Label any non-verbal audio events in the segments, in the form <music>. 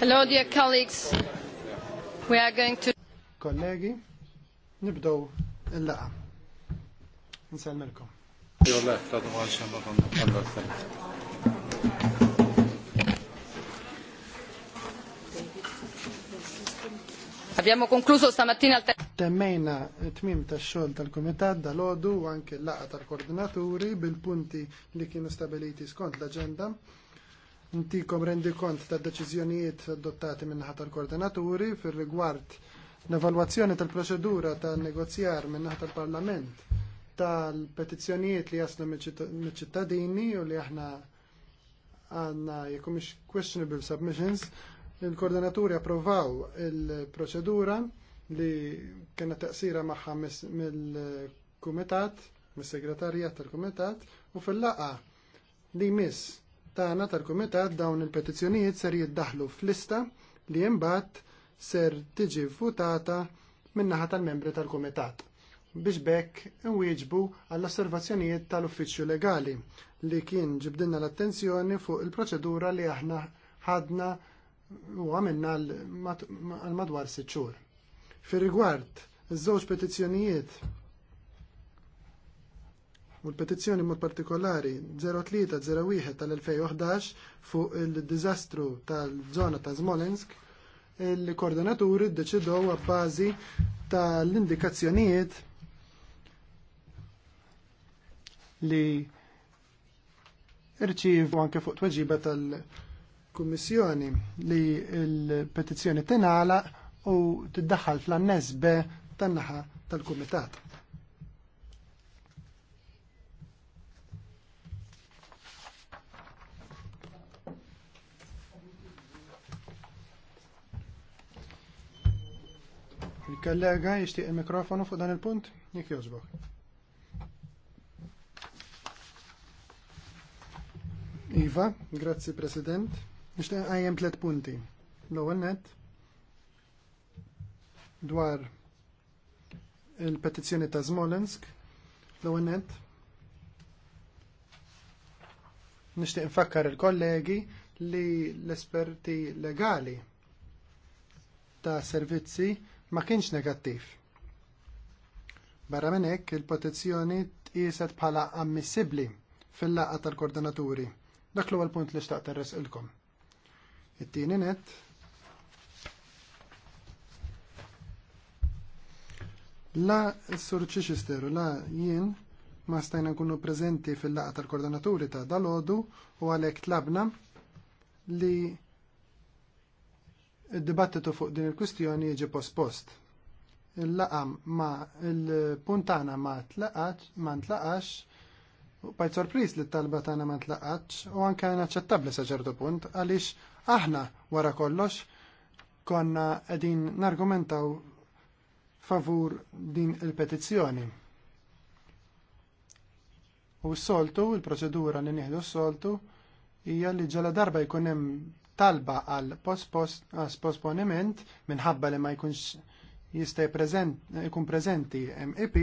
Hello, dear colleagues. We are going to... Kollegi, nibdow il-laqa. Nsalmelkom. Abbiamo concluso stamattina il Temmejna tmim ta' xogħol tal-Kumitat dal-Odu u anke l-laqa tal-Koordinaturi bil-punti li kienu stabiliti skont l agenda ntikom rendi kont ta' deċiżjonijiet adottati min-naħa tal-koordinaturi fir rigward l-evalwazzjoni tal-proċedura ta' negozjar min-naħa tal-Parlament tal-petizzjonijiet li jaslu mill-ċittadini u li aħna għanna jekk questionable submissions, il-koordinaturi approvaw il-proċedura li kena taqsira magħha mill-kumitat, mis-segretarjat tal-kumitat u fil-laqa li miss tagħna tal-Kumitat dawn il-petizzjonijiet ser jiddaħlu f'lista li imbagħad ser tiġi votata min-naħa tal-membri tal-Kumitat biex bekk inwieġbu għall-osservazzjonijiet tal-uffiċċju legali li kien ġibdilna l-attenzjoni fuq il-proċedura li aħna ħadna u għamilna għal madwar sitt xhur. Fir rigward iż-żewġ petizzjonijiet u l-petizzjoni mod partikolari 0301 tal-2011 fuq il-dizastru tal-zona ta' Zmolensk, il-koordinaturi ddeċidew għabbazi tal-indikazzjonijiet li irċivu anke fuq tweġiba tal-Kummissjoni li l-petizzjoni tinala u tiddaħħal fl-annesbe tan-naħa tal-Kumitat. Il-kollega jixtieq il-mikrofonu fuq dan il-punt? Jekk jogħġbok. Iva, grazzi President. Nixtieq għajjem tliet punti. L-ewwel net dwar il-petizzjoni ta' Smolensk. L-ewwel net nixtieq nfakkar il-kollegi li l-esperti legali ta' servizzi ma kienx negattiv. Barra minn hekk il-protezzjoni tqiset bħala ammissibbli fil laqgħa tal-koordinaturi. Dak l-ewwel punt li xtaqt irresqilkom. It-tieni net La s-sur ċiċisteru, la jien ma stajna nkunu preżenti fil laqgħa tal-koordinaturi ta' dalodu u għalhekk tlabna li il dibattitu fuq din il-kwistjoni jiġi pospost. Il-laqam ma il-puntana ma tlaqax, ma tlaqax, u bajt sorpris li t-talba tana ma tlaqax, u anka inaċċettabli sa ċertu punt, għaliex aħna wara kollox konna qegħdin nargumentaw favur din il-petizzjoni. U s-soltu, il-proċedura li nieħdu s-soltu, hija li ġala darba jkun hemm talba għal posponiment minħabba li ma jkunx jista' jkun preżenti MEP,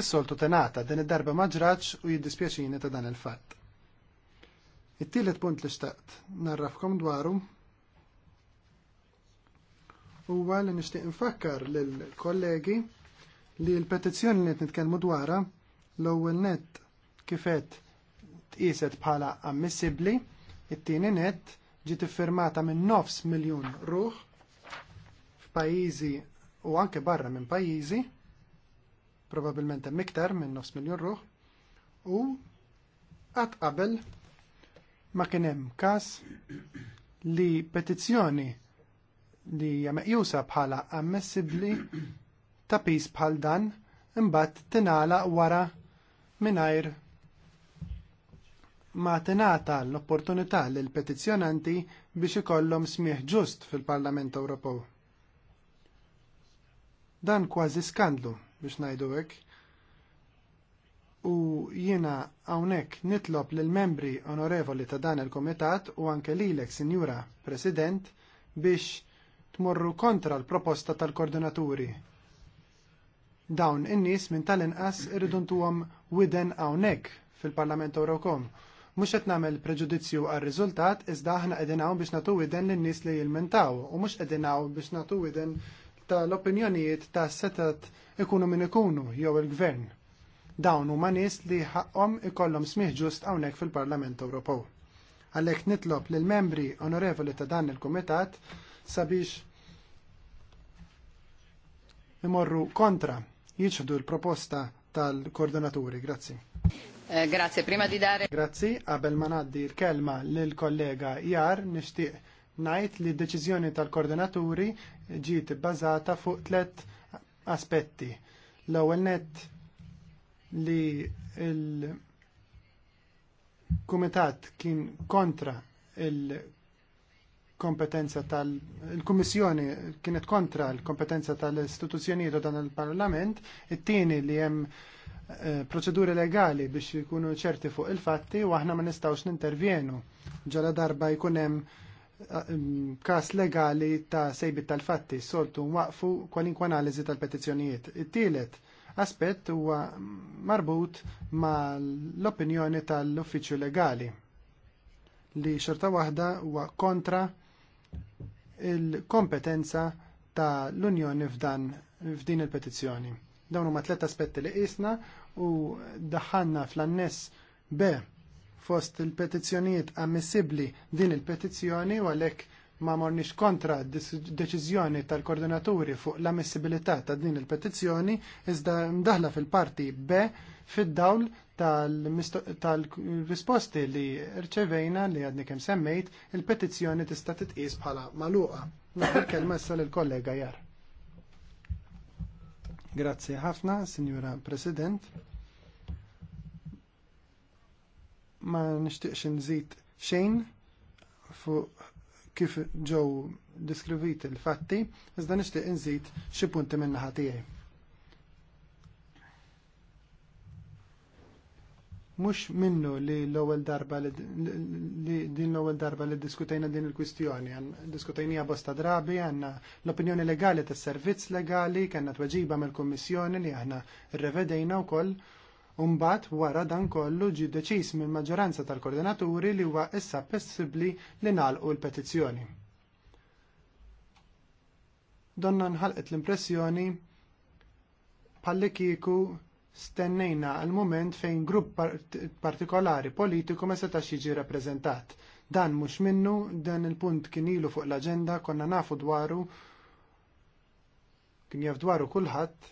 is-soltu tenata din id-darba ma u jiddispieċini ta' dan il-fatt. It-tielet punt li xtaqt narrafkom dwaru huwa li nixtieq infakkar lill-kollegi li l-petizzjoni li qed nitkellmu dwarha l-ewwel nett kifet tqiset bħala ammissibbli, it-tieni nett ġiet iffirmata minn nofs miljun ruħ f'pajjiżi u anke barra minn pajjiżi, probabbilment hemm iktar minn nofs miljun ruħ, u qatt qabel ma kien hemm każ li petizzjoni li hija meqjusa bħala ammessibbli ta' pis bħal dan imbagħad tingħalaq wara mingħajr ma tenata l-opportunità l petizzjonanti biex ikollhom smieħ ġust fil-Parlament Ewropew. Dan kważi skandlu biex ngħidu hekk. U jiena hawnhekk nitlob lill membri onorevoli ta' dan il-Kumitat u anke lilek, Sinjura President, biex tmorru kontra l-proposta tal-koordinaturi dawn in-nies minn tal-inqas irridu ntuhom widen hawnhekk fil-Parlament Ewrokom Mhux qed nagħmel preġudizzju għar-riżultat iżda aħna qegħdin hawn biex nagħtu widen lin-nies li jilmentaw u mhux qegħdin hawn biex nagħtu widen tal-opinjonijiet ta' setat ikunu min ikunu jew il-gvern. Dawn huma nies li ħaqhom ikollhom smih ġust hawnhekk fil-Parlament Ewropew. Għalhekk nitlob lill membri onorevoli ta' dan il-Kumitat sabiex imorru kontra jiġħdu l-proposta tal-koordinaturi. Grazzi. Eh, grazie, prima di dare. Grazie, qabel ma naddi l-kelma lill-kollega Jar nixtieq ngħid li d tal-koordinaturi ġiet bazata fuq tlet aspetti. L-ewwel nett li il-kumitat kien kontra il-kompetenza tal- il-Kummissjoni kienet kontra l-kompetenza tal-istituzzjonijiet u dan il-Parlament, it-tieni li hemm Eh, proċeduri legali biex jikunu ċerti fuq il-fatti u aħna ma nistawx nintervjenu. Ġala darba jkun hemm eh, mm, kas legali ta' sejbit tal-fatti, soltu waqfu kwalinkwa analiżi tal-petizzjonijiet. It-tielet aspett huwa marbut ma' l-opinjoni tal-uffiċċju legali li xorta waħda huwa kontra il-kompetenza ta' l-Unjoni f'dan f'din il-petizzjoni. Dawn huma tliet aspetti li qisna u daħanna fl-anness B fost il-petizzjonijiet ammissibli din il-petizzjoni u għalhekk ma morniex kontra deċiżjoni tal-koordinaturi fuq l-ammissibilità ta' din il-petizzjoni iżda mdaħla fil-parti B fid-dawl tal-risposti li rċevejna li għadni kem semmejt il-petizzjoni tista' titqis bħala maluqa. Naħi kelma issa lill kollega jar. Grazzi ħafna, Signora President. Ma nixtieqx nżid xejn fuq kif ġew diskriviti l-fatti, iżda nixtieq nżid xi punti minn naħa tiegħi. mhux minnu li l-ewwel darba li din l-ewwel darba li diskutajna din il-kwistjoni, diskutejnija bosta drabi, għandna l-opinjoni legali tas-servizz legali, kellna tweġiba mill-Kummissjoni li aħna rrevedejna wkoll. Umbat wara dan kollu ġi deċiż mill-maġġoranza tal-koordinaturi li huwa issa possibbli li nagħlqu l-petizzjoni. Donna nħalqet l-impressjoni palli kieku stennejna għal mument fejn grupp partikolari politiku ma setax jiġi rappreżentat. Dan mhux minnu, dan il-punt kien ilu fuq l-aġenda konna nafu dwaru kien jaf dwaru kulħadd.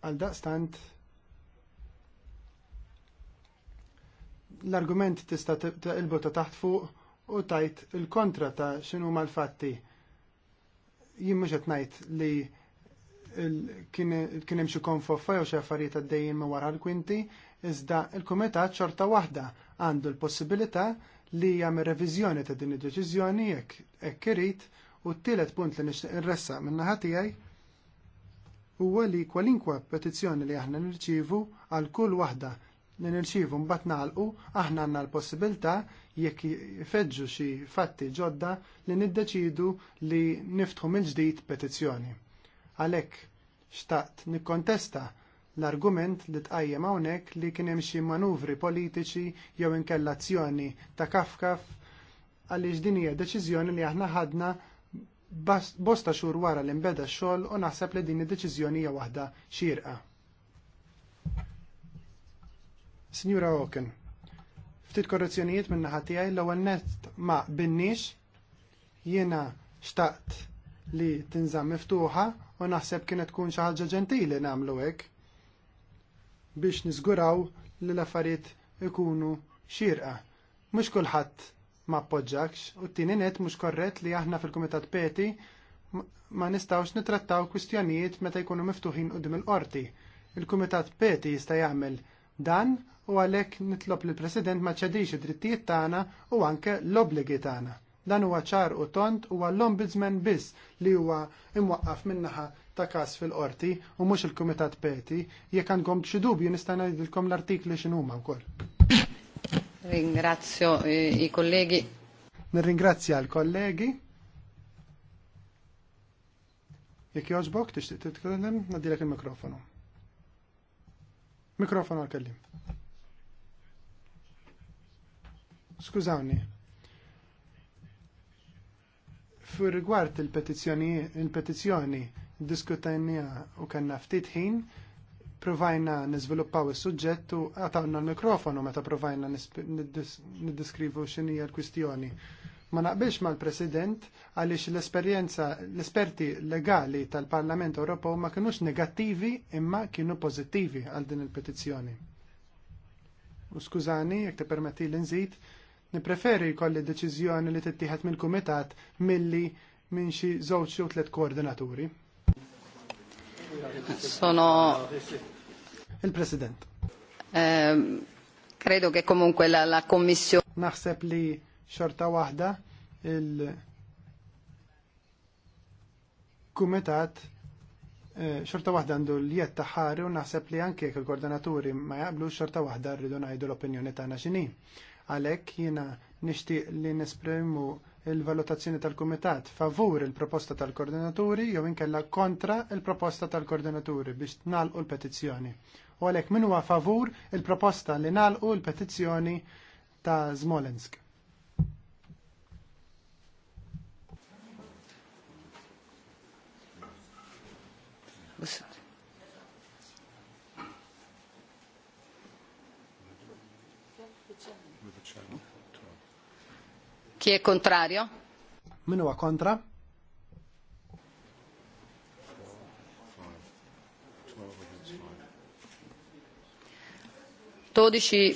Għal daqstant l-argument tista' ilbu ta' taħt fuq u tajt il-kontra ta' x'inhuma l-fatti jien mhux ngħid li kien hemm xi konfoffa jew xi affarijiet għaddejjin minn wara l-kwinti, iżda l-kumitat xorta waħda għandu l-possibilità li jagħmel reviżjoni ta' din id-deċiżjoni jekk hekk irid u t-tielet punt li nixtieq irressa min-naħa tiegħi huwa li kwalinkwa petizzjoni li aħna nirċievu għal kull waħda li nirċivu mbagħad nagħlqu aħna għandna l-possibilità jekk feġġu xi fatti ġodda li niddeċidu li niftħu mill ġdid petizzjoni. Għalhekk xtaqt nikkontesta l-argument li tqajjem hawnhekk li kien hemm xi manuvri politiċi jew inkella azzjoni ta' kafkaf għaliex din hija deċiżjoni li aħna ħadna bosta xhur wara li nbeda x-xogħol u naħseb li din id-deċiżjoni hija waħda xierqa. Signora Oken, ftit korrezzjonijiet minn naħa tiegħi l-ewwel nett ma binnix jiena xtaqt li tinżamm miftuħa u naħseb kienet tkun xi ħaġa ġentili nagħmlu hekk biex niżguraw li l-affarijiet ikunu xirqa. Mhux kulħadd ma appoġġakx u t-tieni net mhux korrett li aħna fil-Kumitat Peti ma nistawx nitrattaw kwistjonijiet meta jkunu miftuħin qudiem il-qorti. Il-Kumitat Peti jista' jagħmel dan u għalhekk nitlob li l-President ma ċedix id-drittijiet tagħna u anke l-obligi tagħna. Dan huwa ċar u tont u l-Ombudsman biss li huwa imwaqqaf minnaħa ta' każ fil-qorti u mhux il-Kumitat Peti jekk għandkom xi dubju nista' ngħidilkom l-artikli huma wkoll. Ringrazzjo eh, i kollegi. Nirringrazzja l-kollegi. Jekk jogħġbok tixtieq titkellem, nadilek il-mikrofonu. Mikrofon għal-kellim. Skużawni. Fur rigward il-petizjoni diskutajnija u kanna ftit ħin, provajna nizviluppaw il sujġettu għatawna l-mikrofonu meta provajna niddeskrivu xinija l-kwistjoni. Ma naqbilx mal-President għaliex l-esperjenza l-esperti legali tal-Parlament Ewropew ma kinux negattivi imma kienu pożittivi għal din il-petizzjoni. U skużani, jekk permetti l nżid, nipreferi kolli deċiżjoni li tittieħed mill-Kumitat milli minn xi żewġ u tliet koordinaturi. Sono il-President. Ehm, credo che comunque la, la Commissione. Naħseb li xorta waħda il-kumitat eh, xorta waħda għandu l-jiet taħħari u naħseb li anke il-koordinaturi ma jaqblu xorta waħda rridu ngħidu l-opinjoni tagħna x'inhi. Għalhekk jiena nixtieq li nesprimu il-valutazzjoni tal-Kumitat favur il-proposta tal-koordinaturi jew inkella kontra il-proposta tal-koordinaturi biex nalqu l-petizzjoni. U għalhekk min huwa favur il-proposta li nalqu l-petizzjoni ta' Zmolensk. Was? Chi è contrario? Minu a contra?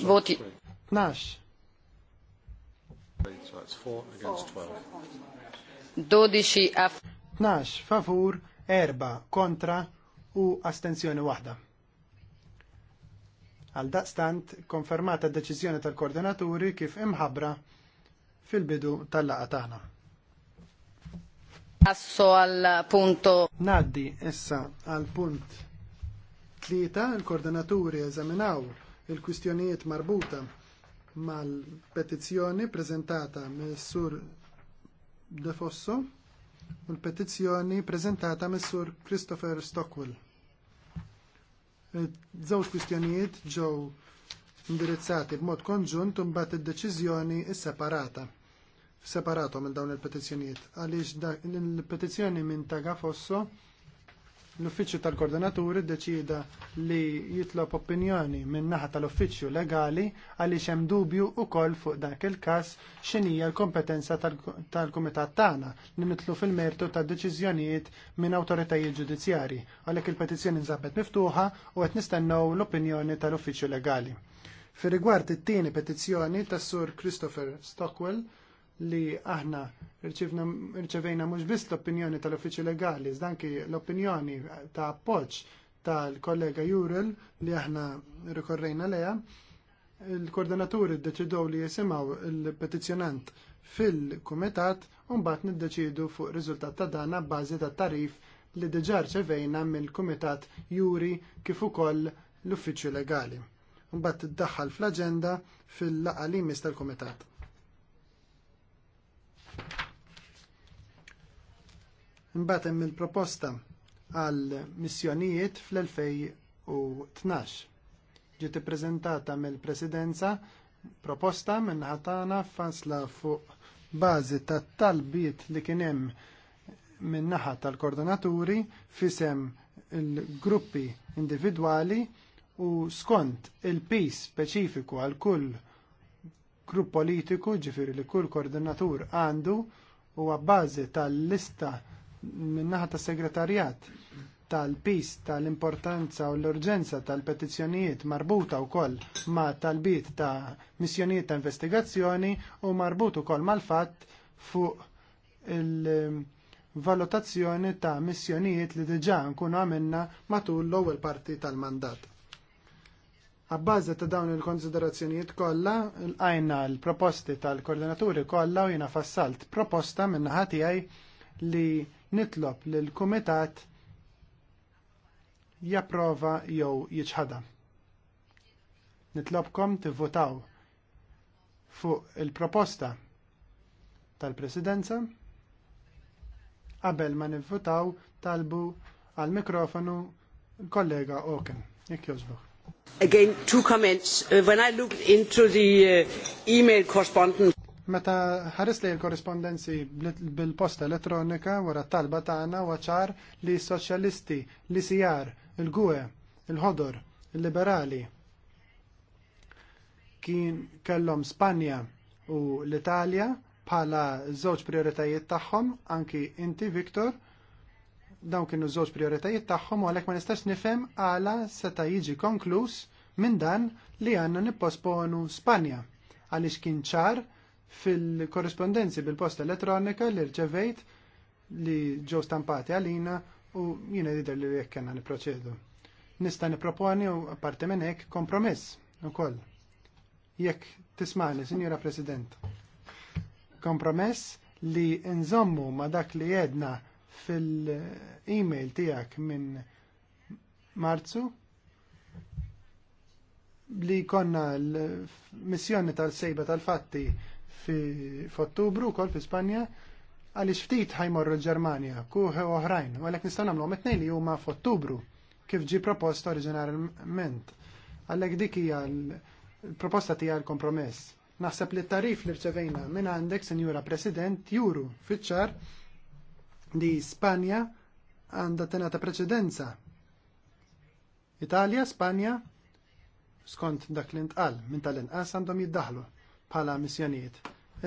voti. Nash. 12 a 12 favur, erba, kontra, u astenzjoni waħda. Għal daqstant konfermata d-deċiżjoni tal-koordinaturi kif imħabbra fil-bidu tal-laqa tagħna. Passo għal punto. Naddi issa għal punt tlieta il-koordinaturi eżaminaw il-kwistjonijiet marbuta mal-petizzjoni prezentata mis-sur De Fosso u l-petizzjoni prezentata mis-sur Christopher Stockwell. Żewġ kwistjonijiet ġew indirizzati b'mod konġunt u mbagħad id-deċiżjoni separata separatom minn dawn il-petizzjonijiet għaliex il-petizzjoni minn Taga Fosso l-uffiċċju tal-koordinaturi ddeċida li jitlob opinjoni minn naħa tal-uffiċċju legali għaliex hemm dubju wkoll fuq dak il-każ x'inhija l-kompetenza tal-kumitat tagħna li nitlu fil-mertu tad deċiżjonijiet minn awtoritajiet ġudizzjarji għalhekk il-petizzjoni nżabbet miftuħa u qed nistennew l-opinjoni tal-uffiċċju legali. Fi rigward it-tieni petizzjoni tas-sur Christopher Stockwell li aħna rċevejna mhux biss l-opinjoni tal-uffiċċju legali, iżda anki l-opinjoni ta' appoġġ tal-kollega Jurel li aħna rikorrejna leha, il-koordinaturi ddeċidew li jisimgħu il-petizzjonant fil-kumitat u mbagħad niddeċidu fuq riżultat ta' dana bbażi tat tarif li diġà rċevejna mill-kumitat juri kif ukoll l-uffiċċju legali. Mbagħad tiddaħħal fl-aġenda fil-laqgħa li tal-kumitat. Imbagħad hemm il-proposta għal missjonijiet fl-2012. Ġiet ippreżentata mill-Presidenza proposta minn ħatana fasla fuq bażi tat-talbiet li kien hemm min naħa tal-koordinaturi fisem il-gruppi individwali u skont il-pis speċifiku għal kull grupp politiku ġifiri li kull koordinatur għandu u għabbażi tal-lista minnaħa tas segretarjat tal-pis tal-importanza u l-urġenza tal-petizzjonijiet marbuta wkoll ma talbiet ta' missjonijiet ta' investigazzjoni u marbut ukoll mal-fatt fuq il-valutazzjoni ta' missjonijiet li diġà nkunu għamilna matul l-ewwel parti tal-mandat. Abbażi ta' dawn il-konsiderazzjonijiet kollha, lqajna l-proposti tal-koordinaturi kollha u jiena fassalt proposta minn tiegħi li nitlob li l-Kumitat japprova jew jiġħada. Nitlobkom tivvotaw fuq il-proposta tal-Presidenza qabel ma nivvotaw talbu għal mikrofonu l-kollega Oken. Jekk jozbuħ. Again, two comments. Uh, when I looked into the uh, email correspondence. Meta ħares li l-korrespondenzi bil-posta elettronika wara talba tagħna waċar ċar li s-soċjalisti, l-ISR, il-GUE, il-ħodor, il-liberali kien kellhom Spanja u l-Italja bħala żewġ prioritajiet tagħhom, anki inti Viktor, dawn kienu żewġ prioritajiet tagħhom u għalhekk ma nistax nifhem għala seta' jiġi konkluż minn dan li għandna nipposponu Spanja għaliex kien ċar fil-korrespondenzi bil-posta elettronika li rċevejt li ġew stampati għalina u jiena jidher li jekk kellna niproċedu. Nista' nipproponi u apparti minn hekk kompromiss ukoll. Jekk tismani, Sinjura President. Kompromess li nżommu ma dak li jedna fil-email tiegħek minn Marzu li konna l-missjoni tal-sejba tal-fatti fi f'Ottubru wkoll fi Spanja għaliex ftit ħajmorru l-Ġermanja, kuħe oħrajn, u għalhekk nistgħu għamlu tnejn li huma f'Ottubru kif ġi proposta oriġinarment. Għalhekk dik hija l-proposta tiegħi l-kompromess. Naħseb li t-tarif li rċevejna minn għandek, Sinjura President, juru fitxar li Spanja għandha tenata preċedenza. Italja, Spanja, skont dak li intqal minn tal-inqas għandhom jiddaħlu bħala missjonijiet.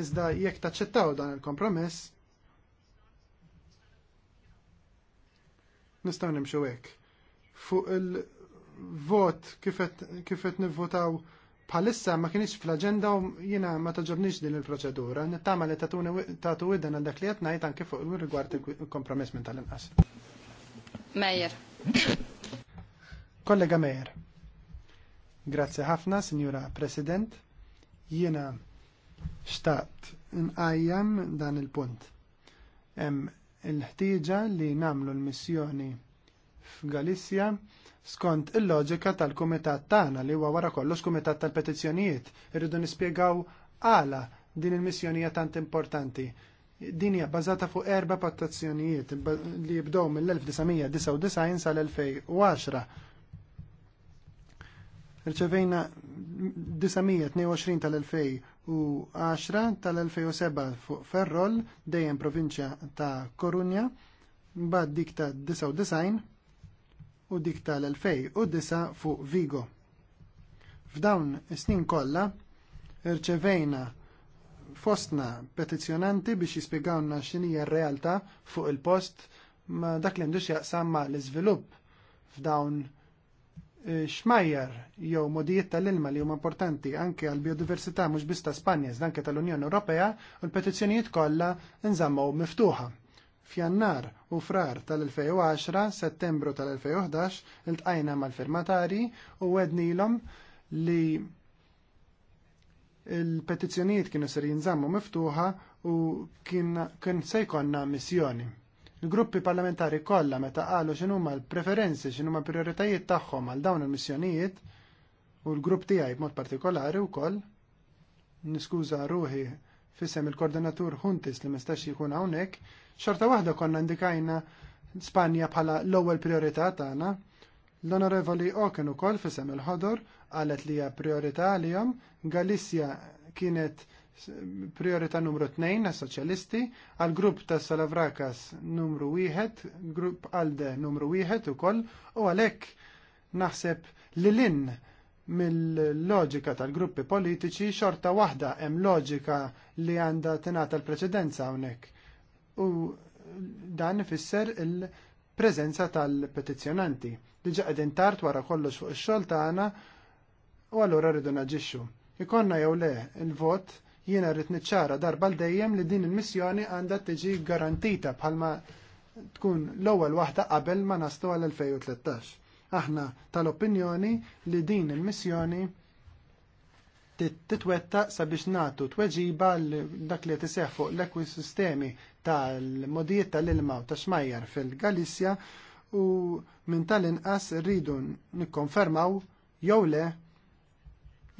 Iżda jekk taċċettaw dan il-kompromess, nistgħu nimxu hekk. Fuq il-vot kifet nivvotaw bħalissa ma kienx fl-agenda u jiena ma taġobniex din il-proċedura. Nittama li tatu id-dan għal dak li qed ngħid anke fuq rigward il-kompromess minn tal-inqas. Mejer. Kollega Mejer. Grazie ħafna, Signora President. Jiena xtaqt nqajjem dan il-punt. Hemm il-ħtieġa li nagħmlu l-missjoni f'Galissja skont il-loġika tal-kumitat tagħna li huwa wara kollox kumitat tal-petizzjonijiet. Irridu nispjegaw għala din il hija tant importanti din hija bbażata fuq erba' pattazzjonijiet li jibdew mill-1999 sal-2010 rċevejna 922 tal-2010 tal-2007 fuq Ferrol, dejjem provinċja ta' Korunja, mbagħad dik ta' 99 u dik tal-2009 fuq Vigo. F'dawn is-snin kollha rċevejna fostna petizzjonanti biex jispjegawna x'inhija r-realtà fuq il-post ma dak li għandux jaqsam ma l-iżvilupp f'dawn xmajjar eh, jew modijiet tal-ilma li huma importanti anke għal biodiversità mhux biss ta' Spanja iżda anke tal-Unjoni Ewropea u l-petizzjonijiet kollha nżammaw miftuħa. Fjannar u frar tal-2010, settembru tal-2011, iltqajna mal-firmatari u wednilhom li il-petizzjonijiet kienu ser jinżammu miftuħa u kien se jkollna missjoni. Il-gruppi parlamentari kollha meta qalu x'inhuma l-preferenzi, x'inhuma l prioritajiet tagħhom għal dawn il-missjonijiet u l-grupp tiegħi b'mod partikolari wkoll. Niskuża ruħi fissem il-koordinatur Huntis li mistax jkun hawnhekk, xorta waħda konna indikajna Spanja bħala l-ewwel priorità tagħna. L-Onorevoli Oken ukoll fissem il-ħodor qalet li hija priorità għalihom, Galissja kienet priorità numru 2 na soċjalisti għal grupp ta' Salavrakas numru 1, grupp Alde numru 1 ukoll u għalhekk naħseb li lin mill-loġika tal-gruppi politiċi xorta waħda hemm loġika li għandha tingħata l-preċedenza hawnhekk. U dan ifisser il-preżenza tal-petizzjonanti. Diġa qegħdin tard wara kollox fuq ix-xogħol tagħna u allura rridu naġixxu. Ikonna jew le il-vot Jiena rrid niċċara darba l dejjem li din il-missjoni għandha tiġi garantita bħalma tkun l-ewwel waħda qabel ma nastu għal 2013. Aħna tal-opinjoni li din il-missjoni titwetta sabiex natu tweġiba dak li tiseħ fuq l-ekwisistemi tal-modijiet tal-ilma u tax-xmajjar fil-Galissja u minn tal-inqas rridu nikkonfermaw jew le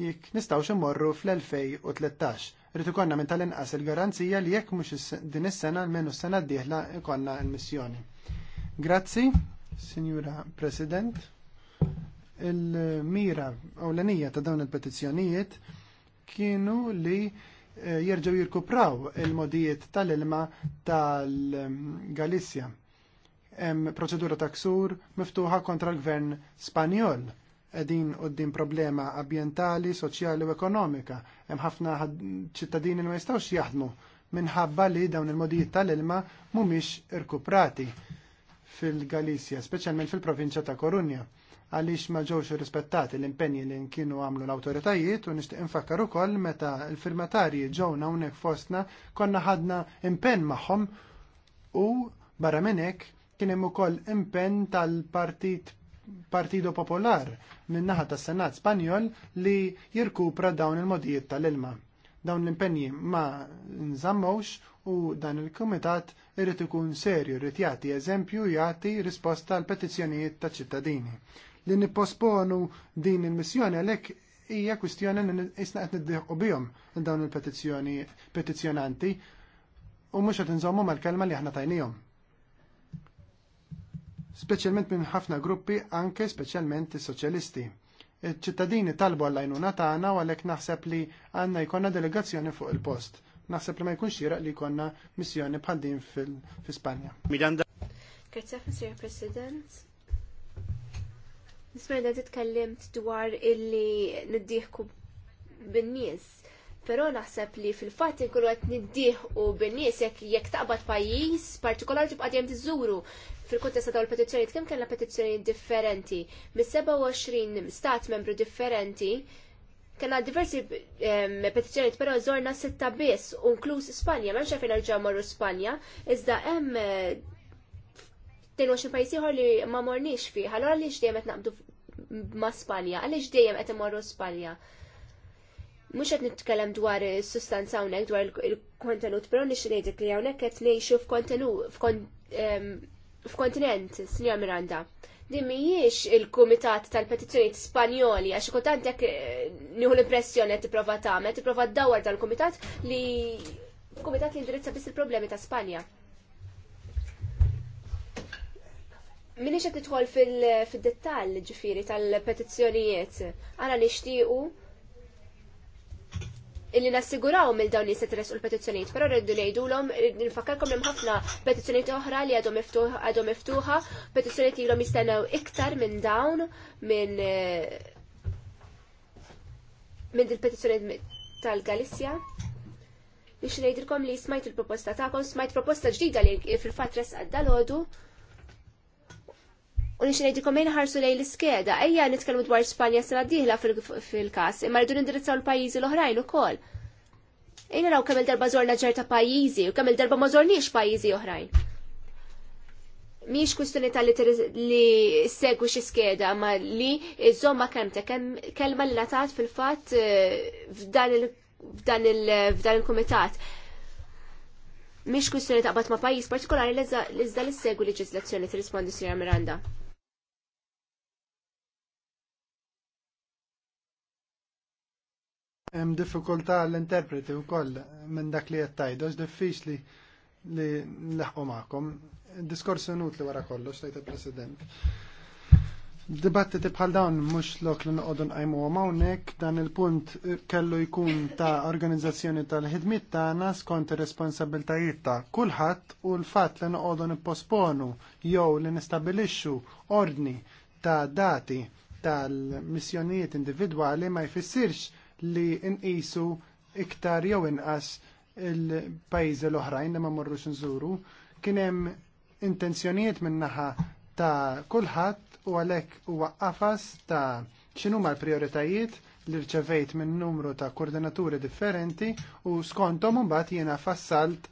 jekk nistgħux imorru fl-2013. Rritu konna minn tal-inqas il-garanzija li jekk mhux din is-sena almenu s-sena d-dieħla konna l-missjoni. Grazzi, Signora President. Il-mira ewlenija ta' dawn il-petizzjonijiet kienu li eh, jirġaw jirkupraw il-modijiet tal-ilma tal-Galizja. Hemm proċedura ta' ksur miftuħa kontra l-gvern Spanjol qegħdin din problema ambjentali, soċjali u ekonomika. Hemm ħafna ċittadini li ma jistgħux jaħdmu minħabba li dawn il-modijiet tal-ilma mhumiex irkuprati fil-Galizja, speċjalment fil-provinċja ta' Korunja għaliex ma ġewx rispettati l-impenji li kienu għamlu l-autoritajiet u nixtieq infakkar ukoll meta l-firmatarji ġewna hawnhekk fostna konna ħadna impenn magħhom u barra minn hekk kien hemm ukoll impenn tal-Partit Partido Popolar min-naħa tas Senat Spanjol li jirkupra dawn il-modijiet tal-ilma. Dawn l-impenji ma nżammawx u dan il-Kumitat irrit ikun serju irrit jagħti eżempju jagħti risposta għal petizzjonijiet ta' ċittadini. Li nipposponu din il-missjoni għalhekk hija kwistjoni li isna qed niddieħqu bihom dawn il-petizzjoni petizzjonanti u mhux qed inżommu mal-kelma li aħna tajnihom speċjalment minn ħafna gruppi anke speċjalment is-soċjalisti. Iċ-ċittadini talbu għall-għajnuna tagħna u għalhekk naħseb li għandna jkollna delegazzjoni fuq il-post. Naħseb li ma jkunx jiraq li jkollna missjoni bħal din fil-Spanja. Miranda. Grazie, Mr. President. da titkellimt dwar illi niddieħku bin-nies. Pero naħseb li fil-fatt inkunu qed niddiħku bin-nies jekk jekk taqbad pajjiż partikolari tibqa' t tiżuru fil-kuntesta ta' l-petizzjonijiet kemm kellna petizzjonijiet differenti mis-27 stat membru differenti Kena diversi ehm, petizzjoniet, pero zorna sitta bis, unklus Spanja, ma xafin għalġa marru Spanja, iżda hemm 22 eh, pajis ieħor li ma morniex fi, allora għaliex dejjem qed naqbdu ma' Spanja, għaliex dejjem qed marru Spanja. Mhux qed nitkellem dwar is-sustanza hawnhekk dwar il-kontenut, però nix ngħidlek li hawnhekk qed ngħixu f'kontenut ehm, f'kontinent, Sinja Miranda, din mhijiex il-Kumitat tal-Petizzjonijiet Spanjoli għax ikun għandek eh, nieħu l-impressjoni qed tipprova tagħmel, tipprova ddawar tal-Kumitat li Kumitat li indirizza biss il-problemi ta' Spanja. Minix qed tidħol fil-dettall ġifieri tal-petizzjonijiet. Għana nixtiequ illi nassiguraw mill dawn li se tres l-petizzjonijiet, però rridu ngħidulhom nfakkarkom hemm ħafna petizzjonijiet oħra li għadhom miftuħa, għadhom miftuħa, petizzjonijiet ilhom jistennew iktar minn dawn minn eh, minn il-petizzjonijiet tal-Galizja. Biex ngħidilkom li smajt il-proposta tagħkom, smajt proposta ġdida li fil-fatt resqad dal-għodu U nix nejdikom mejn ħarsu lej l-iskeda, ejja nitkellmu dwar Spanja sena diħla fil-kas, imma rridu nindirizzaw l-pajizi l-oħrajn u kol. Ejna raw kemm il-darba zorna ġerta pajizi u kemm il-darba ma pajizi oħrajn. Miex kustuni tal li segwi xi skeda, ma li iżomma kemm kemm kelma li natat fil-fatt eh, f'dan il-kumitat. Miex kustuni taqbad ma pajjiż partikolari li iżda li segwi leġislazzjoni tirrispondi Sira Miranda. Hemm diffikultà l-interpreti wkoll minn dak li qed għax diffiċli li nleħqu magħkom. Diskors inutli wara kollox, tgħid il-President. Dibattiti bħal dawn mhux lok li noqogħdu nqajmu hawnhekk dan il-punt kellu jkun ta' organizzazzjoni tal-ħidmiet tagħna skont ir-responsabiltajiet ta' kulħadd u l-fatt li noqogħdu nipposponu jew li nistabilixxu ordni ta' dati tal-missjonijiet individwali ma jfissirx li nqisu iktar jew inqas il-pajjiżi l-oħrajn li ma morrux nżuru. Kien hemm intenzjonijiet min-naħa ta' kulħadd u għalhekk huwa qafas ta' x'inhuma l-prijoritajiet li rċevejt minn numru ta' koordinaturi differenti u skontom mbagħad jiena fassalt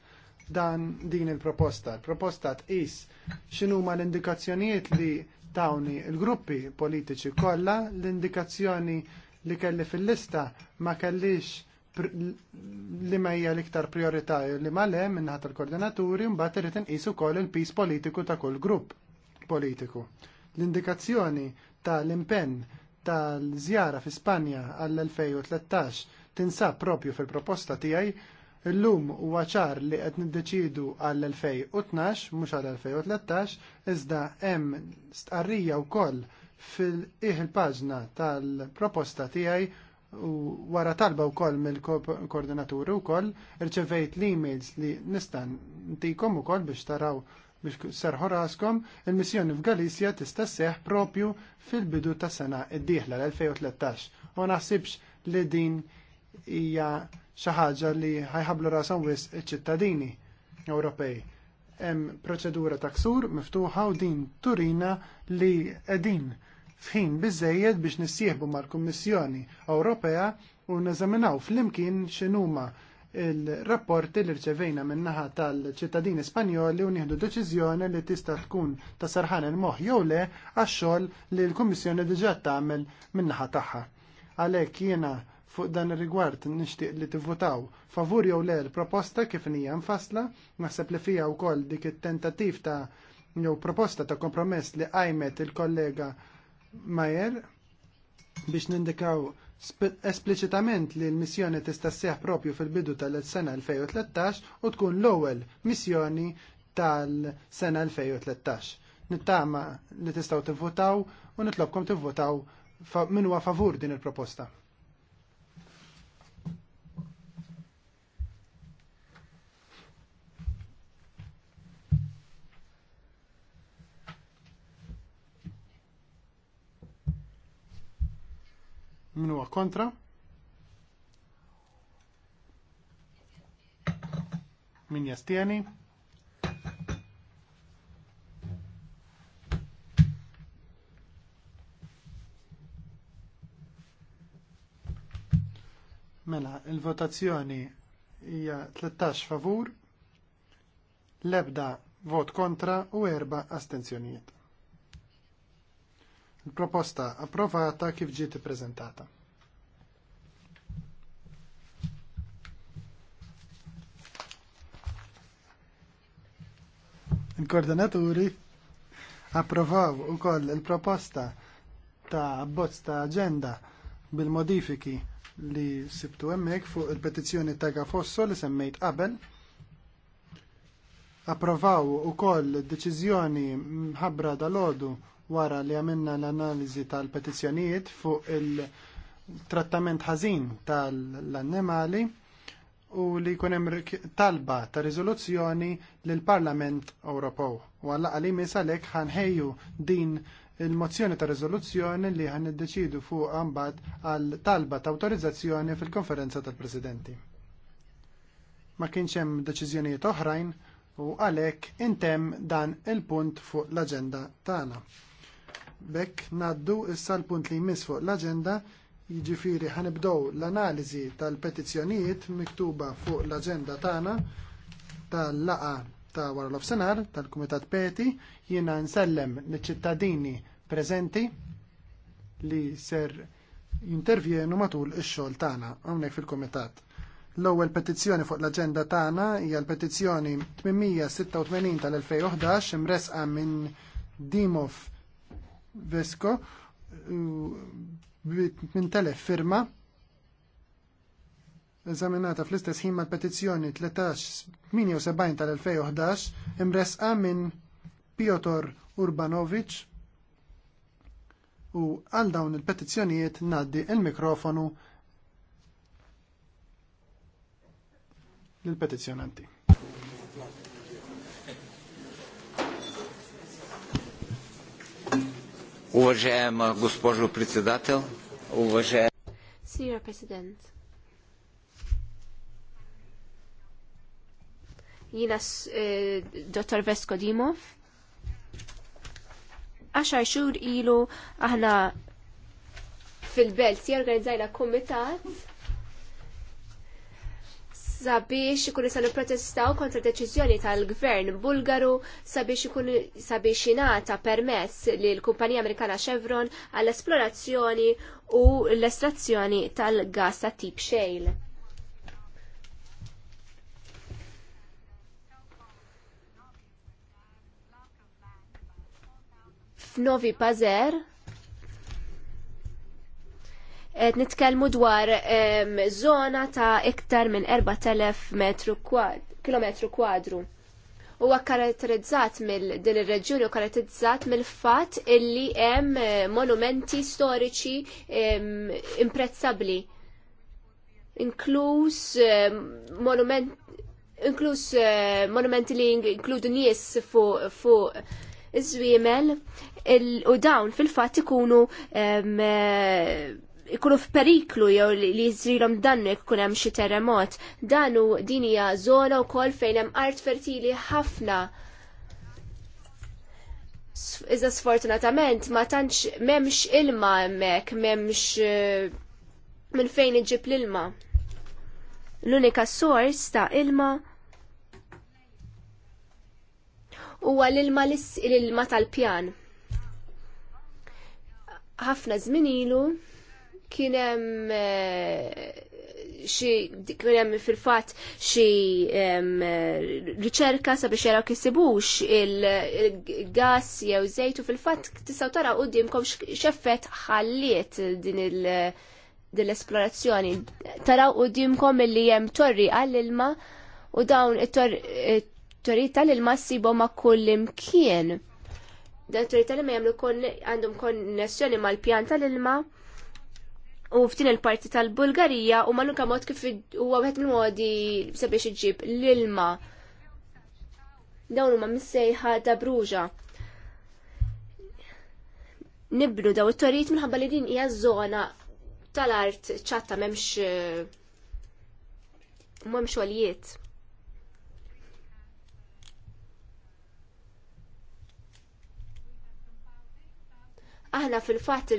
dan din il-proposta. Il-proposta tqis x'inhuma l-indikazzjonijiet li tawni l-gruppi politiċi kollha, l-indikazzjoni li kelli fil-lista ma kellix li ma hija l-iktar priorità li ma le minnaħat il-koordinaturi mbagħad irid inqisu ukoll il-pis politiku ta' kull grupp politiku. L-indikazzjoni ta' l-impenn tal-żjara fi Spanja għall-2013 tinsab propju fil-proposta tiegħi Illum huwa ċar li qed niddeċidu għall 2012 mhux għall 2013 iżda hemm stqarrija wkoll fil-iħ il-paġna tal-proposta tiegħi u wara talba wkoll mill-koordinaturi wkoll rċevejt l-emails li nistan ntikom ukoll biex taraw biex serħu raskom il-missjoni f'Galizja tista' seħ propju fil-bidu ta' sena id-dieħla l-2013 u naħsibx li din hija xi ħaġa li ħajħablu rashom wis iċ-ċittadini Ewropej hemm proċedura ta' ksur miftuħa u din turina li qegħdin fħin biżejjed biex nissieħbu mal-Kummissjoni Ewropea u neżaminaw flimkien x'inhuma il-rapporti li rċevejna min-naħa tal-ċittadini Spanjoli u nieħdu deċiżjoni li tista' tkun ta' sarħan il-moħħ jew le għax-xogħol li l-Kummissjoni diġà tagħmel min-naħa tagħha. Għalhekk jiena fuq dan ir-rigward nixtieq li tivvutaw favur jew le l-proposta kif hija mfassla, naħseb li fija wkoll dik it-tentattiv ta' jew proposta ta' kompromess li qajmet il-kollega Majer biex nindikaw espliċitament li l-missjoni tista' sseħħ propju fil-bidu tal-sena 2013 u tkun l-ewwel missjoni tal-sena 2013. Nittama li tistgħu tivvutaw u nitlobkom tivvutaw min huwa favur din il-proposta. Min huwa kontra? Min jastieni? Mela, il-votazzjoni hija 13 favur, l-ebda vot kontra u erba' astenzjonijiet. Proposta approvata kif ġiet ippreżentata. Il-koordinaturi approvaw ukoll il-proposta ta' abbozz ta' agenda bil-modifiki li sibtu hemmhekk fuq il-petizzjoni ta' Gafosso li semmejt qabel. Approvaw ukoll deċiżjoni mħabbra dal-ħodu wara li għamilna l-analiżi tal-petizzjonijiet fuq il-trattament ħażin tal-annimali u li jkun hemm talba ta' riżoluzzjoni lill Parlament Ewropew. U li għalim għalhekk ħanħejju din il-mozzjoni ta' riżoluzzjoni li għan id fuq għambat għal talba ta' autorizzazzjoni fil-konferenza tal-presidenti. Ma kienx hemm deċiżjonijiet oħrajn u għalhekk intemm dan il-punt fuq l-aġenda tagħna. Bekk naddu issa l-punt li jmiss fuq l-agenda jiġifieri ħanibdow l-analiżi tal-petizzjonijiet miktuba fuq l-agenda tagħna tal-laqa ta' wara l tal-Kumitat Peti jiena nsellem l-ċittadini preżenti li ser jintervjenu matul ix-xogħol tagħna hawnhekk fil-Kumitat. L-ewwel petizzjoni fuq l-aġenda tagħna hija l-petizzjoni 886 tal-2011 imresqa minn Dimov Vesco minn telef firma eżaminata fl-istess ħin mal-petizzjoni 78 tal-2011 imresqa minn Piotr Urbanovic u għal dawn il-petizzjonijiet naddi il-mikrofonu lill-petizzjonanti. Уважаема госпожо председател, уважаема... Президент. Jina Dr. Veskodimov. Għaxar xur ilu aħna fil-belt si organizzajna komitat sabiex ikunu sa' protestaw kontra deċiżjoni tal-gvern bulgaru sabiex ikun sabiex jingħata permess li l-kumpanija Amerikana Chevron għall-esplorazzjoni u l-estrazzjoni tal-gas ta' tip xejl. F'Novi Pazer qed nitkellmu dwar żona ta' iktar minn 4000 metru kilometru kwadru. Huwa karatterizzat mill din ir reġjun u karatterizzat mill-fatt illi hemm eh, monumenti storiċi imprezzabbli. Inkluż monument inkluż eh, monumenti li inkludu nies fuq fuq iż-żwiemel u dawn fil-fatt ikunu eh, ikunu f'periklu jew li jżirhom dannu jekk ikun hemm xi terremot. Dan hu din hija żona wkoll fejn hemm art fertili ħafna. Iżda sfortunatament ma tantx m'hemmx ilma hemmhekk, m'hemmx eh, minn fejn iġib l-ilma. L-unika sors ta' ilma huwa l-ilma l-ilma tal-pjan ħafna żmien ilu kienem hemm eh, fil-fat xi riċerka sabiex jaraw kisibux il-gas jew zejtu fil-fat tistaw tara qudiemkom x'effett ħalliet din il- dell-esplorazzjoni. Taraw qudiemkom li hemm torri għall-ilma u dawn it-torri tal-ilma ssibhom ma' kull imkien. Dan torri tal-ilma jagħmlu għandhom konnessjoni mal-pjan tal-ilma U ftin il-parti tal-Bulgarija u maluka mod kif huwa wieħed mil modi sabiex iġib l-ilma. Dawn huma missejħa ta' Bruġa. Nibnu daw it-torijiet minħabba li din hija żona tal-art ċatta m'hemmx memx għalijiet. Aħna fil-fatt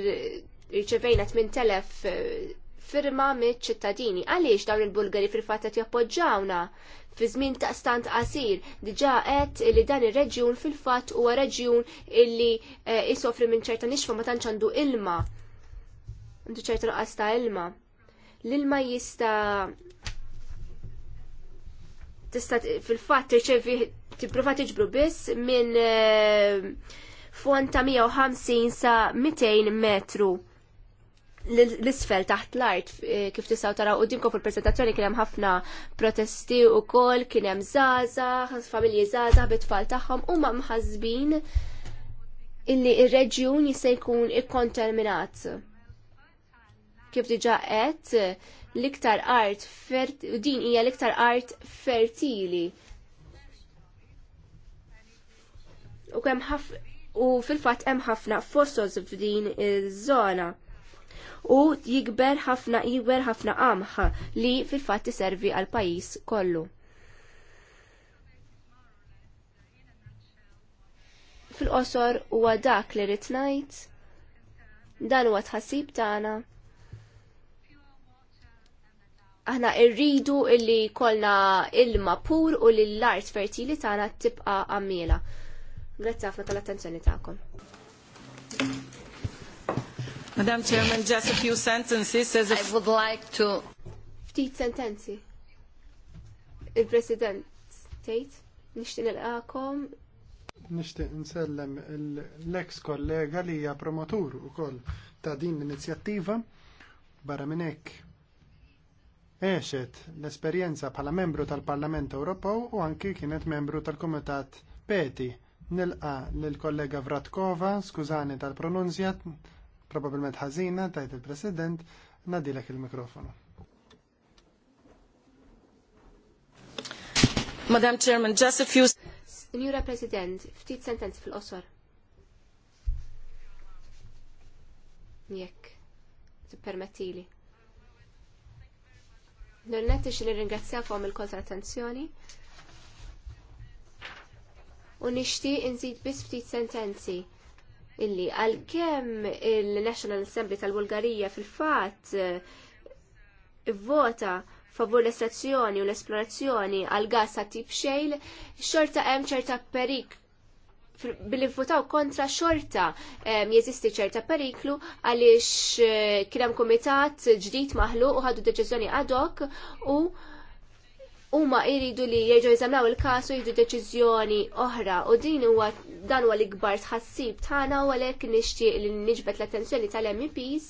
riċevejna 8000 eh, firma mit ċittadini. Għaliex dawn il-Bulgari fil-fatt qed jappoġġawna fi żmien ta' stant qasir diġà qed li dan ir-reġjun fil-fatt huwa reġjun illi eh, isofri minn ċerta nixfa ma tantx għandu ilma. Għandu ċerta nuqqas ta' ilma. L-ilma jista' tista' fil-fatt tirċevi tipprova tiġbru biss minn eh, fonta ta' 150 sa 200 metru l-isfel taħt l-art eh, kif tisaw taraw qudimkom fil-prezentazzjoni kien hemm ħafna protesti wkoll kien hemm żgħażagħ, familji żgħażagħ bit-tfal tagħhom huma mħasbin illi r reġjun jista' jkun ikkonterminat. Kif diġà qed l-iktar art din hija l-iktar art fertili. U kemm u fil-fatt hemm ħafna fossos f'din iż-żona u jikber ħafna jikber ħafna qamħa li fil-fatt iservi għal pajjiż kollu. Fil-qosor huwa dak li rid ngħid, dan huwa tħassib tagħna aħna irridu illi kolna ilma pur u li l-art fertili tagħna tibqa' għammiela. Grazzi ħafna tal-attenzjoni tagħkom. Madam Chairman, just a few sentences. As I would like to... Ftit sentenzi. Il-President State, nishti nil-għakom. Nishti nsellem l-ex kollega li hija promotur u koll ta' din l-inizjattiva barra minnek eċet l-esperienza bħala membru tal-Parlament Ewropew u anki kienet membru tal-Komitat Peti nilqa l-kollega Vratkova, skużani tal-pronunzjat, probabilment ħażina tajt il-President nadilek il-mikrofonu. Madam Chairman, just a few... Signora President, ftit sentenzi fil-qosor. Jekk, permettili. Nonnetti xin ringrazzjakom il-kol attenzjoni u nixtieq inżid biss ftit sentenzi illi għalkemm il-National Assembly tal-Bulgarija fil-fatt eh, vota favur l-estrazzjoni u l-esplorazzjoni għal gas ta' tip xejl, xorta hemm ċerta perik bil-infutaw kontra xorta jeżisti ċerta periklu għaliex eh, kien hemm kumitat ġdid maħluq u ħadu deċiżjoni ad hoc u huma jridu li jerġgħu jeżamlaw il kasu u deċiżjoni oħra u din huwa dan huwa l-ikbar tħassib tagħna u għalhekk nixtieq li niġbed l-attenzjoni tal-MEPs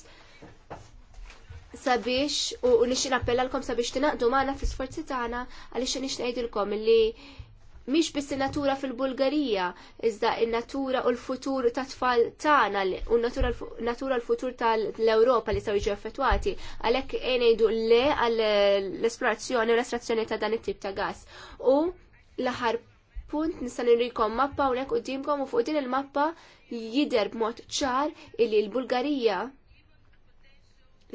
sabiex u nixtieq nappellalkom sabiex tinaqdu magħna fl-isforzi tagħna għaliex nixtieq ngħidilkom li mhix biss in-natura fil-Bulgarija, iżda in-natura u l-futur ta' tfal tagħna u n-natura l-futur tal-Ewropa li sew jiġu effettwati. Għalhekk ngħidu le għall-esplorazzjoni u l-estrazzjoni ta' dan it-tip ta' gas. U l-aħħar punt nista' nirikom mappa hawnhekk qudiemkom u fuq din il-mappa jidher b'mod ċar illi l-Bulgarija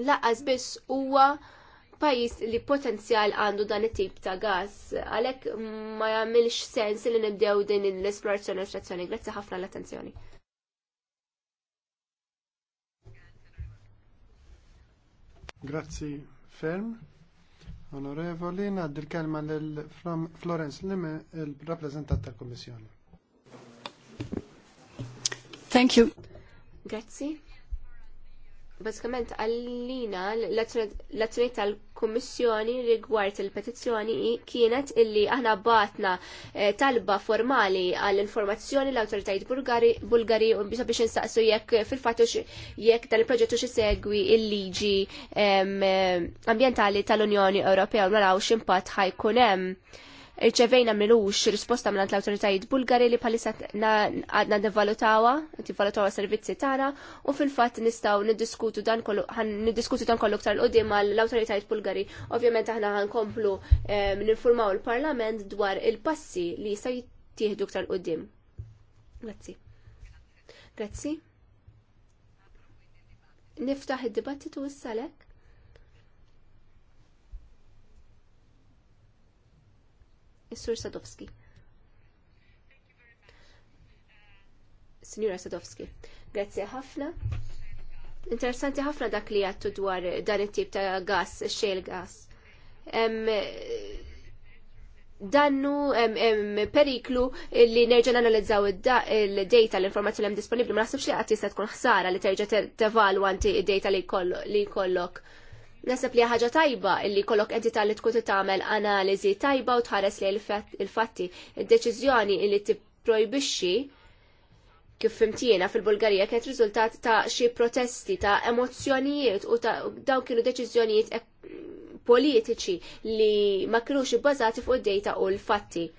laqas biss huwa pajjiż li potenzjal għandu dan it-tip ta' gas, għalhekk ma jagħmilx sens li nibdew din l-esplorazzjoni u estrazzjoni. Grazzi ħafna l-attenzjoni. Grazzi ferm. Onorevoli, naddi l-kelma l-Florence Lime, il-rappresentant tal-Kommissjoni. Thank you. Grazzi basikament għallina l-azzjoni tal-Kummissjoni rigward il-petizzjoni kienet illi aħna batna eh, talba formali għall-informazzjoni l autoritajt Bulgari u bisa biex nistaqsu jekk fil fatu jekk dal proġettu xi segwi il-liġi eh, ambjentali tal-Unjoni Ewropea u naraw x'impatt ħajkun hemm irċevejna milux risposta minn l-autoritajiet bulgari li palissa għadna nivalutawa, nivalutawa servizzi tagħna u fil-fatt nistgħu niddiskutu dan kollu niddiskutu dan kollu ktar l autoritajiet bulgari. Ovvjament aħna ħankomplu eh, ninformaw il-Parlament dwar il-passi li jista' jittieħdu ktar l qoddim Grazzi. Grazzi. Niftaħ id-dibattitu s-salek. Is-Sur Sadowski. Signora Sadowski, grazzi ħafna. Interessanti ħafna dak li għattu dwar dan it-tip ta' gas, xejl gas. dannu periklu li nerġa' analizzaw il-data l-informazzjoni hemm disponibli, ma naħsibx li għattis tista' tkun ħsara li terġa' tevalwa għanti il data li jkollok Nasab li ħaġa tajba illi kollok entità li tkun tagħmel analiżi tajba u tħares li l-fatti. Id-deċiżjoni illi tipprojbixxi kif fimtina fil-Bulgarija kienet riżultat ta' xi protesti ta' emozzjonijiet u ta' dawn kienu deċiżjonijiet politiċi li ma kinux ibbażati fuq id-dejta u l-fatti.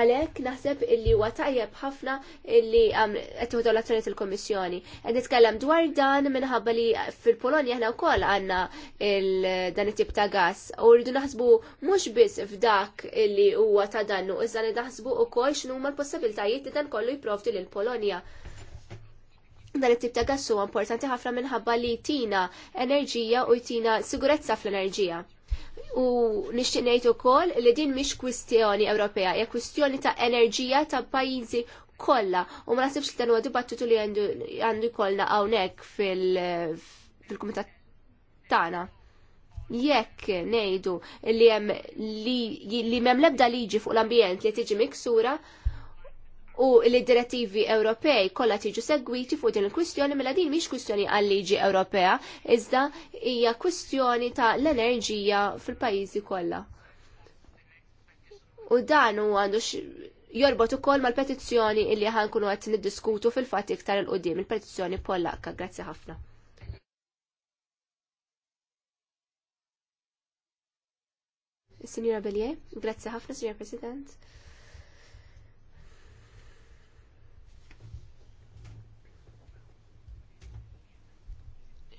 Għalhekk naħseb illi huwa tajjeb ħafna illi um, qed tieħdu l-azzjonijiet il-Kommissjoni. Qed nitkellem dwar dan minħabba li fil-Polonja aħna wkoll għandna dan it-tip ta' gas u rridu naħsbu mhux biss f'dak illi huwa ta' dannu, iżda li naħsbu wkoll x'numa l-possibiltajiet li dan kollu jipprovdi lil Polonja dan it-tip ta' gas huwa importanti ħafna minħabba li tina enerġija u jtina sigurezza fl-enerġija. U nixtieq ngħid ukoll li din mhix kwistjoni Ewropea, hija kwistjoni ta' enerġija ta' pajjiżi kollha u ma naħsibx li dan huwa dibattitu li għandu jkollna hawnhekk fil-kumitat tagħna. Jekk ngħidu li hemm li m'hemm l-ebda liġi fuq l-ambjent li tiġi miksura, u li direttivi Ewropej kollha tiġu segwiti fuq din il-kwistjoni mela din mhix kwistjoni għal liġi Ewropea, iżda hija kwistjoni ta' l-enerġija fil-pajjiżi kollha. U dan u għandu jorbot ukoll mal-petizzjoni illi ħankunu qed niddiskutu fil-fatt iktar il qudiem il-petizzjoni Pollakka. Grazzi ħafna. Signora Bellier, grazzi ħafna, Signor President.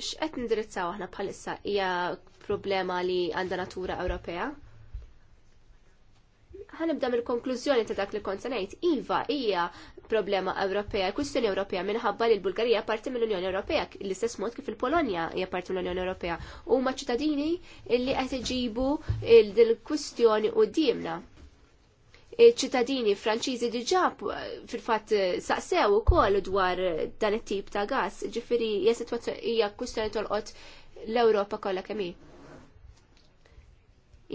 x'qed nindirizzaw aħna bħalissa hija problema li għandha natura Ewropea? Ħanibda mill-konklużjoni ta' dak li kont ngħid, iva hija problema Ewropea, kwistjoni Ewropea minħabba li l-Bulgarija parti mill-Unjoni Ewropea, l-istess mod kif il-Polonja hija parti mill-Unjoni Ewropea, huma ċittadini li qed iġibu il-kwistjoni qudiemna ċittadini franċiżi diġà eh, fil-fatt saqsew ukoll dwar eh, dan it-tip ta' gas, ġifieri hija sitwazzjoni hija kwistjoni tolqot l-Ewropa kollha kemm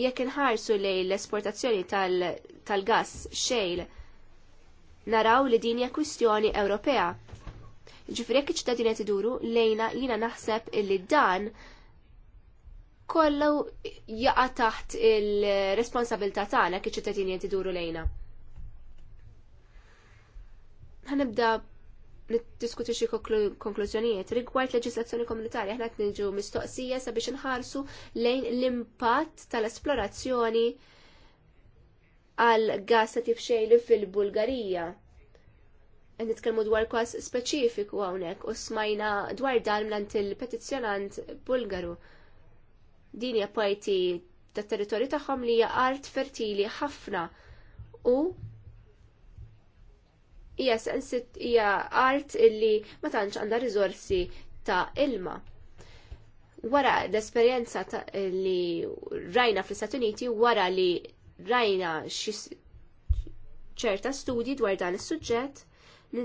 Jekk inħarsu lejn l-esportazzjoni tal-gas xejl, naraw li din hija kwistjoni Ewropea. Ġifiri jekk iċ-ċittadini qed iduru lejna jina naħseb illi dan kollu jaqa taħt il-responsabilta tagħna kif ċittadini qed iduru lejna. Ħanibda niddiskuti xi konklużjonijiet rigward leġislazzjoni komunitarja aħna qed niġu mistoqsija sabiex inħarsu lejn l-impatt tal-esplorazzjoni għal gas ta' tifxejli fil-Bulgarija. Qed nitkellmu dwar kwas speċifiku hawnhekk u smajna dwar dan mlant il-petizzjonant Bulgaru din hija parti tat territorju tagħhom li hija art fertili ħafna u hija sensit hija art illi ma tantx għandha riżorsi ta' ilma. Wara l-esperjenza li rajna fl-Istati Uniti, wara li rajna xi ċerta studji dwar dan is-suġġett,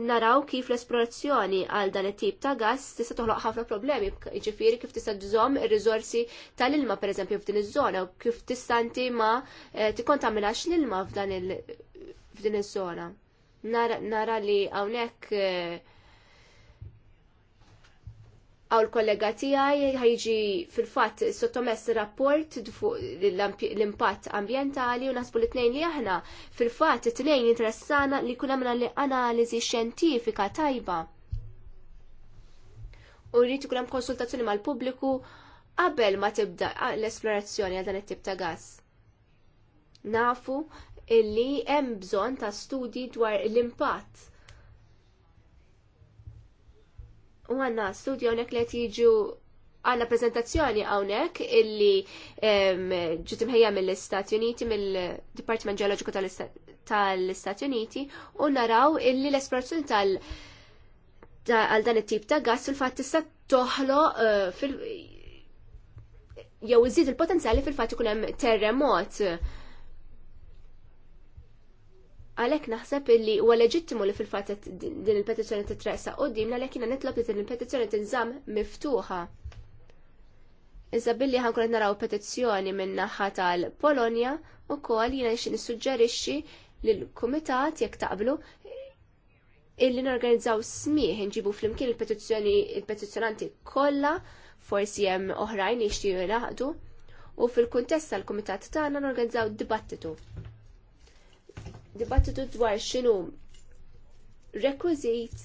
naraw kif l-esplorazzjoni għal dan it-tip ta' gas tista' toħloq ħafna problemi, jiġifieri kif tista' tżomm ir-riżorsi tal-ilma pereżempju f'din iż-żona u kif tista' inti ma eh, tikkontaminax l-ilma f'dan f'din iż-żona. Nara li hawnhekk eh, għaw l-kollega tijaj ħajġi fil-fat sottomess rapport l-impatt ambientali u nasbu l-tnejn li aħna fil-fat t-tnejn interessana li kunem li analizi xjentifika tajba. U rritu kunem konsultazzjoni mal-pubbliku qabel ma tibda l-esplorazzjoni għal dan it-tip ta' gas. Nafu illi hemm bżonn ta' studji dwar l-impatt U għanna studio għonek li jiġu għanna prezentazzjoni għonek illi ġutim ħejja mill-Istati Uniti, mill departiment Ġeoloġiku tal-Istati Uniti, u naraw illi l-esplorazzjoni tal- għal dan it-tip ta' gas fil-fat tista' toħlo eh, jew iżid il-potenzjali fil-fat ikun hemm terremot. Għalhekk naħseb illi huwa leġittimu li fil-fatt din il-petizzjoni u dimna għalhekk jiena nitlob li din il-petizzjoni tinżamm miftuħa. Iżda billi ħankun naraw petizzjoni minn naħa tal-Polonja wkoll jiena nissuġġerixxi l kumitat jekk taqblu illi norganizzaw smiħ nġibu flimkien il-petizzjoni il-petizzjonanti kollha forsi hemm oħrajn jixtiju jingħaqdu u fil-kuntest tal-kumitat tagħna norganizzaw dibattitu dibattitu dwar xinu rekwizit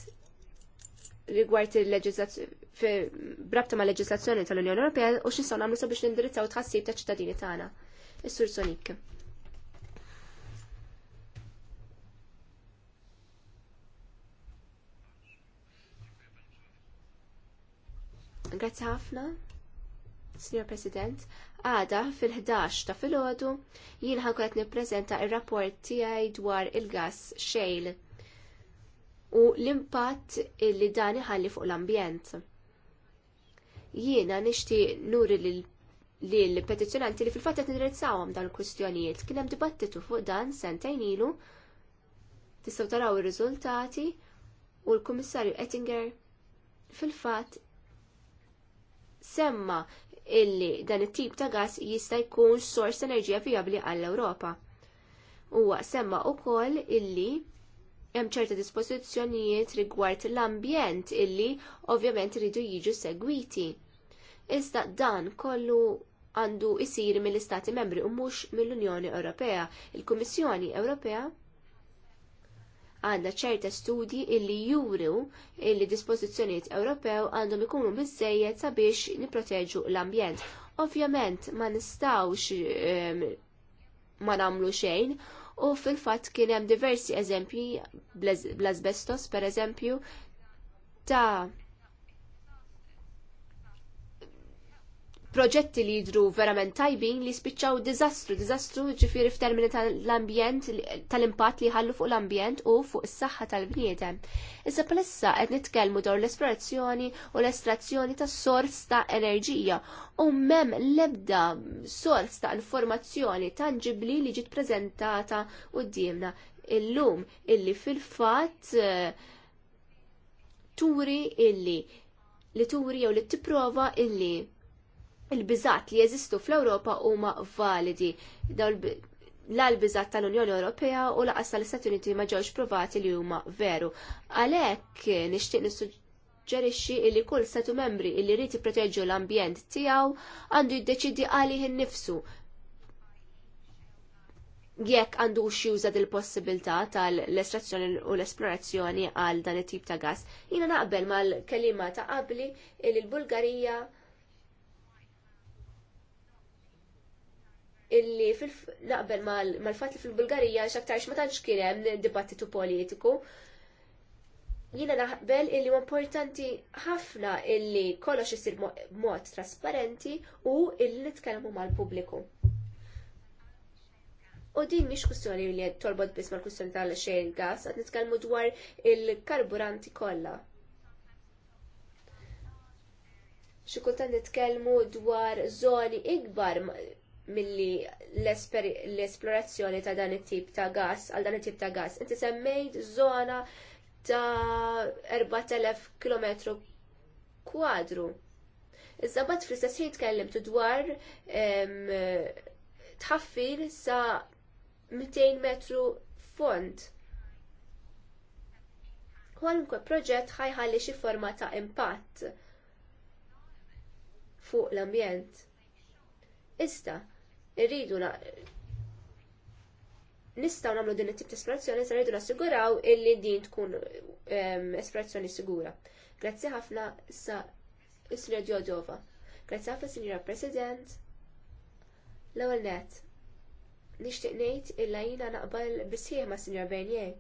rigward il-leġislazzjoni brabta ma' leġislazzjoni tal-Unjoni Ewropea u x'insaw nagħmlu sabiex nindirizzaw tħassib ta' ċittadini tagħna. Is-Sur Sonik. Grazzi ħafna. Signor President, għada fil-11 ta' filgħodu jien ħankun qed nippreżenta r-rapport tiegħi dwar il-gass xejl u l-impatt li dan iħalli fuq l-ambjent. Jiena nixtieq nuri lill-petizzjonanti l-petizjonanti li fil-fatt qed nirrizzawhom dan il-kwistjonijiet kien hemm dibattitu fuq dan sentejn ilu tistgħu taraw ir-riżultati u l-Kummissarju Ettinger fil-fatt semma illi dan it-tip ta' gass jista' jkun sors enerġija vijabbli għall-Ewropa. Huwa semma wkoll illi hemm ċerta dispożizzjonijiet rigward l-ambjent illi ovvjament iridu jiġu segwiti. Iżda dan kollu għandu jsir mill-Istati Membri u mhux mill-Unjoni Ewropea. Il-Kummissjoni Ewropea Għandha ċerta studji illi juru illi dispożizzjonijiet Ewropew għandhom ikunu biżżejjed sabiex nipproteġu l-ambjent. Ovvjament ma nistawx um, ma nagħmlu xejn u fil-fatt kien hemm diversi eżempji bl-asbestos pereżempju ta' proġetti li jidru verament tajbin li spiċċaw diżastru, diżastru ġifiri f'termini tal-ambjent, tal-impatt li ħallu fuq l-ambjent u fuq is-saħħa tal-bniedem. Issa palissa qed nitkellmu dwar l-esplorazzjoni u l-estrazzjoni ta' sors ta' enerġija u mem ebda sors ta' informazzjoni tangibli li ġiet preżentata qudiemna illum illi fil-fatt eh, turi illi li turi jew li tipprova illi il-biżat li jeżistu fl-Ewropa huma validi. l biżat tal-Unjoni Ewropea u laqas tal-Istati Uniti ma ġewx provati li huma veru. Għalhekk nixtieq nissuġġerixxi li kull stati membri li jrid jipproteġġu l-ambjent tiegħu għandu jiddeċidi għalih innifsu jekk għandux juża lill possibilità tal-estrazzjoni u l-esplorazzjoni għal dan it-tip ta' gas. Jina naqbel mal-kelima ta' qabli il-Bulgarija il bulgarija illi fil naqbel mal-fat li fil-Bulgarija xaktarx ma tantx kien hemm dibattitu politiku. Jiena naħbel illi importanti ħafna illi kollox isir mod trasparenti u illi nitkellmu mal-pubbliku. U din mhix kwistjoni li tolbod biss mal-kwistjoni tal-xejn gas, qed nitkellmu dwar il-karburanti kollha. Xi kultant nitkellmu dwar żoni ikbar milli l-esplorazzjoni ta' dan it-tip ta' gas, għal dan it-tip ta' gas. Inti semmejt zona ta' 4000 km kwadru. Iżda bat fl-istess ħin tkellem dwar tħaffir sa' 200 metru font. Kwalunkwe proġett ħajħalli xi forma ta' impatt fuq l-ambjent. Iżda, irridu nistaw nagħmlu din it-tip ta' esplorazzjoni sa rridu nassiguraw illi din tkun esplorazzjoni sigura. Grazzi ħafna sa Isra Djodova. Grazzi ħafna Sinjora President. L-ewwel net. Nixtieq ngħid illa jiena naqbel bisħieħ ma' Sinjor Bernier.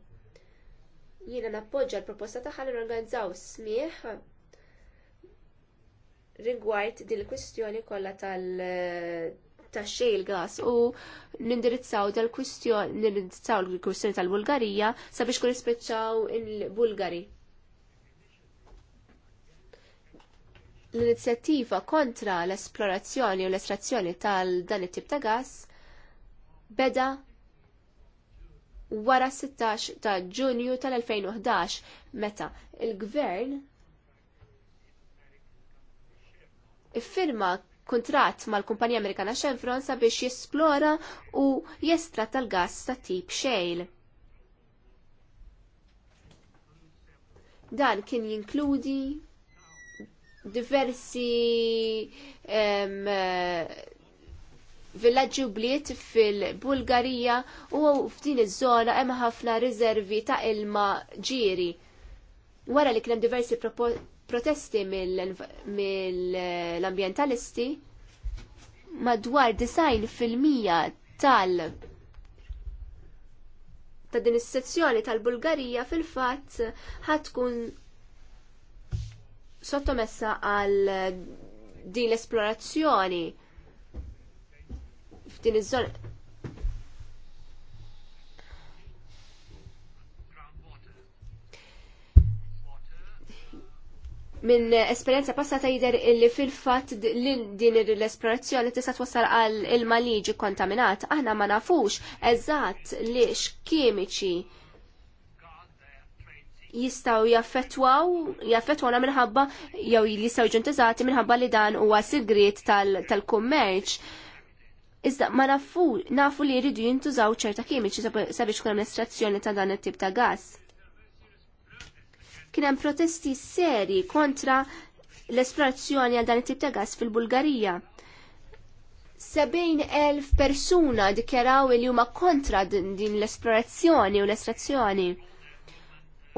Jiena nappoġġa l-proposta tagħha li organizzaw smieħ rigward din il-kwistjoni kollha tal- ta' il gas u nindirizzaw tal kwistjoni nindirizzaw l-kwistjoni tal-Bulgarija sabiex kun ispeċċaw il-Bulgari. L-inizjattiva kontra l-esplorazzjoni u l-estrazzjoni tal-dan it-tip ta' gas beda wara 16 ta' ġunju tal-2011 meta il-gvern iffirma kuntratt mal-Kumpanija Amerikana Chevron sabiex jesplora u jestrat tal-gass ta' tip xejl. Dan kien jinkludi diversi um, villaġġi u bliet fil-Bulgarija u f'din iż-żona hemm ħafna riservi ta' ilma ġiri. Wara li kien hemm diversi protesti mill-ambientalisti madwar 90% tal- ta' din is-sezzjoni tal-Bulgarija fil-fatt ħatkun sottomessa għal din l-esplorazzjoni f'din iż-żona minn esperienza passata jider illi fil-fat din l-esplorazzjoni tista' twassal għal ilma liġi kontaminat. Aħna ma nafux eżatt li x'kimiċi jistaw jaffetwaw, na minħabba, jew jistaw ġuntizati minħabba li dan huwa sigriet tal-kummerċ. Iżda ma nafu, nafu li jridu jintużaw ċerta kimiċi sabiex l estrazzjoni ta' dan it-tip ta' gas kien hemm protesti seri kontra l-esplorazzjoni għal dan it-tip ta' gas fil-Bulgarija. 70.000 persuna dikjaraw li huma kontra din l-esplorazzjoni u l-estrazzjoni.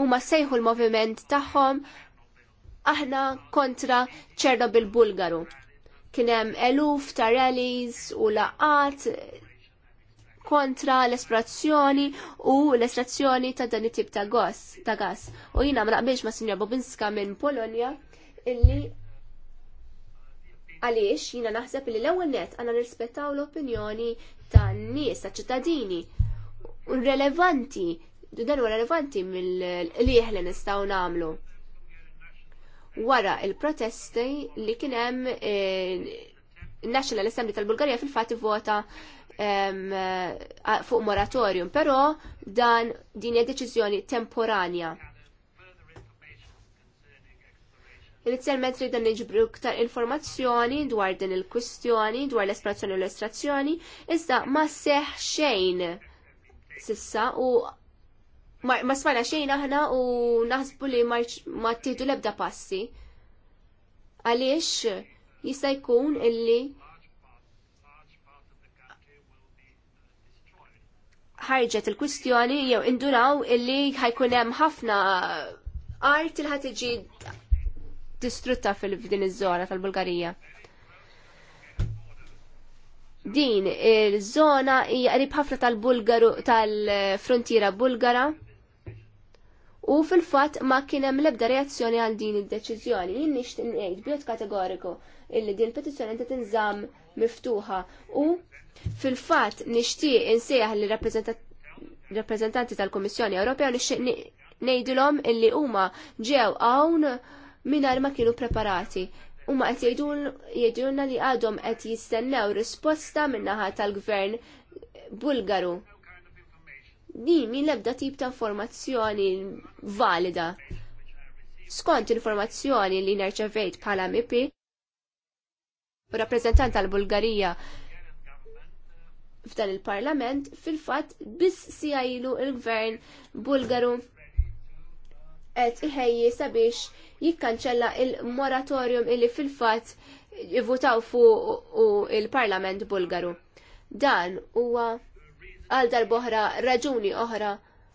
Huma sejħu l-moviment tagħhom aħna kontra bil Bulgaru. Kien hemm eluf ta' rallies u laqat kontra l-esplorazzjoni u l-estrazzjoni ta' dan it-tip ta' gas. Ta gas. U jina ma naqbilx ma' Sinja Bobinska minn Polonja illi għaliex jina naħseb li l-ewwel net għandna nirrispettaw l-opinjoni tan-nies, ta' ċittadini u relevanti, dan huwa relevanti mill-lieħ li nistgħu nagħmlu. Wara il-protesti li kien hemm eh, National Assembly tal-Bulgarija fil-fatt vota fuq moratorium, però dan din hija deċiżjoni temporanja. Inizjalment rridu niġbru iktar informazzjoni dwar din il-kwistjoni, dwar l-esplorazzjoni u l-estrazzjoni, iżda ma seħ xejn sissa u ma smajna xejn aħna u naħsbu li ma tieħdu l-ebda passi. Għaliex jista' jkun illi ħarġet il-kwistjoni jew induraw illi ħajkun hemm ħafna art il tiġi distrutta fil-din iż-żona tal-Bulgarija. Din il-żona hija qrib ħafna tal-Bulgaru tal-frontiera Bulgara u fil-fatt ma kien hemm l-ebda reazzjoni għal din id-deċiżjoni. Jien nixtieq ngħid bjod kategoriku illi din il-petizzjoni tinżamm miftuħa u Fil-fatt nixtieq insejħ li rappreżentanti tal-Kummissjoni Ewropea nixtieq ngħidilhom illi huma ġew hawn mingħajr ma kienu preparati. Huma qed jgħidulna li għadhom qed jistennew risposta min-naħa tal-Gvern Bulgaru. Din min l-ebda tip ta' informazzjoni valida. Skont informazzjoni li nerċevejt bħala MP, u rappresentant tal-Bulgarija f'dan il-parlament fil-fatt biss sija ilu il-gvern Bulgaru qed iħejji sabiex jikkanċella il-moratorium illi fil-fatt jivutaw fuq il-Parlament Bulgaru. Dan huwa għal darboħra raġuni oħra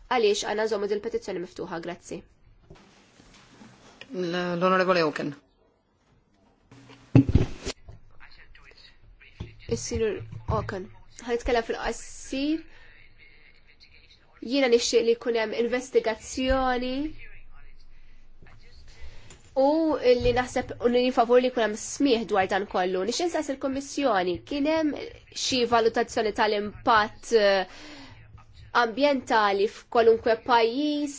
għaliex għana zomu il petizzjoni miftuħa, grazzi. L-Onorevole Oken. Is-Sinur Oken ħajtkellem fil-qassir. Jiena nixtieq li jkun hemm investigazzjoni u li naħseb u li favur li kunem smieħ dwar dan kollu. Nix insas il-Kommissjoni, kienem xi valutazzjoni tal-impatt eh, ambientali f'kolunkwe pajis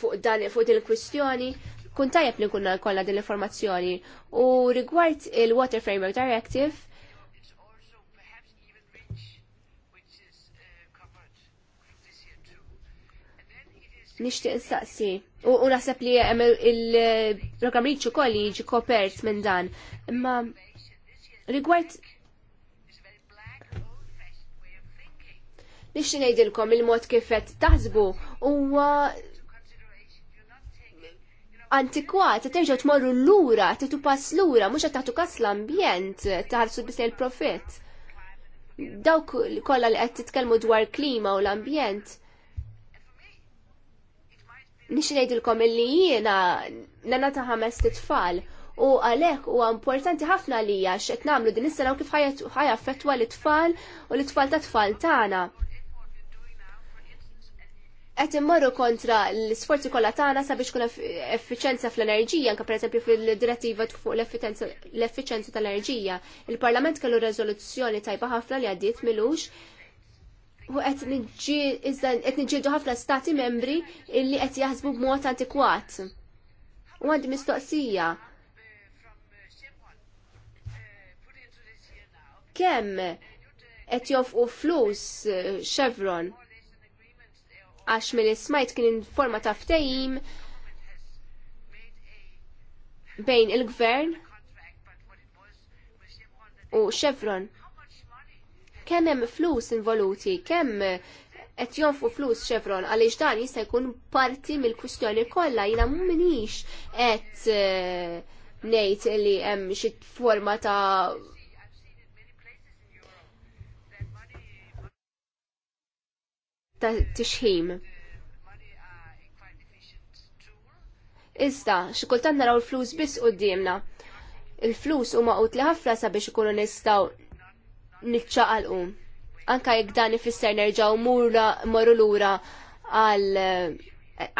fuq dan fuq din il-kwistjoni, kun tajjeb li kunna kolla din l-informazzjoni. U rigward il-Water Framework Directive, nixtieq insaqsi. U naħseb li il-programm riċu kolli jiġi kopert minn dan. Imma rigward nixtieq ngħidilkom il-mod kif qed taħsbu huwa antikwat, terġgħu tmorru lura, titu pass lura, mhux qed tagħtu kas l-ambjent, taħarsu biss l profitt Dawk kollha li qed titkellmu dwar klima u l-ambjent, nixi ngħidilkom illi jiena nana ta' ħames titfal u għalhekk huwa importanti ħafna għax x'qed nagħmlu din is-sena u kif ħajaffettwa l-itfal u l-itfal ta' tfal tagħna. Qed immorru kontra l-isforzi kollha tagħna sabiex kun effiċenza fl-enerġija, anke pereżempju fil-direttiva fuq l-effiċenza tal-enerġija. Il-Parlament kellu riżoluzzjoni tajba ħafna li għaddiet milux u qed niġġieldu ħafna stati membri illi qed jaħsbu b'mod antikwat. U għandi mistoqsija. Kemm qed jofqu flus Chevron għax mill smajt kien forma ta' ftehim bejn il-gvern u Chevron kemm hemm flus involuti, kemm qed jonfu flus Chevron għaliex dan jista' jkun parti mill-kwistjoni kollha jiena m'humiex qed eh, ngħid li hemm xi forma ta' ta' tixħim. Iżda, xi kultant naraw il-flus biss qudiemna. Il-flus huma utli ħafna sabiex ikunu nistgħu niċċaqalqu. Anka jekk dan ifisser nerġaw mura morru lura għal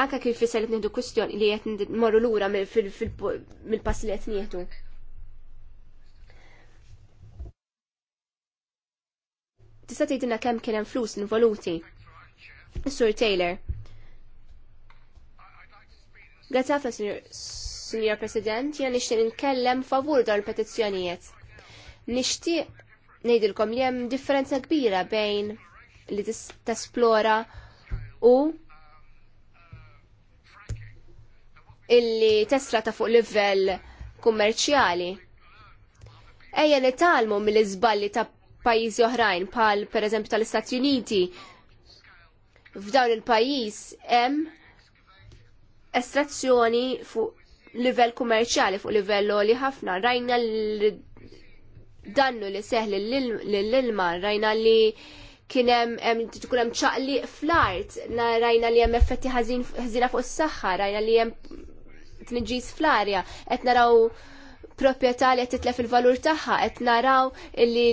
anka kif ifisser li tnieħdu kwistjoni li qed morru lura mill-pass li qed nieħdu. Tista' tgħidilna kemm kien hemm flus involuti. Sur Taylor. Grazie ħafna, Signor President, jien nixtieq nitkellem favur dawn il-petizzjonijiet. Nixtieq ngħidilkom li hemm differenza kbira bejn li tesplora u illi testrata fuq livell kummerċjali. Ejja nitalmu mill-iżballi ta' pajjiżi oħrajn bħal pereżempju tal-Istati Uniti. F'dawn il-pajjiż hemm estrazzjoni fuq livell kummerċjali fuq livell għoli ħafna rajna dannu li seħħ l-ilma rajna li kienem tkun hemm ċaqli fl-art, rajna li hemm effetti ħażina fuq is-saħħa, rajna li hemm tniġis fl-arja, qed naraw proprjetà li qed titlef il-valur tagħha, qed naraw li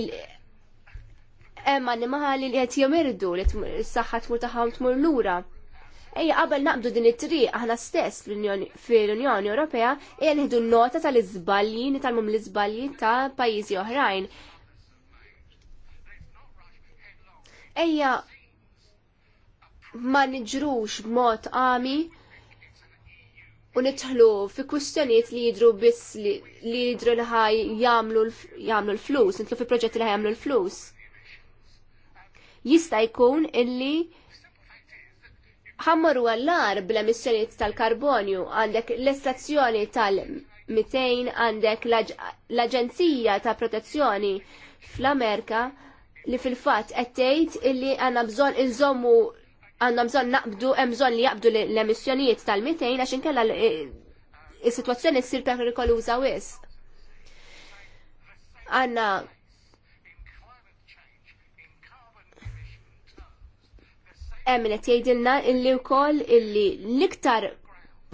hemm annimali li qed jimirdu li s-saħħa tmur tagħhom tmur lura. Ejja qabel naqbdu din it-triq aħna stess fil-Unjoni Ewropea ejja nieħdu nota tal-iżbalji nitalmhom l-iżbalji ta' pajjiżi oħrajn. Ejja ma niġrux b'mod għami u nitħlu fi kustjoniet li jidru biss li, jidru li ħaj jamlu l-flus, nitlu fi proġetti li ħaj jamlu l-flus. Jista' jkun illi ħammaru għallar bl-emissjoniet tal-karbonju għandek l-estazzjoni tal-200 għandek l-Aġenzija ta' Protezzjoni fl-Amerika li fil-fatt qed tgħid illi għandna bżonn inżommu għandna bżonn naqbdu hemm bżonn li jaqbdu l-emissjonijiet tal-200 għax inkella is-sitwazzjoni ssir perikoluża wisq. Għanna emmet jgħidilna illi wkoll illi l-iktar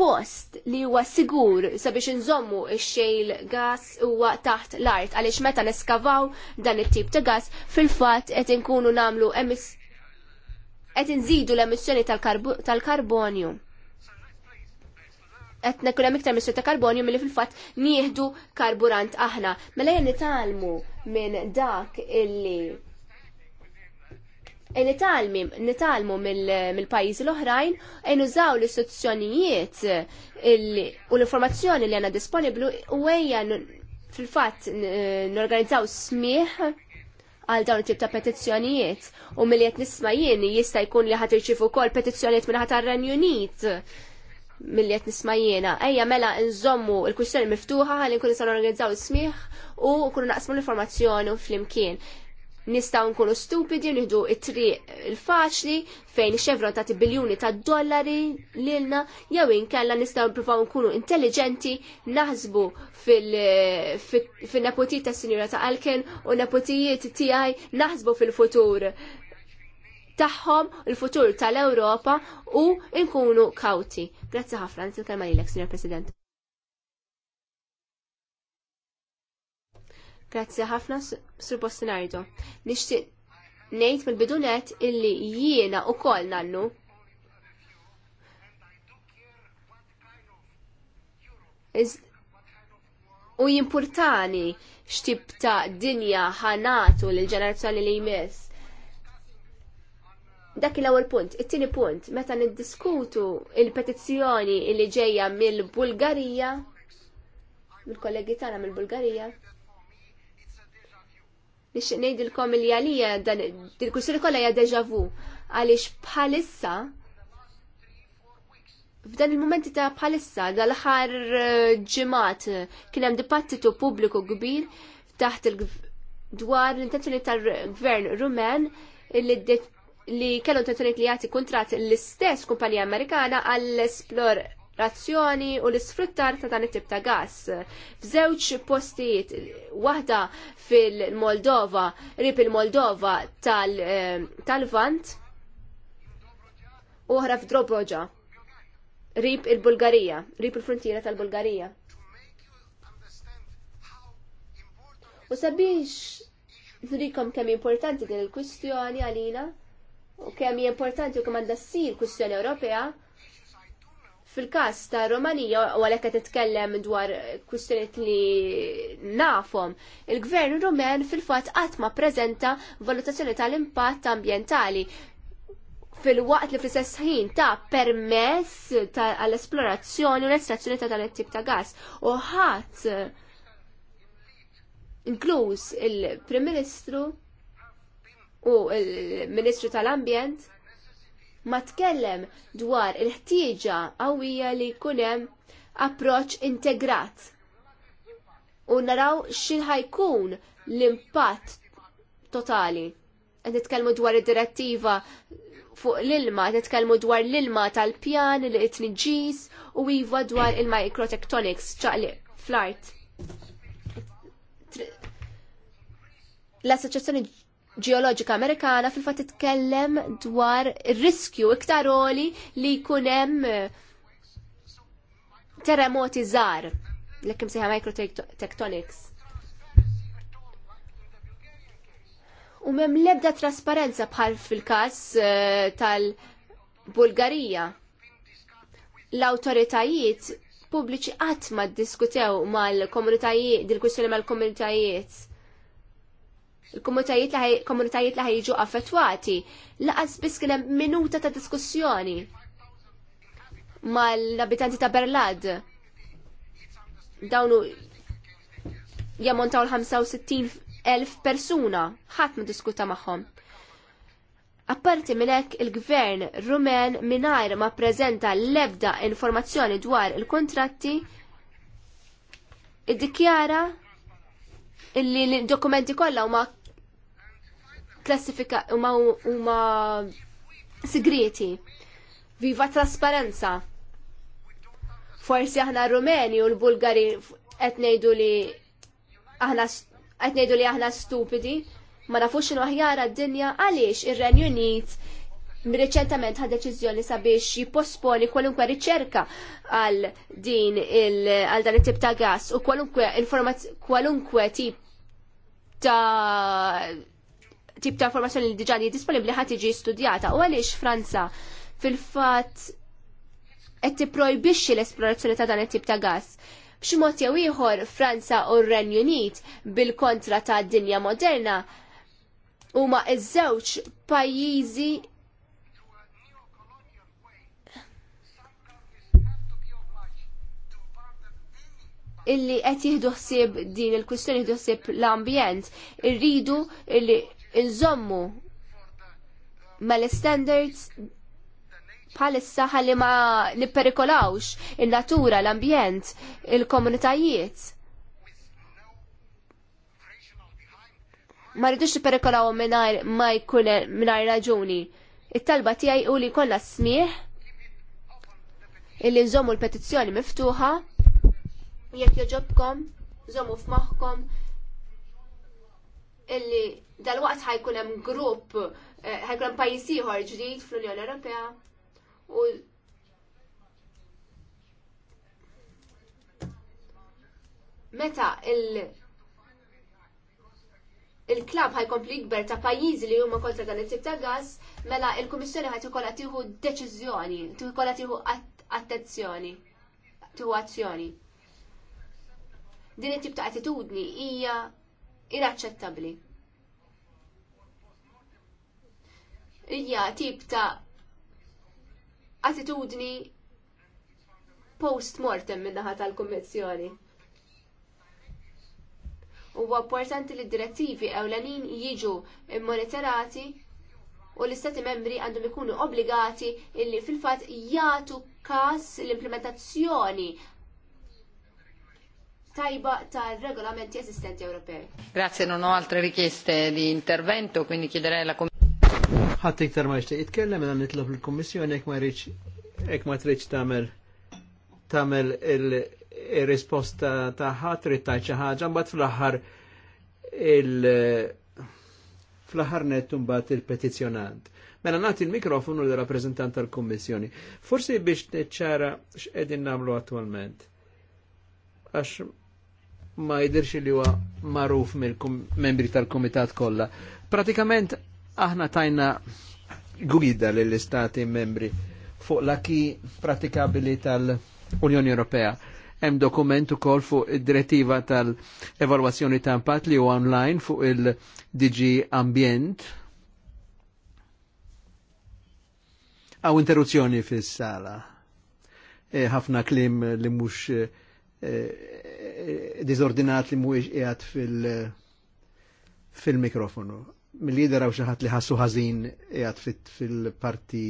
post li huwa sigur sabiex inżommu ix xejl gas huwa taħt l-art għaliex meta neskavaw dan it-tip ta' gas fil-fatt qed inkunu nagħmlu qed inżidu l-emissjoni tal-karbonju. Qed nekun hemm iktar emissjoni ta' karbonju milli fil-fatt nieħdu karburant aħna. Mela jien nitalmu minn dak illi E nitalmu mill-pajjiżi l-oħrajn e nużaw l-istituzzjonijiet u l-informazzjoni li għandna disponiblu u ejja fil n-organizzaw smieħ għal dawn tip ta' petizzjonijiet u mill-jiet nisma' jien jista' jkun li ħat irċifu wkoll petizzjonijiet minn ħadd renju Unit milli qed nisma' jiena. Ejja mela nżommu l-kwistjoni miftuħa għal nkun nistgħu organizzaw smieħ u nkunu naqsmu l-informazzjoni u flimkien nistaw nkunu stupidi nidu it-triq il-faċli fejn Chevron tagħti biljuni ta' dollari lilna jew inkella nistgħu nprofaw nkunu intelligenti naħsbu fil-nepotijiet tas-Sinjura ta' Alken u napotijiet tiegħi naħsbu fil-futur tagħhom il-futur tal-Ewropa u nkunu kawti. Grazzi ħafna, nitilkema lilek, Sinjor President. Grazzi ħafna Sur Bostinardo. Nixtieq ngħid mill-bidunet illi jiena kol nannu. U jimpurtani x'tib ta' dinja ħanatu l ġenerazzjoni li jmiss. Dak l-ewwel punt, it-tieni punt, meta niddiskutu il-petizzjoni li ġejja mill-Bulgarija, mill-kollegi tagħna mill-Bulgarija, Nix ngħidilkom li għalija dan il-kursuri kollha hija deja vu għaliex bħalissa f'dan il-momenti ta' bħalissa dal-aħħar eh, ġimgħat kien hemm publiku pubbliku kbir taħt il dwar l-intenzjoni tal-gvern Rumen li kellu intenzjoni li jagħti kuntratt l-istess kumpanija Amerikana għall-esplor razzjoni u l-isfruttar ta' dan it-tip ta' gas. F'żewġ postijiet, waħda fil-Moldova, rip il-Moldova eh, tal-Vant, U oħra f'Drobroġa, rip il-Bulgarija, rip il-frontiera tal-Bulgarija. U sabiex nurikom kemm importanti din il-kwistjoni għalina u kemm importanti u kemm għandha ssir kwistjoni Ewropea, Fil-każ ta' Romanija, u għalhekk qed tkellem dwar kwistjoniet li nafom, il-Gvern Rumen fil-fatt qatt ma valutazzjoni tal-impatt ambjentali fil-waqt li fl-istess ħin ta' permess għall-esplorazzjoni u l-estrazzjoni ta' dan it-tip ta' gas. U ħadd inkluż il-Prim Ministru u l-Ministru tal-Ambjent ma tkellem dwar il-ħtieġa qawwija li jkun hemm approċċ integrat u naraw xil ħajkun l-impatt totali. Qed nitkellmu dwar id-direttiva fuq l-ilma, nitkellmu dwar l-ilma tal-pjan, l-itniġis u iva dwar il-microtectonics ċaqli fl-art. L-Assoċjazzjoni ġeoloġika Amerikana fil-fatt titkellem dwar riskju iktaroli li jkun hemm eh, terremoti żgħar l kim seħa microtectonics. U mem lebda trasparenza bħal fil-kas eh, tal-Bulgarija. L-autoritajiet pubbliċi qatt ma ddiskutew mal-komunitajiet, dil-kwistjoni mal-komunitajiet il-komunitajiet li ħajġu affettwati. Laqas biss kien hemm minuta ta' diskussjoni mal-abitanti ta' Berlad. Dawnu jammontaw l-65,000 persuna, ħadd ma diskuta magħhom. Apparti minn hekk il-gvern rumen mingħajr ma prezenta l-ebda informazzjoni dwar il-kontratti iddikjara illi l-dokumenti kollha huma klassifika huma segreti. Viva trasparenza. Forsi aħna Rumeni u l-Bulgari qed ngħidu li aħna stupidi, ma nafux x'inhu aħjar d-dinja għaliex ir-Renju Unit reċentament ħad deċiżjoni sabiex jipposponi kwalunkwe riċerka għal din għal dan it-tip ta' gas u kwalunkwe kwalunkwe tip ta' tip ta' informazzjoni li diġà li disponibbli ħadd jiġi studjata u għaliex Franza fil-fatt qed tipprojbixxi l-esplorazzjoni ta' dan it-tip ta' gass b'xi mod jew ieħor Franza u r-Renju Unit bil-kontra ta' dinja moderna huma ż żewġ pajjiżi illi qed jieħdu ħsieb din il-kwistjoni jieħdu ħsieb l-ambjent, irridu illi inżommu mal-standards bħalissa ħalli ma nipperikolawx il-natura, l-ambjent, il-komunitajiet. Ma rridux nipperikolaw minar ma jkun minar raġuni. It-talba tiegħi u li kolla smieħ illi nżommu l-petizzjoni miftuħa jekk joġobkom, nżommu f'moħħkom illi Dal-waqt ħajkunem hemm grupp, eh, ħajkunem hemm pajjiż ieħor ġdid fl-Unjoni Ewropea u meta il- il-klab ħajkompli jikber ta' pajjiżi li huma kontra dan it-tip ta' gas, mela il-Kummissjoni ħajt ikollha tieħu deċiżjoni, ikollha tieħu attenzjoni, tieħu azzjoni. Din it-tip ta' attitudni hija inaċċettabbli. hija tip ta' attitudni post-mortem minnaħa tal-Kummissjoni. Huwa importanti li d-direttivi ewlenin jiġu immonitorati u l-istati membri għandhom ikunu obbligati illi fil-fatt jagħtu każ l-implementazzjoni tajba tal-regolamenti esistenti Ewropej. Grazie, non ho altre richieste di intervento, quindi chiederei alla Commissione ħadd iktar ma jixtieq jitkellem mela nitlob lill-Kummissjoni jekk ma rridx jekk ma tridx tagħmel tagħmel il-risposta tagħha trid tajt xi ħaġa mbagħad fl-aħħar il fl-aħħar nett mbagħad il-petizzjonant. Mela nagħti l-mikrofonu l rappreżentant tal-Kummissjoni. Forsi biex niċċara x'qegħdin nagħmlu attwalment. Għax ma jidirx li huwa magħruf mill-membri tal-Kumitat kollha. Pratikament Aħna tajna gwida lill-istati membri fuq l-aki pratikabili tal-Unjoni Ewropea. Hemm dokument ukoll fuq id-direttiva tal-evalwazzjoni ta' impatt li huwa online fuq il-DG Ambient. Għaw interruzzjoni fis-sala. E, ħafna e, klim li mhux e, e, e disordinat li mhuwiex qiegħed fil- fil-mikrofonu mill lider għaw xaħat li ħassu ħazin jgħat fit fil-parti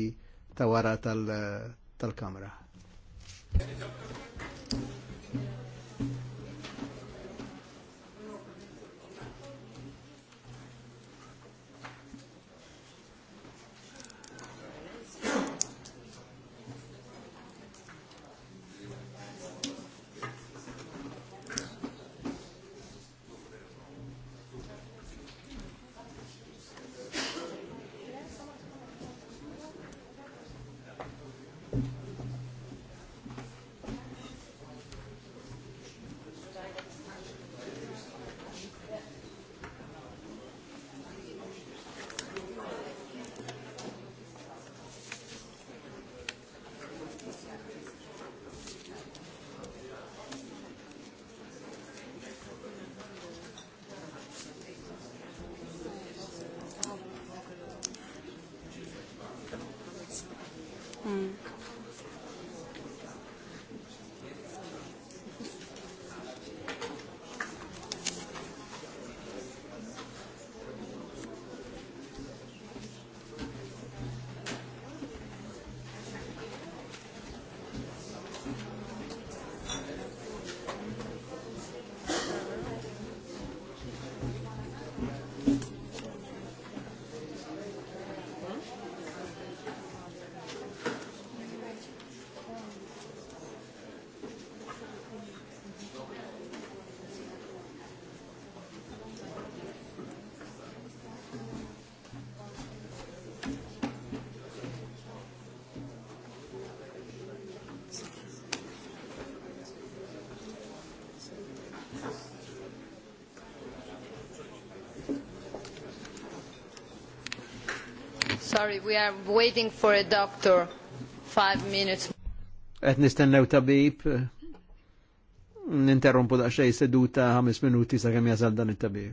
ta' wara tal-kamra. Sorry, we are waiting for a doctor. Five minutes. Et nistennew tabib. Ninterrompu daqxej seduta ħames minuti sa' kemm jasal dan it-tabib.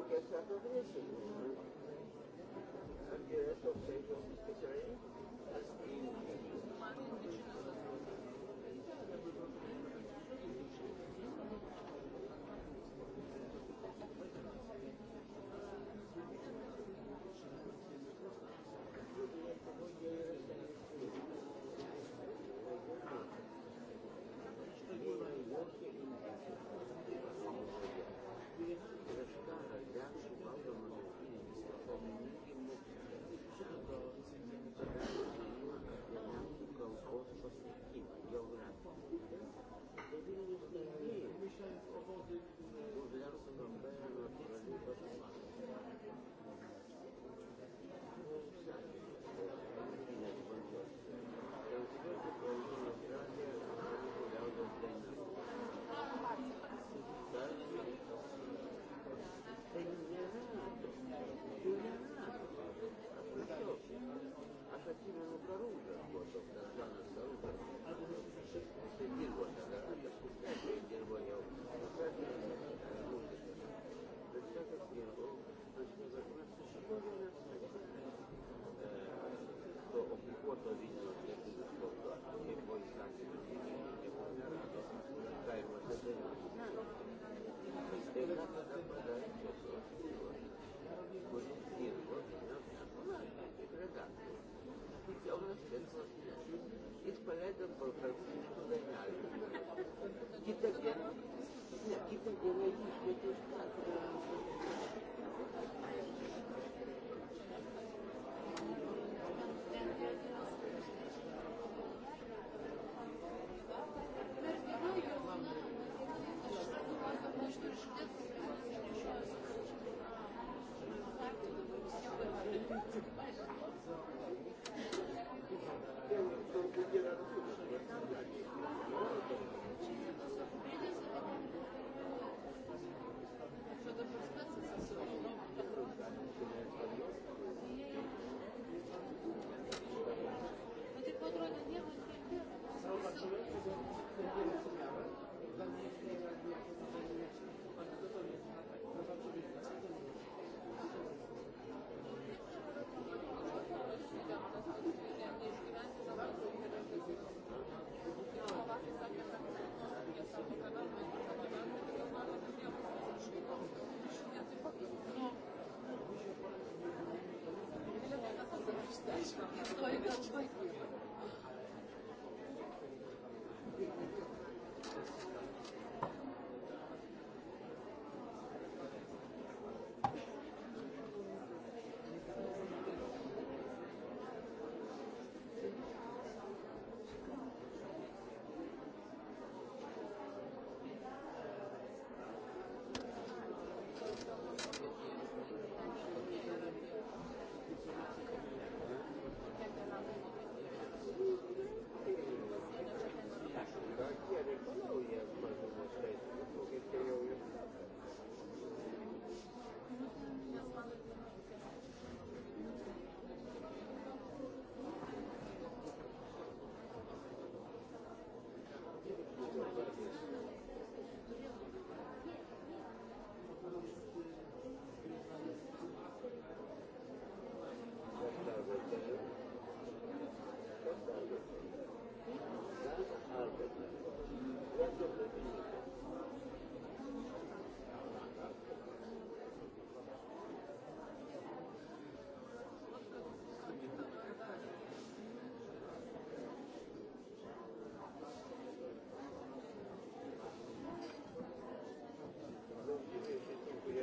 gets appropriation. And the rest of the Thank you.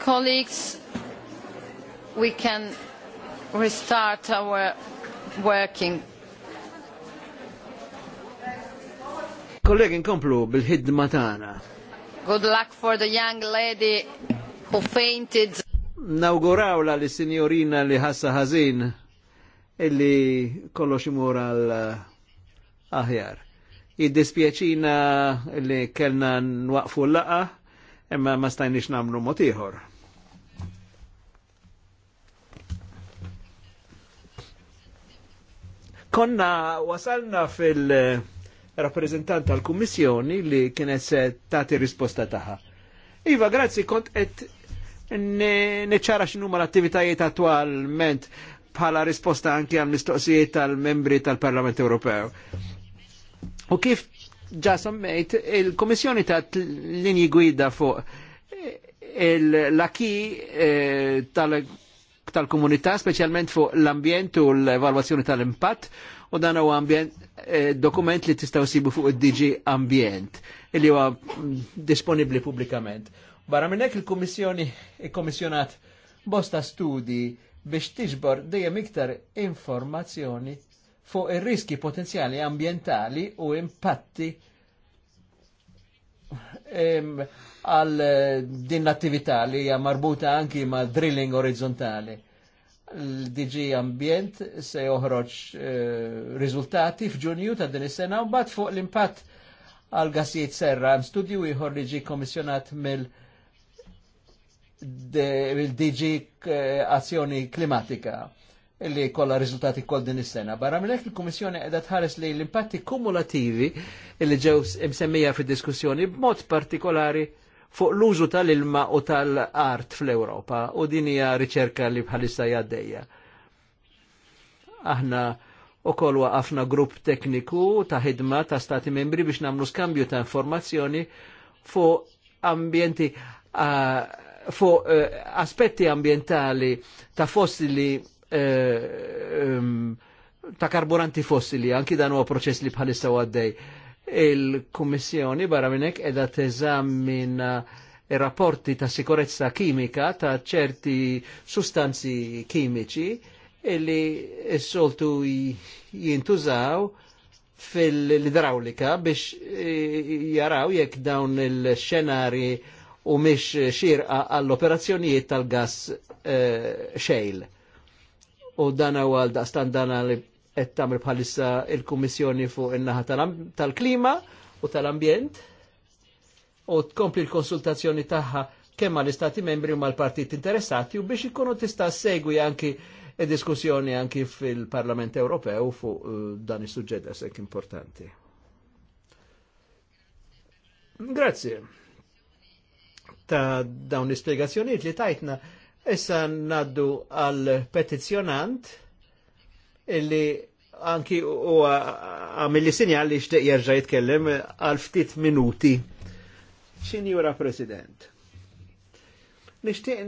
Colleagues, we can restart our working. Kollegi, nkomplu bil-ħidma tagħna. Good luck for the young lady who fainted. Nawgurawla li sinjorina li ħassa ħażin illi kollox imur għal eh, aħjar. Id-dispjaċina li kellna nwaqfu l-laqa' imma ma stajniex namlu mod ieħor. Konna wasalna fil-rappresentant tal-Kummissjoni li kienet se tagħti risposta tagħha. Iva, grazzi, kont qed neċara x'numa l-attivitajiet attualment bħala risposta anki għal mistoqsijiet tal-membri tal-Parlament Ewropew. U kif ġa semmejt il-Komissjoni ta' linji gwida fuq l-aki eh, tal-komunità, specialment fuq l-ambjent u l-evalwazzjoni tal-impatt, u dan u ambjent eh, dokument li tistaw sibu fuq id-DG Ambjent, li huwa mm, disponibli pubblikament. Barra minn hekk il-Kummissjoni ikkommissjonat bosta studi biex tiġbor dejjem iktar informazzjoni fuq ir-riski potenzjali ambientali u impatti għal din l-attività li hija marbuta anki ma' drilling orizzontali. L-DG Ambient se joħroġ eh, riżultati f'Ġunju ta' din is-sena u mbagħad fuq l-impatt għal gassijiet serra hemm studju ieħor li ġi kommissjonat mill DG eh, Azzjoni Klimatika li kolla rizultati kol din is-sena. Barra minn il-Kummissjoni qiegħda tħares li l-impatti kumulativi li ġew msemmija fid-diskussjoni b'mod partikolari fuq l-użu tal-ilma u tal-art fl-Ewropa u din hija riċerka li bħalissa jgħaddejja. Aħna u koll waqafna grupp tekniku ta' ħidma ta' stati membri biex namlu skambju ta' informazzjoni fuq ambjenti fuq eh, aspetti ambientali ta' fossili Eh, ta' karburanti fossili, anki dan huwa proċess li bħalissa għaddej. Il-Kummissjoni barra minnek edha teżamina rapporti ta' sikurezza kimika ta' ċerti sustanzi kimiċi illi s-soltu jintużaw fil-idrawlika biex eh, jaraw jekk dawn il-xenari u miex xirqa għall-operazzjonijiet tal-gas eh, xejl. Uh, u dan għal daqstan dana li qed tagħmel bħalissa il-Kummissjoni fuq in-naħa tal-klima u tal-ambjent u tkompli l-konsultazzjoni taħħa kemm mal istati membri u mal-partit interessati u biex ikunu tista' segwi anki e diskussjoni anki fil-Parlament Ewropew fuq eh, dan is-suġġett sekk importanti. Grazie ta' dawn l-ispiegazzjoniet li tajtna Issa naddu għal petizjonant illi anki u għamilli sinjal li xteq jerġa jitkellem għal ftit minuti. Sinjura President, nishtiq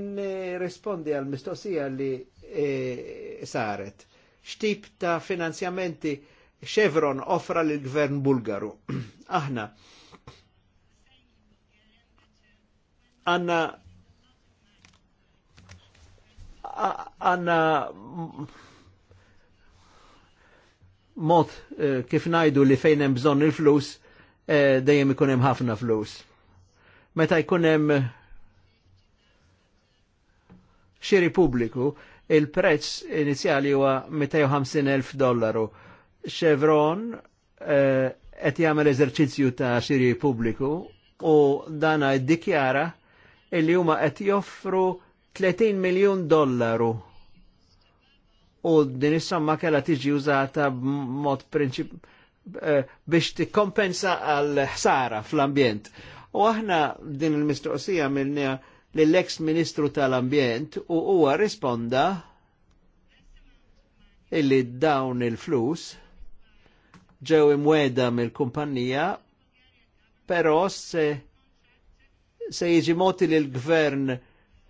rispondi għal mistoqsija li e, saret. X'tip ta' finanzjamenti Chevron offra l gvern Bulgaru. <clears throat> Aħna għanna għanna mod eh, kif najdu li fejn hemm bżonn il-flus eh, dejjem ikun hemm ħafna flus. Meta jkun hemm xiri pubbliku, il-prezz inizjali huwa 250.000 dollaru. Chevron eh, qed jagħmel eżerċizzju ta' xiri pubbliku u dana ddikjara illi huma qed joffru 30 miljon dollaru u din is-somma kella tiġi użata b'mod prinċip eh, biex tikkompensa għal ħsara fl-ambjent. U aħna din il-mistoqsija minnija lill-ex ministru tal-ambjent u huwa risponda illi dawn il-flus ġew imweda mill-kumpanija però se se jiġi moti l-gvern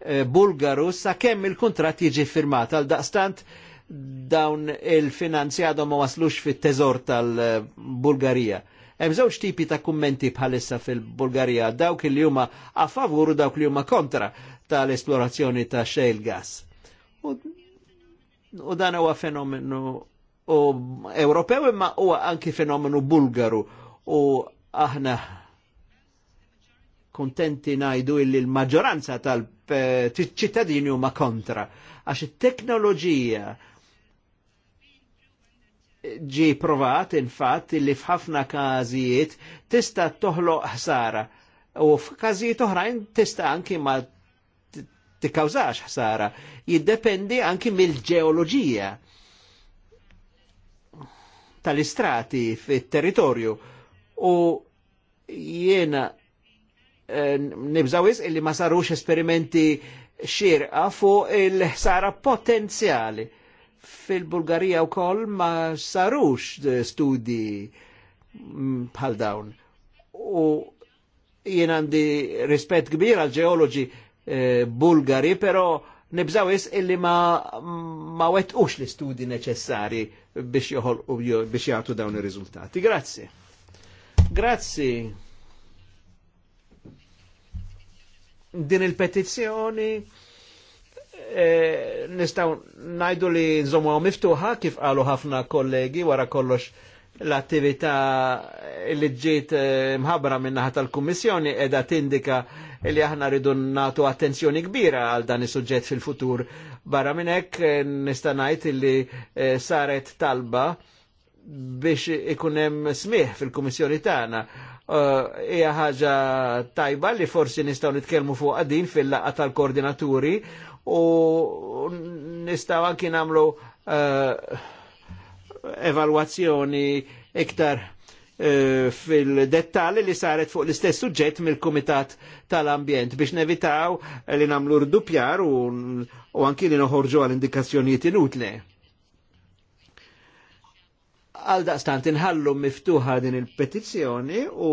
Eh, Bulgaru sa kemm il-kontrat jiġi firmat għal daqstant dawn il-finanzi għadhom ma waslux fit-teżor tal-Bulgarija. Hemm żewġ tipi ta' kummenti bħalissa fil-Bulgarija dawk li huma a favur u dawk li huma kontra tal-esplorazzjoni ta' xejl gas. U, u dan huwa fenomenu u Ewropew imma huwa anki fenomenu Bulgaru u aħna kontenti najdu illi l-maġġoranza tal-ċittadini eh, huma kontra. Għax it-teknoloġija ġi provat infatt li f'ħafna każijiet tista' toħloq ħsara u f'każijiet oħrajn tista' anki ma tikkawżax ħsara. Jiddependi anki mill-ġeoloġija tal-istrati fit-territorju u jiena nibżawis illi ma sarux esperimenti xirqa fuq il-ħsara potenzjali. Fil-Bulgarija u koll ma sarux studi mm, bħal dawn. U jien għandi rispett kbir għal ġeoloġi eh, Bulgari, pero nibżawis illi ma, ma wetqux li studi neċessari biex joħolqu biex jagħtu dawn ir rizultati. Grazzi. Grazzi. din il-petizzjoni e, nistaw najdu li nżommu miftuħa kif qalu ħafna kollegi wara kollox l-attività li ġiet e, mħabbra minnaħa tal-Kummissjoni edha tindika li aħna ridu natu attenzjoni kbira għal dan is-suġġett fil-futur. Barra minn hekk e, nista' ngħid li saret talba biex ikun hemm smih fil-Kummissjoni tagħna Eh, hija ħaġa tajba li forsi nistgħu nitkellmu fuq din fil-laqgħa tal-koordinaturi u nistgħu anki nagħmlu eh, evalwazzjoni iktar eh, fil-dettali li saret fuq l-istess suġġett mill-Kumitat tal-Ambjent biex nevitaw li namlu rdupjar u, u anki li noħorġu għal indikazzjonijiet inutli għal daqstant inħallu miftuħa din il-petizzjoni u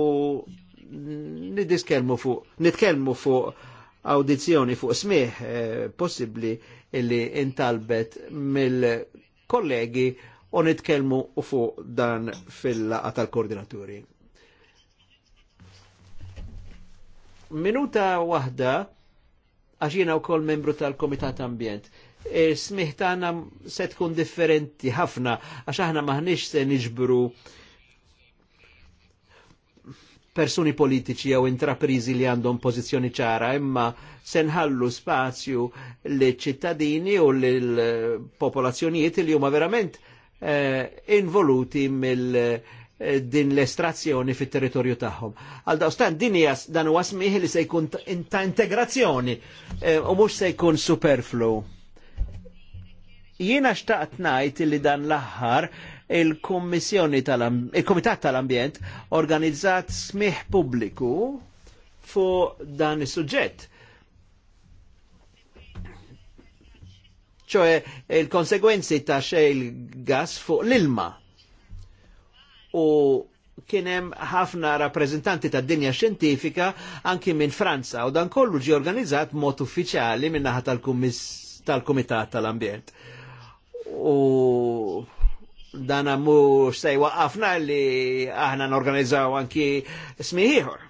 nidiskelmu fuq nitkellmu fuq awdizzjoni fuq smieħ eh, possibbli illi intalbet mill-kollegi u u fuq dan fil-laqa tal-koordinaturi. Minuta wahda għaxina u kol membru tal-Komitat Ambjent e tagħna se tkun differenti ħafna għax aħna maħniex se niġbru persuni politiċi jew intraprizi li għandhom pożizzjoni ċara, imma se nħallu spazju li ċittadini u l popolazzjonijiet li huma verament eh, involuti mill eh, din l-estrazzjoni fit territorju tagħhom. Għal dawstan din hija dan huwa smih li se jkun ta' integrazzjoni eh, u mhux se jkun superflu. Jiena xtaqt ngħid li dan l-aħħar il-Kummissjoni tal-Kumitat tal-Ambjent organizzat smih pubbliku fuq dan is-suġġett. ċoħe il-konsegwenzi ta' il gas fuq l-ilma. U kienem ħafna rappresentanti ta' dinja xjentifika anki minn Franza u dan kollu ġi organizzat mod uffiċjali minnaħa tal-Komitat tal-Ambjent. naħa tal-Kumitat tal-Ambjent. tal komitat tal ambjent u dana mux se waqafna li aħna n-organizzaw anki smiħiħor.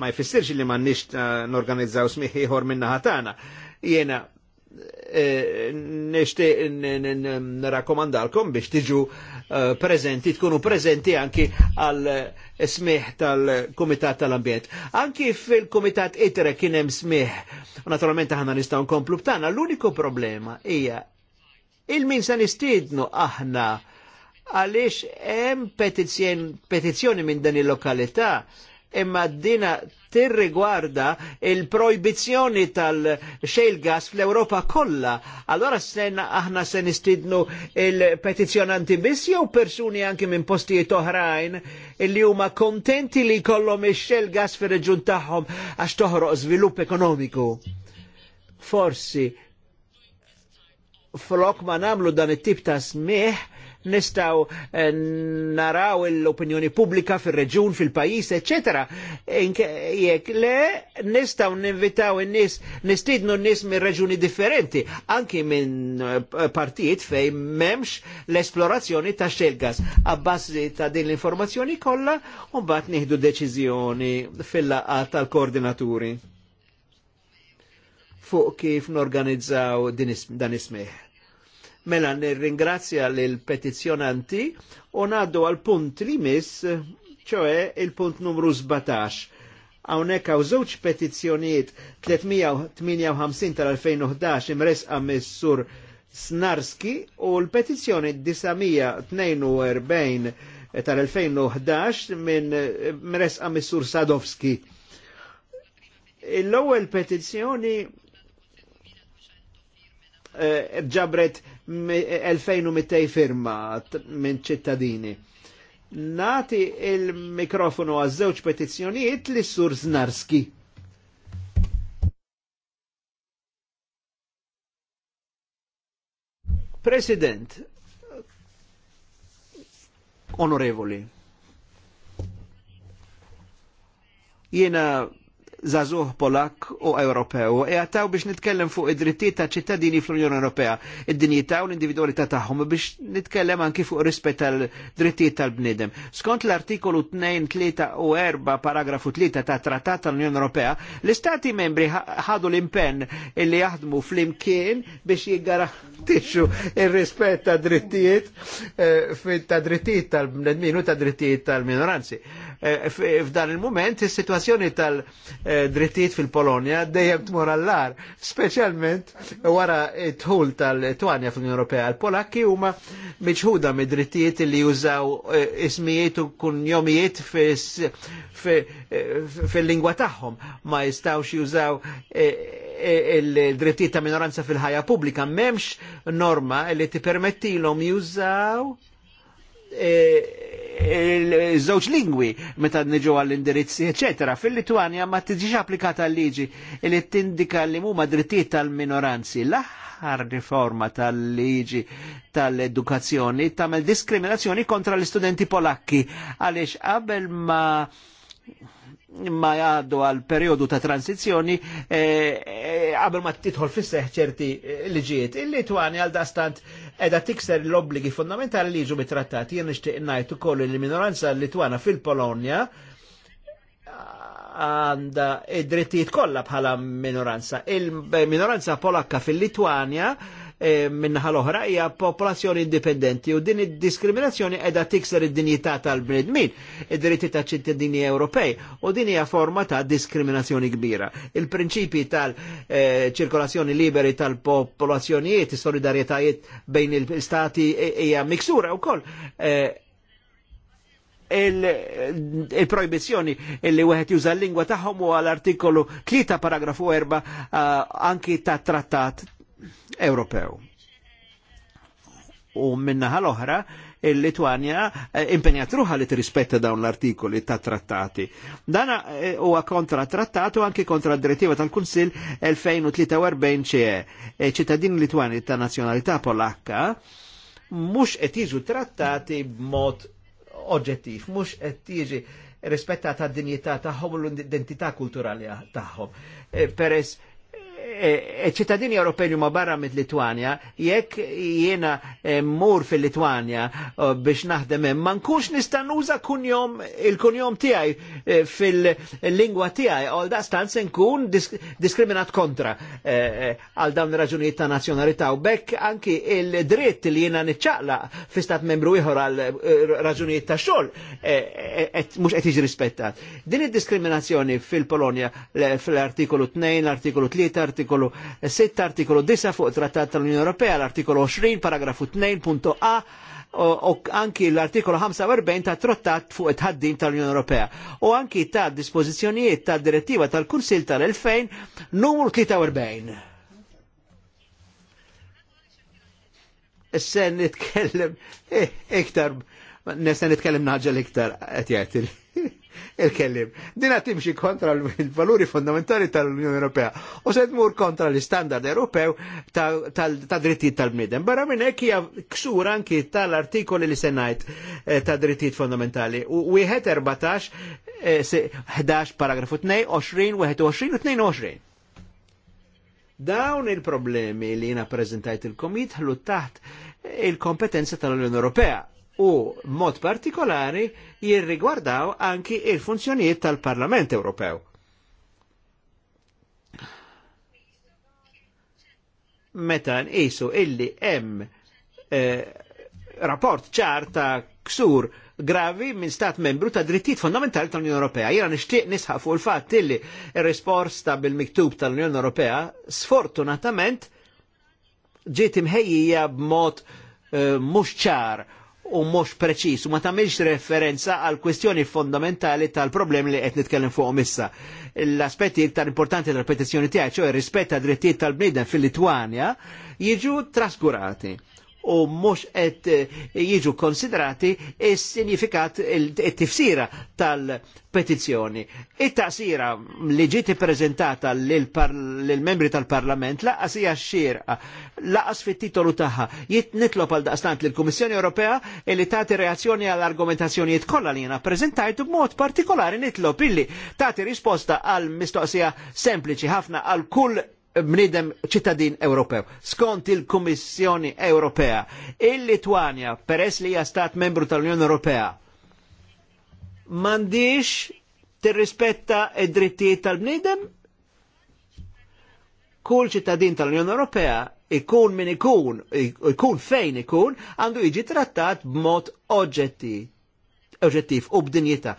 Ma jfissirx li ma nix eh, norganizzaw smiħiħor minna ħatana. Jena eh, nishti n-rakomandalkom biex tiġu eh, prezenti, tkunu prezenti anki għal smiħ tal-Komitat tal-Ambjent. Anki fil-Komitat itre kienem smiħ, naturalment ħana nistaw nkomplu b'tana, l-uniku problema hija Il-min se nistidnu aħna għaliex hemm petizjoni minn dan il-lokalità imma dina tirrigwarda il projbizjoni tal-xejl gas fl-Europa kollha. Allora sen aħna se nistidnu il-petizjonanti biss jew persuni anki minn postijiet oħrajn li huma kontenti li jkollhom ix-xejl gas fir-reġun tagħhom għax toħroq żvilupp ekonomiku. Forsi flok ma namlu dan it-tip ta' smih nistaw eh, naraw l-opinjoni pubblika fil-reġun, fil-pajis, ecc. Jek le nistaw ninvitaw n-nis, nistidnu n-nis minn reġuni differenti, anki minn eh, partijiet fej memx l-esplorazzjoni ta' xelgas. Abbassi ta' din l-informazzjoni kolla un bat nieħdu deċizjoni fil-laqqa tal-koordinaturi fuq kif norganizzaw dan ismeħ. Mela nirringrazzja lil petizjonanti u ngħaddu għal punt li miss, ċoe il-punt numru 17. Hawnhekk hawn żewġ petizzjonijiet 358 tal-2011 imresqa mis-sur Snarski u l-petizzjoni 942 tal-2011 minn mresqa mis-sur Sadowski. L-ewwel petizzjoni Eh, ġabret 2200 firma minn ċittadini. Nati il-mikrofonu għaż-żewġ petizzjonijiet li sur Znarski. President, onorevoli, jena zazuh Polak u Ewropew. E għataw biex nitkellem fuq id dritti ta' ċittadini fl-Unjoni Ewropea, id-dinjità u l-individualità tagħhom biex nitkellem anki fuq rispett tal-drittijiet tal bnidem Skont l-artikolu 2, 3 u 4 paragrafu 3 ta' Trattat tal-Unjoni Ewropea, l-Istati membri ħadu l-impenn illi jaħdmu fl-imkien biex jiggarantixxu il rispett ta' drittijiet eh, ta' drittijiet tal-bnedmin u ta' drittijiet tal-minoranzi. Eh, f'dan il-moment is-sitwazzjoni tal-drittijiet fil-Polonja dejjem tmur allar, speċjalment wara t-ħul tal-Twanja fl-Unjoni Ewropea. Il-Polakki huma miċħuda mid-drittijiet li jużaw eh, ismijiet u kunjomijiet eh, fil-lingwa tagħhom, ma jistawx jużaw il-drittijiet ta' minoranza fil-ħajja pubblika m'hemmx norma li tippermettilhom jużaw il-żewġ lingwi meta nġu għall-indirizzi, eċetera. fil lituania ma tiġix applikata l-liġi li tindika li huma drittijiet tal-minoranzi. L-aħħar riforma tal-liġi tal-edukazzjoni tagħmel diskriminazzjoni kontra l-istudenti polakki għaliex qabel ma ma jgħaddu għal periodu ta' transizjoni e, e, qabel ma titħol fisseħ ċerti e, liġijiet. Il-Litwani għal dastant edha tikser l-obbligi fondamentali li jiġu bit-trattati. Jien nixtieq ngħid ukoll li minoranza Litwana fil-Polonja għanda id-drittijiet kollha bħala minoranza. Il-minoranza polakka fil-Litwanja Eh, l oħra hija popolazzjoni indipendenti u din id-diskriminazzjoni qiegħda tikser id-dinjità tal-bnedmin, id-diritti ta' ċittadini Ewropej u din hija forma ta' diskriminazzjoni kbira. Il-prinċipi tal-ċirkolazzjoni liberi tal-popolazzjonijiet, is-solidarjetajiet bejn il-stati e- hija miksura wkoll eh, il-proibizjoni li wieħed juża l-lingwa tagħhom u għall-artikolu 3 paragrafu 4 eh, anki ta' trattat Ewropew. U minna l-oħra, il-Litwanja eh, impenjat ruħa li t-rispetta dawn l-artikoli ta' trattati. Dana eh, huwa kontra trattatu anki kontra direttiva tal-Kunsil 2043 ċe eh, ċittadini Litwani ta' nazjonalità polakka mux qed trattati b'mod oġġettiv, mhux qed jiġi rispettata d-dinjità tagħhom u l-identità kulturali tagħhom. Peress Eh, ċittadini Ewropej ma barra mit Litwanja, jekk jiena eh, mur fil-Litwanja eh, biex naħdem hemm, ma nkunx nista' nuża kunjom il-kunjom tiegħi fil-lingwa tiegħi għal da stanz nkun diskriminat kontra għal dawn ir-raġunijiet ta' nazzjonalità u bekk anki il-dritt li jiena niċċaqla fi stat membru ieħor għal raġunijiet ta' xogħol mhux qed jiġi rispettat. Din id-diskriminazzjoni fil-Polonja fl-artikolu 2, l-artikolu 3, artikolu 6, artikolu 10 fuq trattat tal-Unjoni Ewropea, l-artikolu 20, paragrafu 2.a, u anki l-artikolu 45 ta' trottat fuq it-ħaddim tal-Unjoni Ewropea. U anki ta' dispożizzjonijiet ta' direttiva tal-Kunsil tal-2000 numru 43. Sen nitkellem <laughs> iktar, nesen nitkellem naġġa l-iktar, għetjajt il-kellim. Dina timxi kontra l-valuri fondamentali tal-Unjoni Ewropea u se tmur kontra l-standard Ewropew ta', drittijiet tal-bniedem. Barra minn hekk hija ksur anki tal-artikoli li se ngħid eh, ta' drittijiet fondamentali. U wieħed 14 11 eh, paragrafu 2, 20, 21 u 22. Dawn il-problemi li jina prezentajt il-komit ħlu taħt il-kompetenza tal-Unjoni Ewropea u mod partikolari jirrigwardaw anki il-funzjonijiet tal-Parlament Ewropew. Meta nqisu illi hemm eh, rapport ċar ta' ksur gravi minn stat membru ta' drittijiet fondamentali tal-Unjoni Ewropea. Jiena nixtieq nisħaq fuq il-fatt illi ir-risposta il fatt illi r risposta tal-Unjoni Ewropea sfortunatament ġiet imħejjija b'mod eh, mhux ċar u mhux preċis u ma tagħmilx referenza għal kwestjoni fondamentali tal-problemi li qed nitkellem fuqhom issa. L-aspetti iktar importanti tal-petizzjoni tiegħi, ċoj rispett għad drittijiet tal-bniedem fil-Litwanja, jiġu traskurati u mhux qed eh, jiġu konsiderati is-sinifikat it-tifsira tal-petizzjoni. It-taqsira li ġiet ippreżentata lill-membri tal-Parlament laqas hija xierqa, laqas fit-titolu tagħha. Nitlob għal daqstant lill-Kummissjoni Ewropea li tagħti reazzjoni għall argumentazzjonijiet kollha li jiena ppreżentajt b'mod partikolari nitlob illi tagħti risposta għal mistoqsija sempliċi ħafna għal kull bnidem ċittadin Ewropew. Skont il-Kummissjoni Ewropea, il litwania peress li hija stat membru tal-Unjoni Ewropea, mandiċ tirrispetta id-drittijiet tal-bnidem? Kull ċittadin tal-Unjoni Ewropea ikun min ikun, ikun fejn ikun, għandu jiġi trattat b'mod oġġettiv u b'dinjità.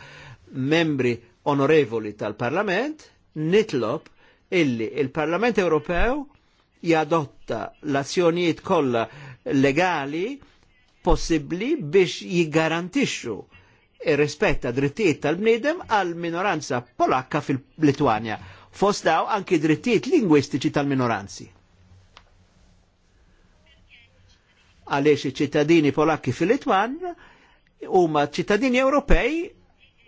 Membri onorevoli tal-Parlament nitlob illi il-Parlament Ewropew jadotta l-azzjonijiet kollha legali possibbli biex jiggarantixxu ir ta' drittijiet tal-bniedem għal minoranza polakka fil-Litwanja. Fost daw anki drittijiet lingwistiċi tal-minoranzi. Għaliex iċ-ċittadini polakki fil-Litwan huma ċittadini Ewropej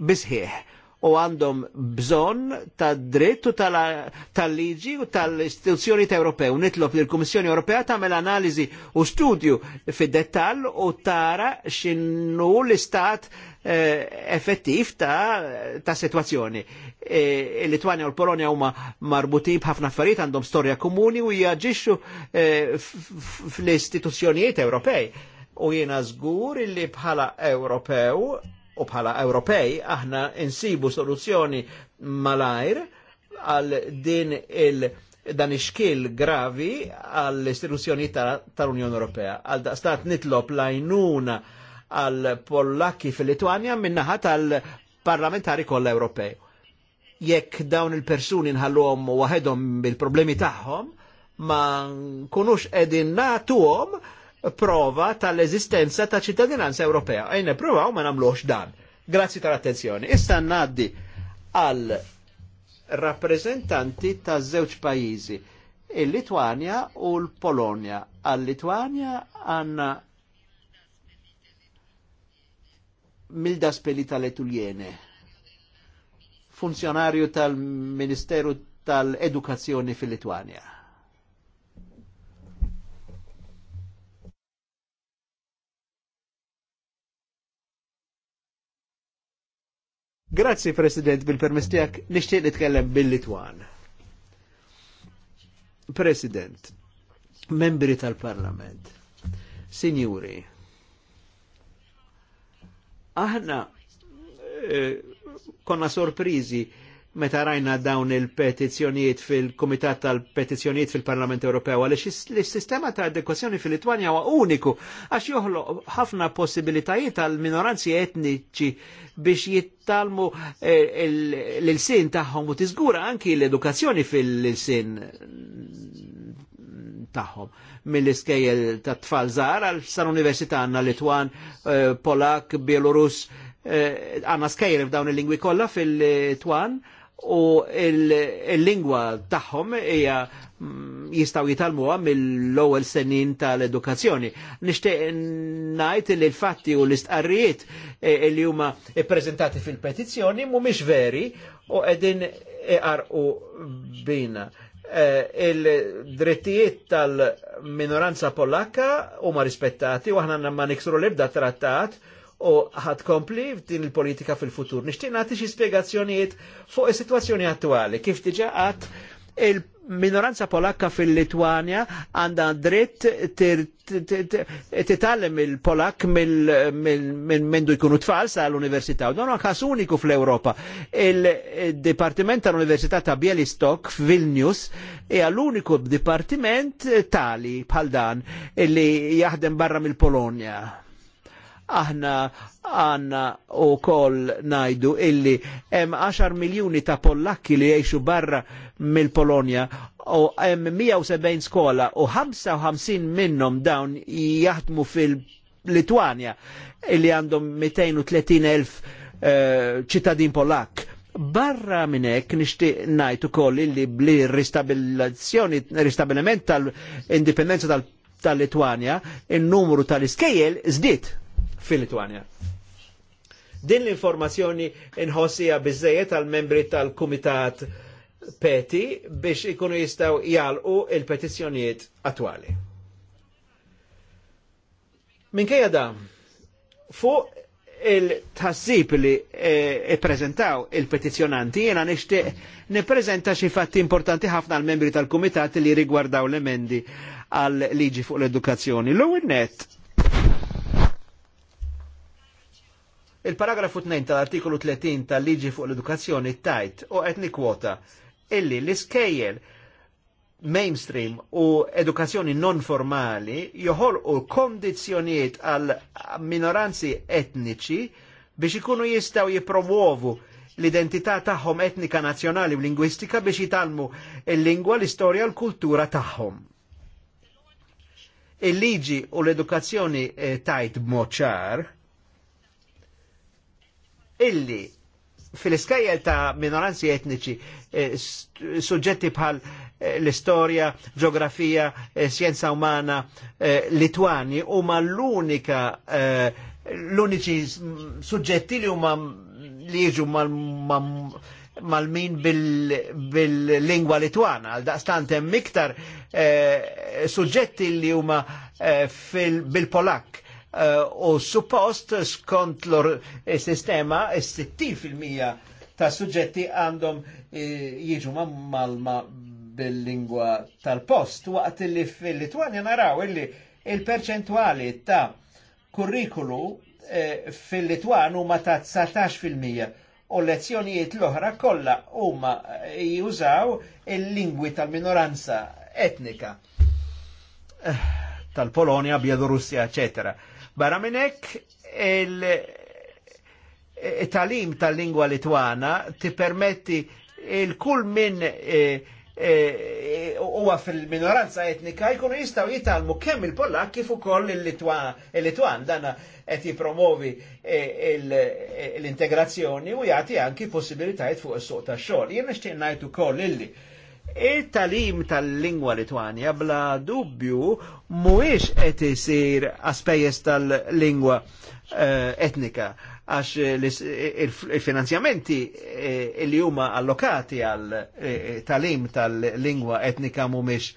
bisħieħ u għandhom bżon ta' drittu tal-liġi u tal-istituzzjoni ta' Ewropew. Nitlob li l-Kummissjoni Ewropea tagħmel analiżi u studju fid-dettall u tara x'inhu l-istat eh, effettiv ta', ta situazzjoni. E, il litwania u l polonia huma marbutin b'ħafna affarijiet għandhom storja komuni u jaġixxu e, fl-istituzzjonijiet Ewropej. U jiena żgur li bħala Ewropew u bħala Ewropej aħna insibu soluzzjoni malajr għal din il- dan ixkil gravi għall-istituzzjoni tal-Unjoni ta Ewropea. Għal daqstat nitlob lajnuna għal Pollakki fil-Litwanja minnaħa tal-parlamentari kollha Ewropej. Jekk dawn il-persuni nħalluhom waħedhom bil-problemi tagħhom, ma nkunux qegħdin nagħtuhom prova tal-eżistenza ta' ċittadinanza Ewropea. Ejn provaw ma nagħmluhx dan. Grazzi tal-attenzjoni. Issa ngħaddi għal rappreżentanti ta' żewġ pajjiżi, il litwania u l-Polonja. għal litwania għanna Milda Spelita Letuljene, funzjonarju tal-Ministeru tal-Edukazzjoni fil litwania Grazzi, President, bil-permess tijak, nishtiq nitkellem bil-Litwan. President, membri tal-Parlament, Signuri, aħna eh, konna sorprizi meta rajna dawn il-petizzjonijiet fil-Komitat tal-Petizzjonijiet fil-Parlament Ewropew għaliex is-sistema ta' adekwazjoni fil-Litwanja huwa uniku għax joħloq ħafna possibilitajiet għal minoranzi etniċi biex jittalmu eh, l-sin tagħhom u tiżgura anki l-edukazzjoni fil-sin tagħhom mill-iskejjel ta' tfal żgħar għal sal-Università għandna Litwan, eh, Polak, Bielorus, eh, għanna skajr f'dawn il-lingwi kollha fil-Twan u il-lingwa tagħhom hija mm, jistaw jitalmuha mill-ewwel senin tal-edukazzjoni. Nixtieq ngħid li l-fatti u l-istqarrijiet e, li huma ppreżentati fil-petizzjoni mhumiex veri u qegħdin iqarqu bina. E, il-drittijiet tal-minoranza polakka huma rispettati u aħna ma niksru l-ibda trattat u ħad kompli din il-politika fil-futur. Nixtieq nagħti xi spjegazzjonijiet fuq is-sitwazzjoni attwali. Kif diġà qatt il-minoranza polakka fil litwania għandha dritt titallem il-Polak minn jkunu tfal sa l-Università. U dan kas uniku fl-Europa. Il-Dipartiment tal-Università ta' Bielistok f'Vilnius hija l-uniku dipartiment tali bħal dan li jaħdem barra mill-Polonja aħna għanna u koll najdu illi hemm 10 miljoni ta' Pollakki li jgħixu barra mill-Polonja u hemm 170 skola u 55 minnhom dawn jaħdmu fil-Litwanja illi għandhom 230 elf eh, ċittadin uh, Pollak. Barra minn hekk nixtieq ngħid ukoll illi bli ristabilizzjoni ristabiliment tal-indipendenza tal-Litwanja, tal indipendenza tal litwanja tal-iskejjel żdied fil-Litwanja. Din l-informazzjoni inħossija bizzejiet tal membri tal-Kumitat Peti biex ikunu jistaw jalqu il-petizzjonijiet attwali. Minkejja da, fuq il-tassib li e prezentaw il-petizjonanti, jena nishtiq neprezenta xi fatti importanti ħafna għal membri tal-Kumitat li rigwardaw l-emendi għal liġi fuq l-edukazzjoni. L-ewwel net Il-paragrafu 2 tal-artikolu 30 tal-liġi fuq l-edukazzjoni tajt u etni kwota illi l-iskejjel mainstream u edukazzjoni non formali joħol u kondizjoniet għal minoranzi etniċi biex ikunu jistaw jipromuovu l-identità tagħhom etnika nazzjonali u lingwistika biex jitalmu il-lingwa, l-istorja, l-kultura tagħhom. Il-liġi u l-edukazzjoni eh, tajt b'moċar illi fil-iskajjel ta' minoranzi etniċi, eh, suġġetti bħal eh, l-istoria, ġeografija, eh, sjenza umana, Litwani, huma l-unika l-uniċi suġġetti li huma li jiġu mal-min bil-lingwa litwana, għal daqstant hemm iktar suġġetti li huma bil-Polak Eh, u suppost skont l-sistema s-60 fil-mija ta' suġġetti għandhom eh, jiġu mal-malma bil-lingwa tal-post waqt li fil-Litwanja naraw illi il-perċentwali ta' kurrikulu eh, fil-Litwan huma ta' 19% u lezzjonijiet l-oħra kollha huma jużaw il-lingwi tal-minoranza etnika tal-Polonia, Bielorussja, eccetera. Barra minnek il-talim tal-lingwa Lituana ti permetti il-kull minn eh, eh, huwa fil-minoranza etnika jkunu jistaw jitalmu kemm il-Pollak kif ukoll il-Litwan dana qed jipromovi eh, l-integrazzjoni u jagħti anki possibilitajiet fuq is-suq tax-xogħol. Jien nixtieq ngħid ukoll illi it-talim tal-lingwa Litwanja bla dubju mhuwiex qed isir aspejjeż tal-lingwa eh, etnika għax il-finanzjamenti eh, li huma allokati għal eh, talim tal-lingwa etnika mhumiex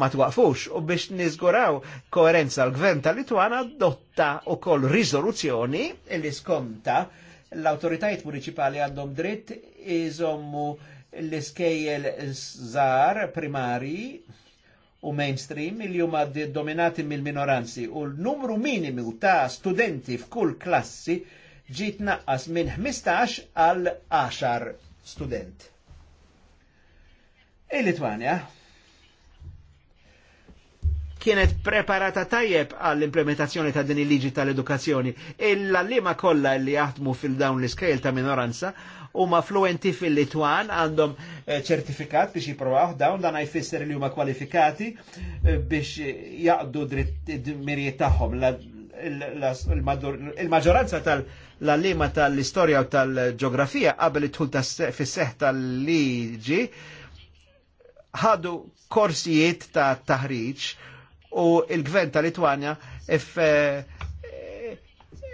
ma twaqfux u biex nizguraw koerenza l-gvern tal-Litwana dotta u koll rizoluzzjoni li skonta l autoritajt municipali għandhom dritt iżommu l-iskejjel żar primari u mainstream li huma dominati mill-minoranzi u l-numru minimu ta' studenti f'kull klassi ġiet naqqas minn 15 għal 10 student. Il-Litwanja e kienet preparata tajjeb għall-implementazzjoni ta' din il-liġi tal-edukazzjoni. Illa e lima kollha li jaħdmu fil-dawn l-iskejl ta' minoranza huma fluenti fil-Litwan, għandhom eh, ċertifikat biex jiprovaw dawn, dan jfisser li huma kwalifikati eh, biex jaqdu dritt-dmirijiet tagħhom. Il-maġġoranza tal-lima tal-istorja u tal-ġeografija qabel it-tħul fis-seħ tal-liġi ħadu korsijiet ta' taħriġ u il-gvern tal-Litwanja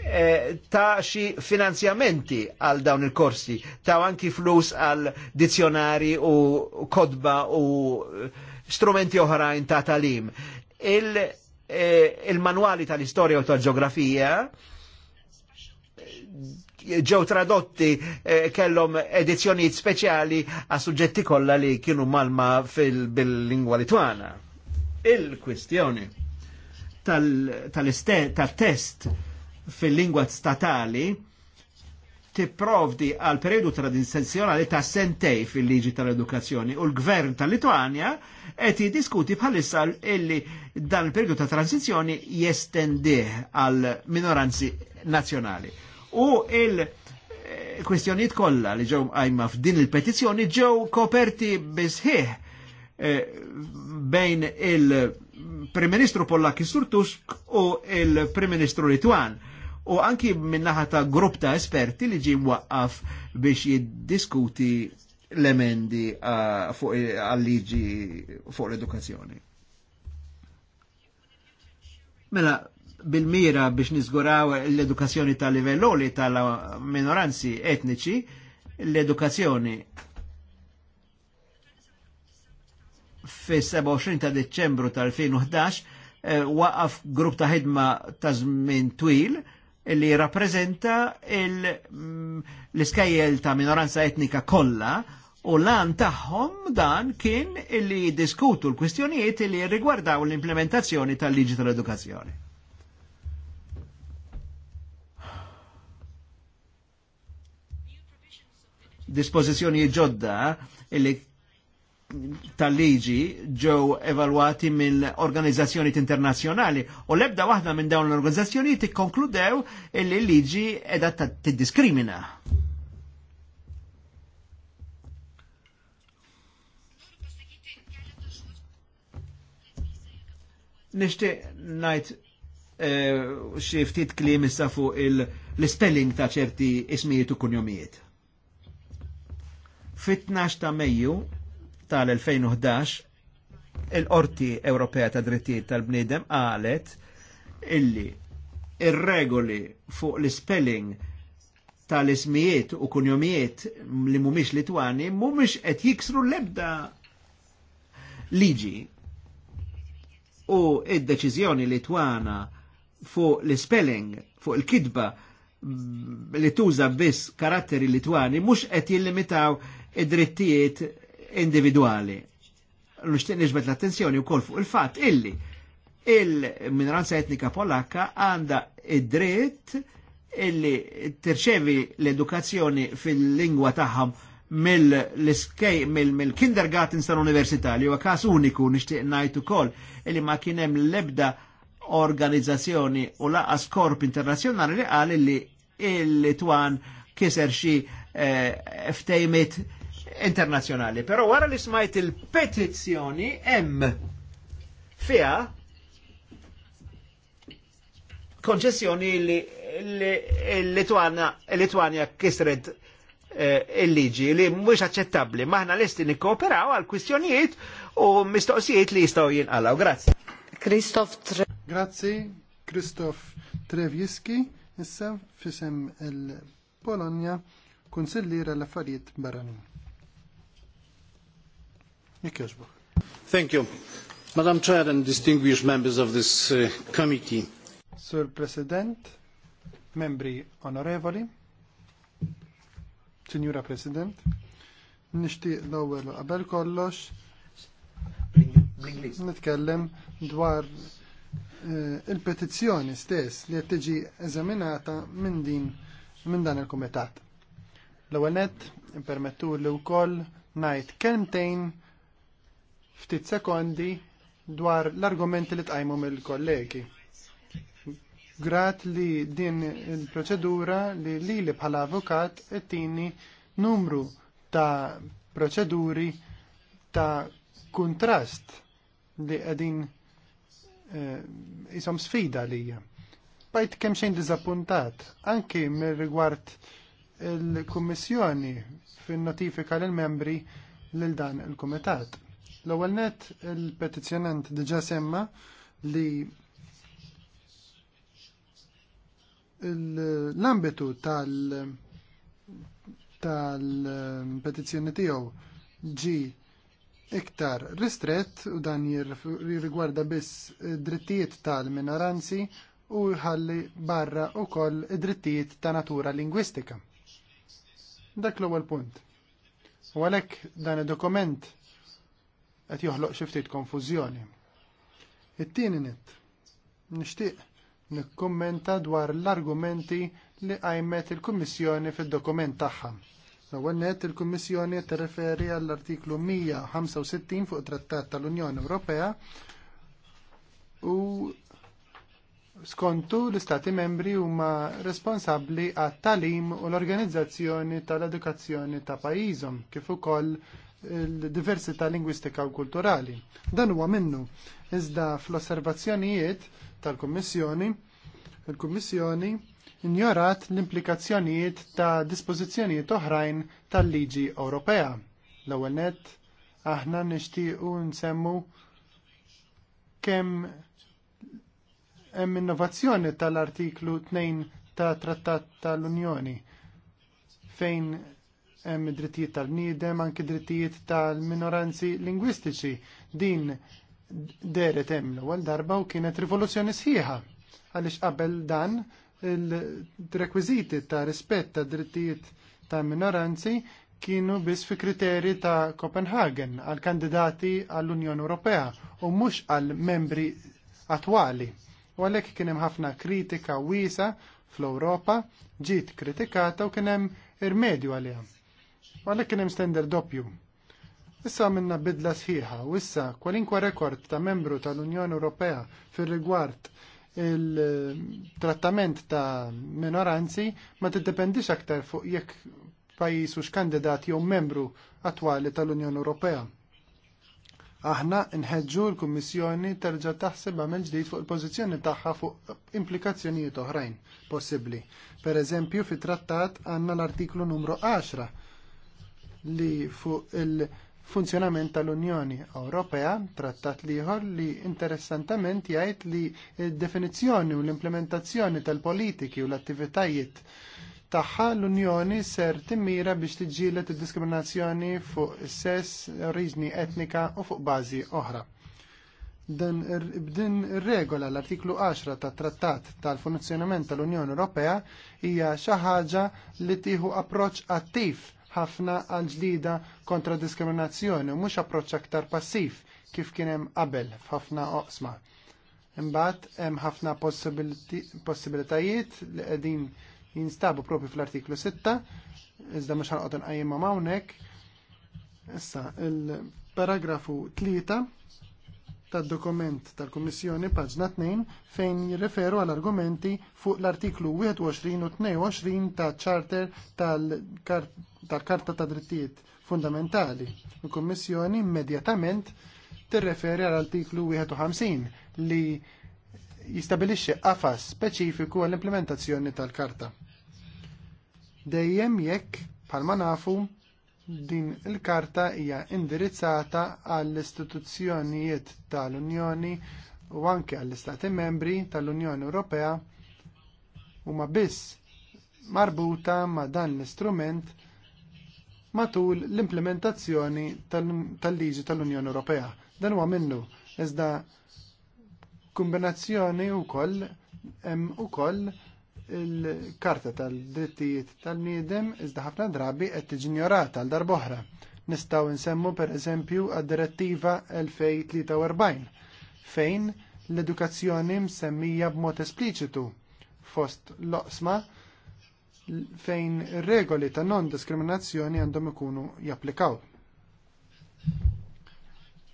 Eh, ta' xi finanzjamenti għal dawn il-korsi, ta' anki flus għal dizzjonari u kodba u strumenti oħrajn ta' talim. Eh, Il-manwali tal-istoria u tal-ġeografija ġew tradotti eh, kellhom edizzjonijiet speċjali għas suġġetti kollha li kienu malma fil lingwa Litwana. Il-kwistjoni tal-test tal fil-lingwa statali tipprovdi għal periodu tradizzjonali ta' sentej fil-liġi tal-edukazzjoni u l-gvern tal-Lituania et jiddiskuti bħalissa illi dan il-periodu ta' transizjoni jestendih għal minoranzi nazjonali. U il- eh, kwestjoniet kollha li ġew għajma f'din il-petizzjoni ġew koperti bisħiħ eh, bejn il-Prim Ministru Pollak Surtusk u il-Prim Ministru Litwan u anki minnaħa ta' grupp ta' esperti li ġi waqqaf biex jiddiskuti l-emendi għal-liġi fuq l-edukazzjoni. Mela, bil-mira biex nizguraw l-edukazzjoni tal livelloli tal-minoranzi etniċi, l-edukazzjoni fis-27 ta' Deċembru tal-2011 eh, waqaf grupp ta' ħidma ta' żmien twil li rappresenta mm, l-iskajjel ta' minoranza etnika kollha u lan tagħhom dan kien li diskutu l-kwistjonijiet li rigwardaw l-implementazzjoni tal-liġi tal-edukazzjoni. Dispożizzjonijiet ġodda illi tal-liġi ġew evalwati mill organizzazzjonijiet internazzjonali u l-ebda waħda minn dawn l-organizzazzjonijiet ikkonkludew li l-liġi edha tiddiskrimina. Nishti najt eh, xi ftit kliem issa fuq l-spelling ta' ċerti ismijiet u kunjomijiet. Fit-12 ta' Mejju tal-2011 il-Qorti Ewropea ta' Drittijiet tal-Bniedem qalet illi ir-regoli fuq l-spelling tal-ismijiet u kunjomijiet li mumiex Litwani mumiex qed jiksru l-ebda liġi. U id-deċiżjoni Litwana fuq l-spelling, fuq il-kidba li tuża biss karatteri Litwani mhux qed jillimitaw id-drittijiet individuali. Nishtiq nixbet l-attenzjoni u kol fuq il-fat illi il-minoranza etnika polakka għanda id-dritt illi terċevi l-edukazzjoni fil-lingwa taħħam mill-iskej, mill-kindergarten sal li u kas uniku nishtiq najtu kol, illi ma kienem lebda organizzazzjoni u laqas korp internazjonali li għal illi il-Litwan kiser xi eh, ftejmet internazjonali. Però wara li smajt il-petizzjoni hemm fija konċessjoni li l litwania kisret eh, il-liġi li mhux aċċettabli. Maħna lesti nikkooperaw għal kwistjonijiet u mistoqsijiet li jistgħu jinqalgħu. Grazzi. Kristof Tre. Grazzi, Kristof Trevjiski, issa fisem il polonia konsillira l-affarijiet barranin. Thank you. Madam Chair and distinguished members of this uh, committee. Sur President, membri onorevoli, Signora President, nixtieq l-ewwel qabel kollox nitkellem dwar eh, il-petizzjoni stess li qed tiġi eżaminata minn din minn dan il-kumitat. L-ewwel nett ippermettu li wkoll ngħid kelmtejn ftit sekondi dwar l-argumenti li tqajmu mill-kollegi. Grat li din il-proċedura li li li bħala avukat ittini numru ta' proċeduri ta' kontrast li għedin jisom eh, e, sfida lija. Bajt kemm xejn dizappuntat, anki mir rigward il-Kummissjoni fin notifika l-membri lil dan il-Kumitat. L-ewwel net il-petizzjonant diġà semma li l-ambitu tal tal-petizzjoni tiegħu ġi iktar ristret u dan jirrigwarda biss drittijiet tal-minoranzi u jħalli barra u koll drittijiet ta' natura lingwistika. Dak l ewwel punt. U għalhekk dan id-dokument qed joħloq xi ftit konfużjoni. It-tieni nit. Nixtieq nikkummenta dwar l-argumenti li qajmet il-Kummissjoni fid-dokument tagħha. L-ewwel nett il-Kummissjoni tirreferi għall-artiklu 165 fuq Trattat tal-Unjoni Ewropea u skontu l-Istati membri huma responsabbli għat talim u l-organizzazzjoni tal-edukazzjoni ta' pajjiżhom kif ukoll il-diversità lingwistika u kulturali. Dan huwa minnu. Iżda fl-osservazzjonijiet tal-Kummissjoni, il-Kummissjoni injorat l-implikazzjonijiet ta' dispożizzjonijiet oħrajn tal-liġi Ewropea. L-ewwel nett aħna nixtiequ nsemmu kemm hemm innovazzjoni tal-artiklu 2 ta' Trattat tal-Unjoni fejn hemm id drittijiet tal-bniedem, anki drittijiet tal-minoranzi lingwistiċi. Din deret hemm l-ewwel darba u kienet rivoluzzjoni sħiħa għaliex qabel dan il-rekwiżiti ta' rispett ta' drittijiet ta' minoranzi kienu biss fi kriteri ta' Copenhagen għal kandidati għall-Unjoni Ewropea u mhux għal membri attwali. U għalhekk kien hemm ħafna kritika wiesa fl-Ewropa ġiet kritikata u kien hemm irmedju għaliha għalhekk kien hemm standard doppju. Issa minna bidla sħiħa u issa kwalinkwa rekord ta' membru tal-Unjoni Ewropea fir rigward il-trattament ta' minoranzi ma tiddependix aktar fuq jekk pajis ux kandidat jew membru attwali tal-Unjoni Ewropea. Aħna nħedġu l-Kummissjoni terġa' taħseb għamil ġdid fuq il-pożizzjoni tagħha fuq implikazzjonijiet oħrajn possibbli. Per eżempju, fit-trattat għandna l-artiklu numru 10 li fuq il-funzjonament tal-Unjoni Ewropea, trattat liħor li interessantament jgħid li d-definizzjoni u l-implementazzjoni tal-politiki u l-attivitajiet tagħha l-Unjoni ser timmira biex tiġġielet id-diskriminazzjoni fuq sess, oriġni etnika u fuq bażi oħra. Dan b'din regola l-artiklu 10 tat trattat tal-funzjonament tal-Unjoni Ewropea hija xi ħaġa li tieħu approċċ attiv ħafna għal ġlieda kontra diskriminazzjoni u mhux approċċ aktar passiv kif kien hemm qabel f'ħafna oqsma. Imbagħad hemm ħafna possibilitajiet li qegħdin jinstabu propju fl-artiklu 6, iżda mhux ħanqod inqajjimhom hawnhekk. Issa, il-paragrafu 3 tad-dokument tal-Kummissjoni paġna 2 fejn jirreferu għal argumenti fuq l-artiklu 21 u 22 ta' Charter tal-Karta tal-Karta ta' Drittijiet Fundamentali. Il-Kummissjoni immedjatament tirreferi għal artiklu 51 li jistabilixxi qafas speċifiku għall-implementazzjoni tal-Karta. Dejjem jekk bħalma nafu din il-karta hija indirizzata għall-istituzzjonijiet tal-Unjoni u anke għall-Istati membri tal-Unjoni Ewropea huma biss marbuta ma' dan l-istrument matul l-implementazzjoni tal-liġi tal-Unjoni Ewropea. Dan huwa minnu, iżda kombinazzjoni wkoll hemm ukoll il-karta tal-drittijiet tal-niedem iżda ħafna drabi qed tiġi ignorata għal darb'oħra. Nistgħu nsemmu pereżempju għad-Direttiva 2043 fejn l-edukazzjoni msemmija b'mod espliċitu fost l-oqsma fejn regoli ta' non-diskriminazzjoni għandhom ikunu japplikaw.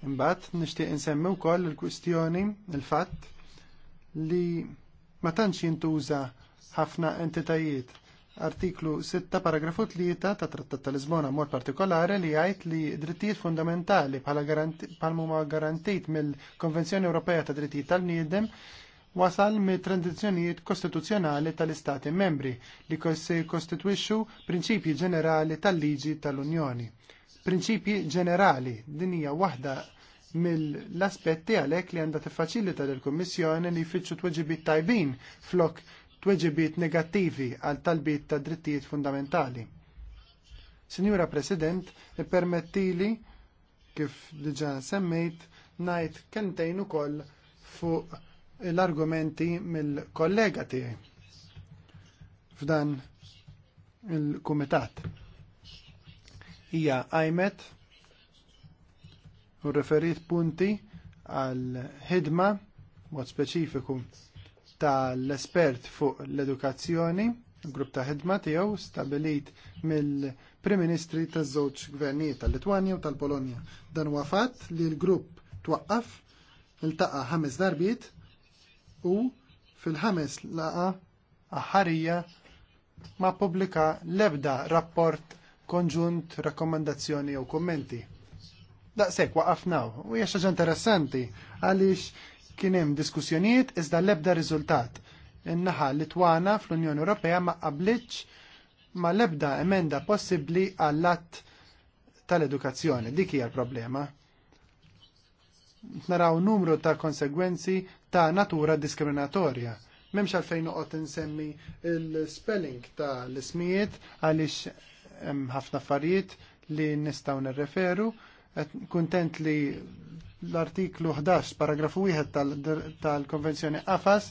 Imbagħad nixtieq insemmi wkoll il-kwistjoni il-fatt li ma tantx jintuża ħafna entitajiet. Artiklu 6 paragrafu 3 ta' Trattat ta' Lisbona mod partikolari li jgħid li drittijiet fundamentali bħala garantit mill-Konvenzjoni Ewropea ta' Drittijiet tal-Niedem wasal mit tradizzjonijiet kostituzzjonali tal-Istati membri li se jkostitwixxu prinċipji ġenerali tal-liġi tal-Unjoni. Prinċipji ġenerali din hija waħda mill-aspetti għalhekk li għandha tiffaċilita lill-Kummissjoni li jfittxu tweġibiet tajbin flok tweġibiet negattivi għal talbit ta' drittijiet fundamentali. Sinjura President, permettili kif diġa semmejt, najt kentejn ukoll fuq l-argumenti mill-kollega tiegħi f'dan il-kumitat. Hija għajmet u referit punti għal ħidma mod speċifiku tal-espert fuq l-edukazzjoni, grupp ta' ħidma tiegħu stabilit mill-Prim Ministri taż-żewġ gvernijiet tal-Litwanja u tal-Polonja. Dan huwa fatt li l-grupp twaqqaf iltaqa' ħames darbiet u fil-ħames laqa aħħarija ma publika l-ebda rapport konġunt, rakkomandazzjoni jew kummenti. Daqshekk waqafnaw u hija interessanti għaliex kien hemm diskussjonijiet iżda l-ebda riżultat. In-naħa Litwana fl-Unjoni Ewropea ma qablitx ma l-ebda emenda possibbli għall-att tal-edukazzjoni. Dik hija l-problema naraw numru ta' konsegwenzi ta' natura diskriminatorja. Memx għalfejn noqgħod insemmi l-spelling ta' l-ismijiet għaliex hemm ħafna affarijiet li nistgħu nirreferu. Kuntent li l-artiklu 11 paragrafu 1 tal-Konvenzjoni tal AFAS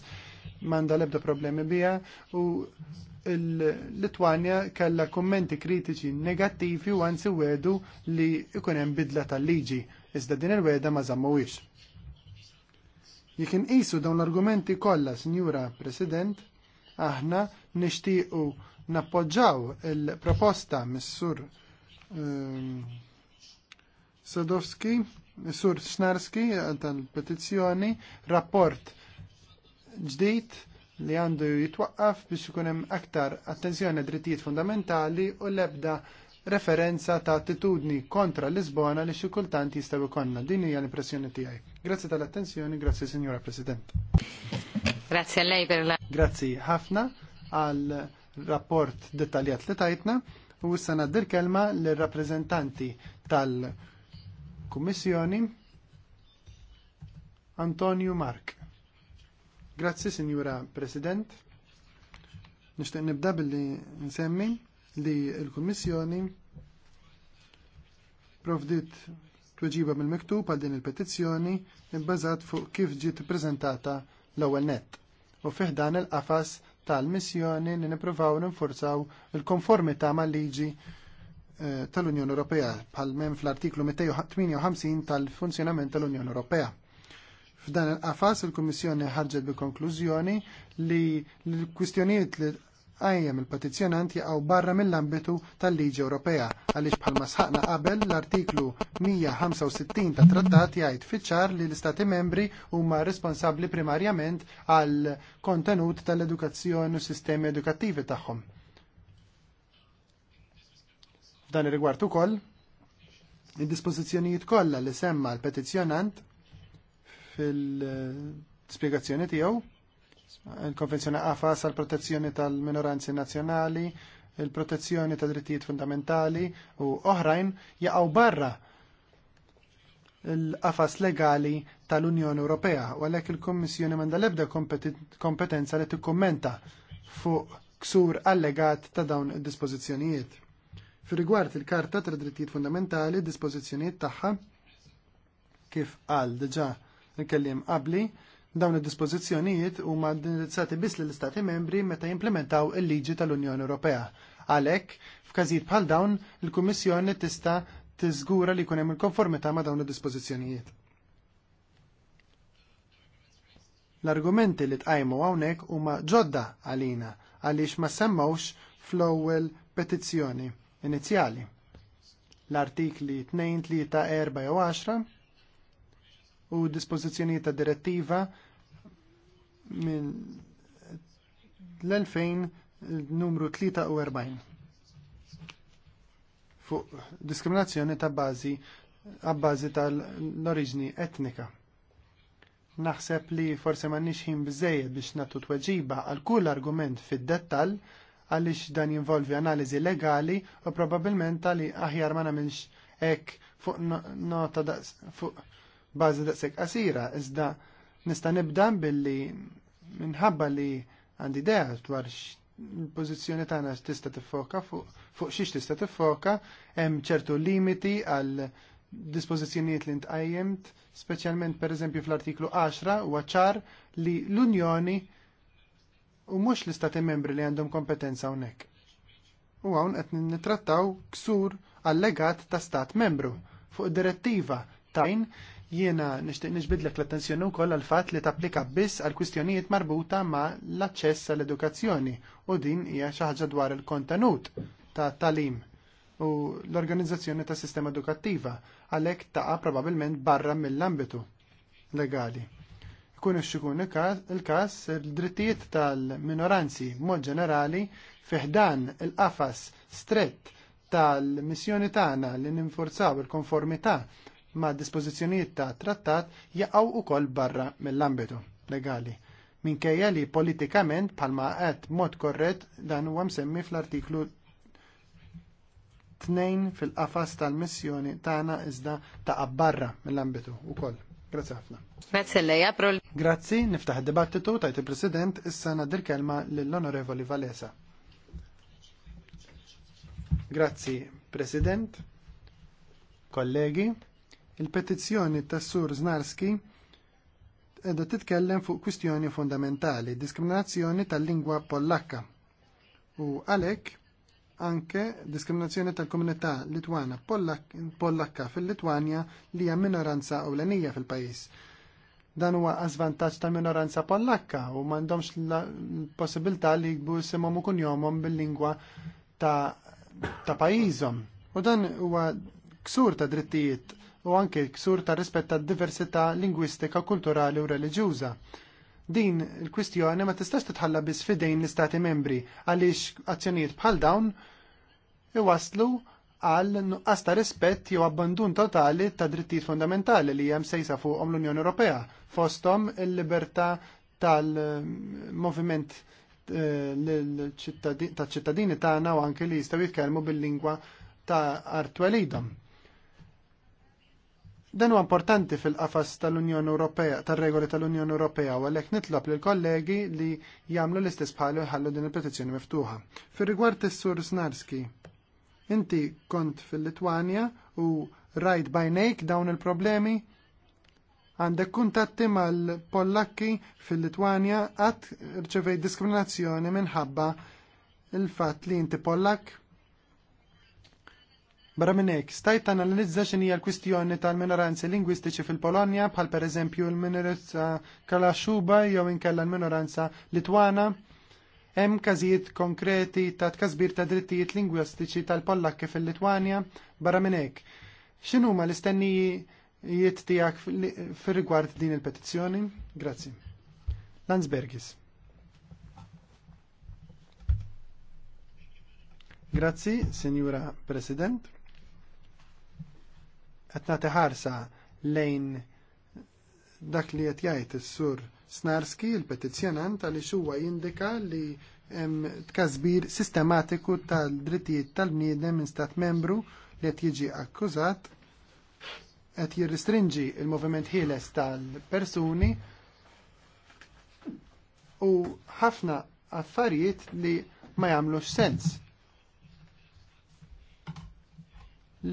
manda lebda problemi bija u l-Litwanja kalla kommenti kritiċi negattivi u għansi wedu li ikunem bidla tal-liġi. Iżda din il-weda ma zammuwix. Jekk inqisu dawn l-argumenti kollha, Sinjura President, aħna nixtiequ nappoġġaw il-proposta mis-sur um, Sadowski, sur Snarski tal-petizzjoni, rapport ġdid li għandu jitwaqqaf biex ikun hemm aktar attenzjoni drittijiet fundamentali u l-ebda referenza ta' attitudni kontra Lisbona li xi kultant jistgħu jkollna. Din hija l-impressjoni tiegħi. Grazzi tal-attenzjoni, grazzi Signora President. Grazzi a lei per la Grazzi ħafna għal rapport dettaljat li tajtna u issa ngħaddi kelma lir-rappreżentanti tal-Kummissjoni Antonio Mark. Grazzi, Sinjura President. Nishtiq nibda billi nsemmi li l-Kummissjoni provdit tweġiba mill-miktub għal din il-petizzjoni bbażat fuq kif ġiet ippreżentata l-ewwel nett u fih dan il-qafas tal-missjoni li nippruvaw ninfurzaw il-konformità mal-liġi eh, tal-Unjoni Ewropea bħal mem fl-artiklu 258 tal-funzjonament tal-Unjoni Ewropea. F'dan il-qafas il-Kummissjoni ħarġet bi konklużjoni li l-kwistjonijiet li għajjem il-petizjonant jaqgħu barra mill-ambitu tal-liġi Ewropea għaliex bħalma sħaqna qabel l-artiklu 165 ta' trattat jgħid fiċċar li l-Istati membri huma responsabbli primarjament għal kontenut tal-edukazzjoni u sistemi edukattivi tagħhom. Dan ir-rigward ukoll id-dispożizzjonijiet kollha li semma l-petizzjonant fil-spjegazzjoni tiegħu il-Konvenzjoni AFAS għal protezzjoni tal-minoranzi nazzjonali, il-protezzjoni tal drittijiet fundamentali u oħrajn jaqgħu barra l-qafas legali tal-Unjoni Ewropea u għalhekk il-Kummissjoni m'għandha l-ebda kompetenza li tikkummenta fuq ksur allegat ta' dawn id-dispożizzjonijiet. Fir-rigward il-Karta tad drittijiet fundamentali, dispożizzjonijiet tagħha kif qal diġà il-kelliem qabli, Dawn id-dispożizzjonijiet huma indirizzati biss lill istati membri meta jimplementaw il-liġi tal-Unjoni Ewropea. Għalhekk, f'każijiet bħal dawn, il-Kummissjoni tista' tiżgura li jkun hemm il-konformità ma' dawn id-dispożizzjonijiet. L-argumenti li tqajmu hawnhekk huma ġodda għalina għaliex ma semmawx fl-ewwel petizzjoni inizjali. L-artikli 2, 3, 4 jew 10 u dispożizzjonijiet ta' direttiva minn l-2000 numru 43 fuq diskriminazzjoni ta' bażi għabbażi tal-oriġni etnika. Naħseb li forse ma nixħin bizzejed biex natu tweġiba għal kull argument fid-dettal għalix dan jinvolvi analizi legali u probabilment tali aħjar ma namilx ek fuq nota fuq bażi daqsek qasira iżda Nista' nibda billi minħabba li għandi idea dwar il-pożizzjoni tagħna tista' tiffoka fuq xiex tista' tiffoka, hemm ċertu limiti għal dispożizzjonijiet li ntqajjem, speċjalment pereżempju fl-artiklu 10 huwa ċar li l-Unjoni u mhux l-istati membri li għandhom kompetenza hawnhekk. U hawn qed nittrattaw ksur allegat ta' stat membru fuq direttiva tajn Jiena nixtieq nixbidlek l-attenzjoni wkoll għal fatt li tapplika biss għal kwistjonijiet marbuta ma' l-aċċess għall edukazzjoni u din hija xi ħaġa dwar il-kontenut ta' talim u l-organizzazzjoni ta' sistema edukattiva għalhekk taqa' probabbilment barra mill-ambitu legali. Ikun xikun il-każ il-drittijiet tal-minoranzi mod ġenerali fiħdan il-qafas strett tal-missjoni tagħna li ninforzaw il-konformità ma' dispożizzjonijiet ta' trattat jaqgħu ukoll barra mill-ambitu legali. Minkejja li politikament bħalma qed mod korrett dan huwa msemmi fl-artiklu 2 fil-qafas tal-missjoni tagħna iżda ta' barra mill-ambitu ukoll. Grazzi ħafna. Grazzi lejja, prol. Grazzi, niftaħ dibattitu tajt il-President issa nadir kelma lill-Onorevoli Valesa. Grazzi, President, kollegi. Il-petizzjoni tas-sur Znarski edha titkellem fuq kwistjoni fundamentali, diskriminazzjoni tal-lingwa pollakka. U għalek, anke diskriminazzjoni tal-komunità Litwana pollakka fil-Litwanja li hija minoranza ewlenija fil pajjiż Dan huwa għażvantaġġ ta' minoranza pollakka u m'għandhomx l-possibilità li jgbu semhom ukoll jomhom bil-lingwa ta', ta pajjiżhom. U dan huwa ksur ta' drittijiet u anke ksur ta' rispett tad diversità lingwistika, kulturali u reliġjuża. Din il-kwistjoni ma tistax titħalla biss fidejn l-istati membri għaliex azzjonijiet bħal dawn iwaslu għal nuqqas ta' rispett jew abbandun totali ta' drittijiet fundamentali li hemm sejsa fuqhom l-Unjoni Ewropea fosthom il-libertà tal-moviment eh, ta' ċittadini tagħna u anke li jistgħu jitkellmu bil-lingwa ta' artwelidhom. Dan huwa importanti fil-qafas tal-Unjoni Ewropea, tar-regoli tal-Unjoni Ewropea, u għalhekk nitlob lil kollegi li jagħmlu l-istess bħalu jħallu din il-petizzjoni miftuħa. Fir-rigward is-Sur Snarski, inti kont fil-Litwanja u rajt bajnejk dawn il-problemi? Għandek kuntatti mal-Pollakki fil-Litwanja għat rċevej diskriminazzjoni minħabba il-fat li inti Pollak? Barra minn hekk, stajt analizza x'inhi l-kwistjoni tal-minoranzi lingwistiċi fil-Polonja bħal pereżempju l-minoranza Kalaxuba jew inkella l-minoranza Litwana. Hemm każijiet konkreti ta' tkasbir ta' drittijiet lingwistiċi tal-Pollakki fil-Litwanja barra minn X'inhuma l jiet tiegħek fir-rigward din il-petizzjoni? Grazzi. Landsbergis. Grazzi, Signora President qed nagħti ħarsa lejn dak li qed jgħid is-sur Snarski, il-petizzjonant, għaliex huwa jindika li hemm tkasbir sistematiku tal-drittijiet tal-bniedem minn stat membru li qed jiġi akkużat qed jirristrinġi l moviment ħieles tal-persuni u ħafna affarijiet li ma jagħmlux sens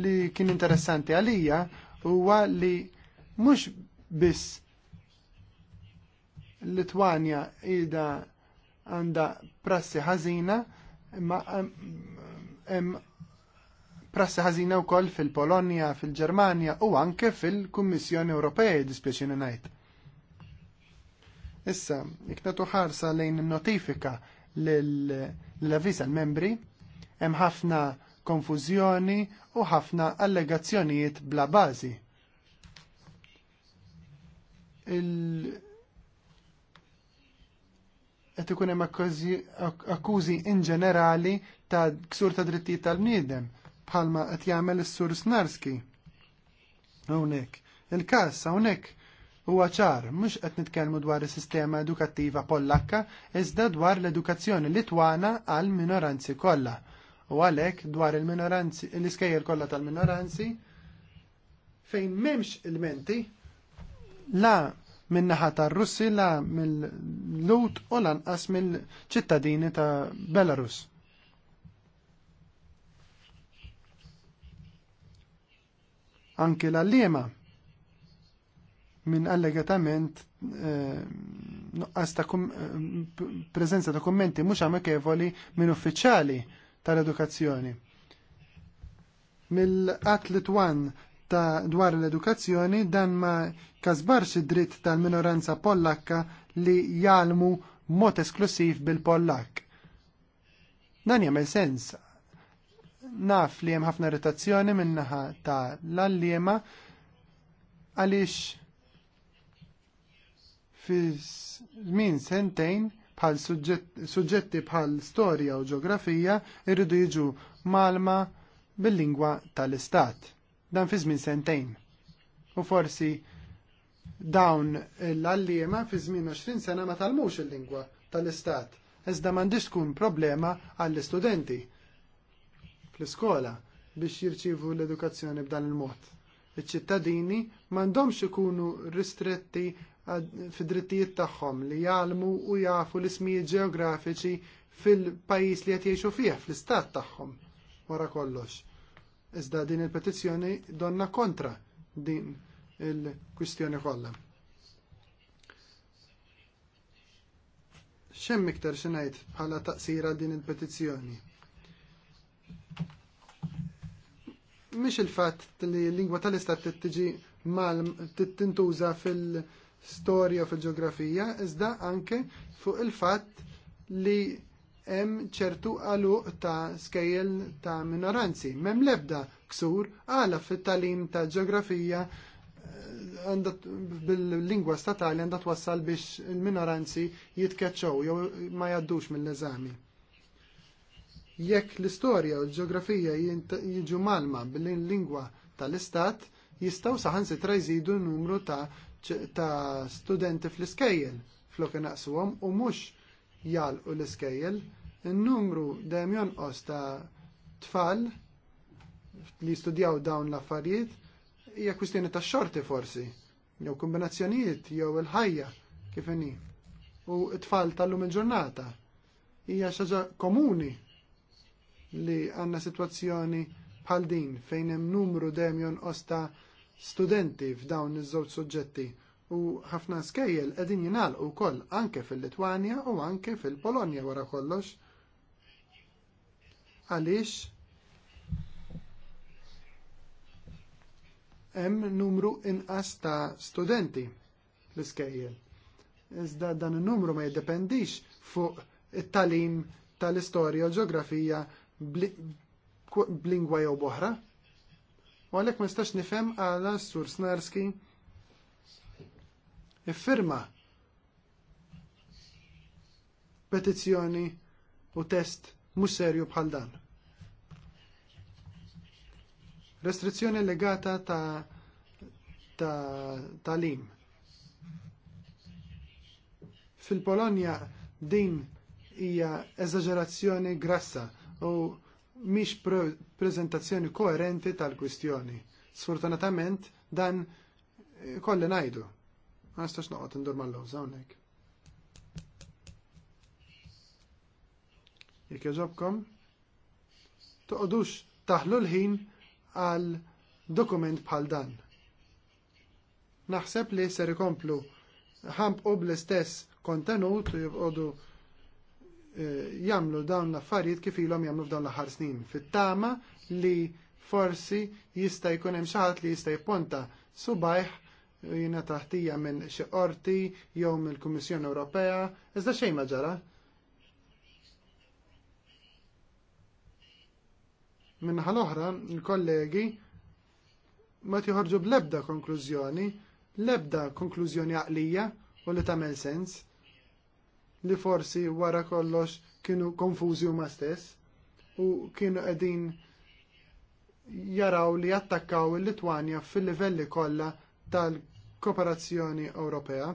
li kien interessanti għalija huwa li mhux biss Litwanja ida għandha prassi ħażina imma prassi ħażina wkoll fil-Polonja, fil-Ġermanja u anke fil-Kummissjoni Ewropea dispjaċini ngħid. Issa, iknatu ħarsa lejn notifika l-avisa l-membri, hemm ħafna konfużjoni u ħafna allegazzjonijiet bla bażi. Il... Et ikun hemm akkużi inġenerali ta' ksur ta' drittijiet tal-bniedem bħalma qed jagħmel is-sur Snarski. Hawnhekk. Il-każ hawnhekk Huwa ċar, mhux qed nitkellmu dwar is-sistema edukattiva Pollakka, iżda dwar l-edukazzjoni Litwana għal minoranzi kollha. U għalhekk dwar il-minoranzi, l-iskejjer kollha tal-minoranzi fejn m'hemmx il-menti la minnaħa tar-Russi la mill-Lut u lanqas mill-ċittadini ta' Belarus. Anki l liema minn allegatament eh, nuqqas ta' eh, prezenza ta' kummenti mhux amikevoli minn uffiċjali tal-edukazzjoni. Mill-qatt twan ta' dwar l-edukazzjoni dan ma kasbarx id-dritt tal-minoranza pollakka li jalmu mod esklusiv bil-pollak. Dan jagħmel sens. Naf li hemm ħafna irritazzjoni minnaħa ta' l-alliema għaliex fi żmien sentejn bħal suġġetti bħal storja u ġeografija irridu jiġu malma bil-lingwa tal-istat. Dan fi żmien sentejn. U forsi dawn l-allima fi żmien 20 sena ma talmux il-lingwa tal-istat. Iżda m'għandix tkun problema għall-istudenti fl-iskola biex jirċivu l-edukazzjoni b'dan il-mod. Iċ-ċittadini m'għandhomx ikunu ristretti fid-drittijiet tagħhom li jgħalmu u jafu l-ismijiet ġeografiċi fil-pajjiż li qed jgħixu fih fl-istat tagħhom wara kollox. Iżda din il-petizzjoni donna kontra din il-kwistjoni kollha. Xemm iktar xi ngħid bħala taqsira din il-petizzjoni? Mhix il-fatt li l-lingwa tal-istat tiġi mal tintuża fil- storja fil-ġeografija, iżda anke fuq il-fatt li hemm ċertu għaluq ta' skejjel ta' minoranzi. Mem lebda ksur għala fit-talim ta' ġeografija eh, bil-lingwa statali għandha twassal biex il-minoranzi jitkeċċaw jew ma jgħaddux mill-eżami. Jekk l-istorja u l-ġeografija jiġu malma bil-lingwa tal-istat, jistaw saħansitra jżidu n-numru ta' ta' studenti fl-iskejjel flok naqsuhom u mhux jalqu l-iskejjel. In-numru dejjem jonqos ta' tfal li studjaw dawn l-affarijiet hija kwistjoni ta' xorti forsi, jew kombinazzjonijiet jew il-ħajja kif inhi. U t tfal tal-lum il-ġurnata hija xaġa komuni li għandna sitwazzjoni bħal din fejn hemm numru dejjem jonqos ta' studenti f'dawn iż-żewġ suġġetti u ħafna skejjel qegħdin jingħalqu wkoll anke fil-Litwanja u anke fil-Polonja wara kollox. Għaliex hemm numru inqas ta' studenti l-iskejjel. Iżda dan in-numru ma jiddependix fuq it-talim tal-istorja u ġeografija bl-lingwa jew boħra. U għalhekk ma nistax nifhem għala s-sur Snarski iffirma petizzjoni u test mhux serju bħal dan. Restrizzjoni legata ta' ta' talim. Fil-Polonja din hija eżaġerazzjoni grassa u mhix preżentazzjoni koerenti tal-kwistjoni. Sfortunatament dan eh, kolli ngħidu. Ma nistax noqgħod indur mal-lowża hawnhekk. Jekk jogħġobkom, toqgħodux taħlu l-ħin għal dokument bħal dan. Naħseb li ser ikomplu ħampqu bl-istess kontenut u jibqodu Eh, jamlu dawn l-affarijiet kif ilhom jamlu f'dawn l-aħħar snin. Fit-tama li forsi jista' jkun hemm xi ħadd li jista' jponta subajh eh, jiena taħtija minn xi qorti jew mill-Kummissjoni Ewropea, iżda xejn ma ġara. Minnaħa l-oħra, il-kollegi ma tiħorġu bl-ebda konklużjoni, l-ebda konklużjoni għaqlija u li tagħmel sens li forsi wara kollox kienu konfużi huma stess u kienu qegħdin jaraw li attakkaw il-Litwanja fil-livelli kollha tal koperazzjoni Ewropea.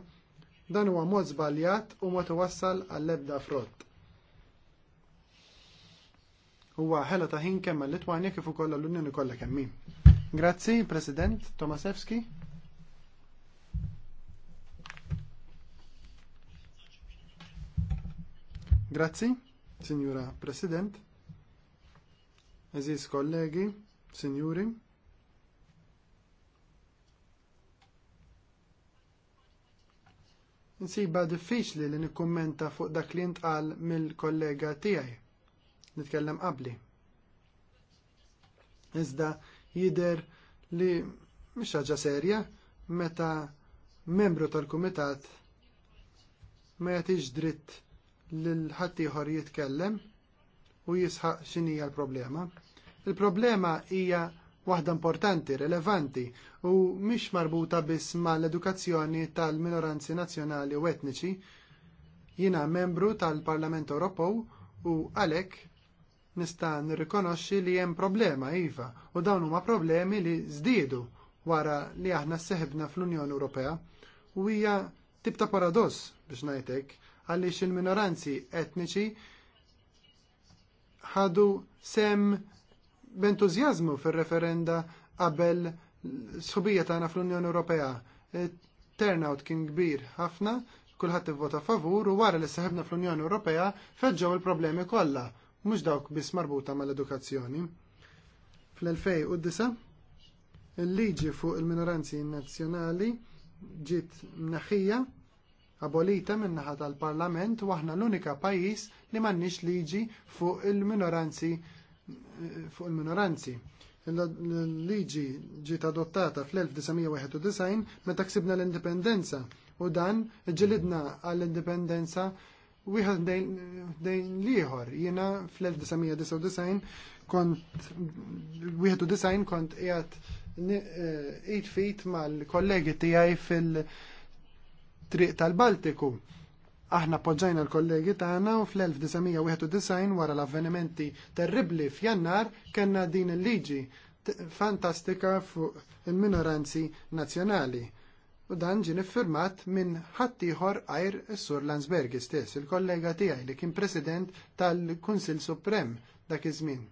Dan huwa mod żbaljat u ma twassal għall-ebda frott. Huwa ħela ta' ħin kemm l-Litwanja kif ukoll l-Unjoni kollha kemm Grazzi, President Tomasewski. Grazzi, Signora President, Aziz kollegi, Signori. Insiba diffiċli li nikkummenta fuq dak li ntqal mill-kollega tiegħi nitkellem qabli. Iżda jidher li mhix ħaġa serja meta membru tal-kumitat ma jagħtix dritt l-ħattijħor jitkellem u jisħaq xinija l-problema. Il-problema hija waħda importanti, rilevanti u mhix marbuta biss mal edukazzjoni tal-minoranzi nazzjonali u etniċi. Jiena membru tal-Parlament Ewropew u għalek nista' nirrikonoxxi li hemm problema iva u dawn huma problemi li żdiedu wara li aħna seħibna fl-Unjoni Ewropea u hija tibta paradoss biex ngħidlek għaliex il-minoranzi etniċi ħadu sem b'entużjażmu fir-referenda qabel sħubija tagħna fl-Unjoni Ewropea. Turnout kien kbir ħafna, kulħadd ivvota favur u wara li saħibna fl-Unjoni Ewropea feġġew il-problemi kollha, mhux dawk biss marbuta mal-edukazzjoni. Fl-2009 il-liġi fuq il-minoranzi nazzjonali ġiet mnaħija abolita min-naħa tal-Parlament u aħna l-unika pajjiż li m'għandniex liġi fuq il-minoranzi fuq il-minoranzi. liġi ġiet adottata fl-1991 meta ksibna l-indipendenza u dan ġilidna għall-indipendenza wieħed dejn liħor. Jiena fl-1999 kont wieħed u disajn kont qiegħed 8 eh, feet mal-kollegi tiegħi fil- triq tal-Baltiku. Aħna poġġajna l-kollegi tagħna u fl-1991 wara l-avvenimenti terribli f'Jannar kellna din il-liġi fantastika fuq il-minoranzi nazzjonali. U dan ġien iffirmat minn ħaddieħor għajr is-Sur Landsberg stess, il-kollega tiegħi li kien President tal-Kunsil Suprem dak iż-żmien.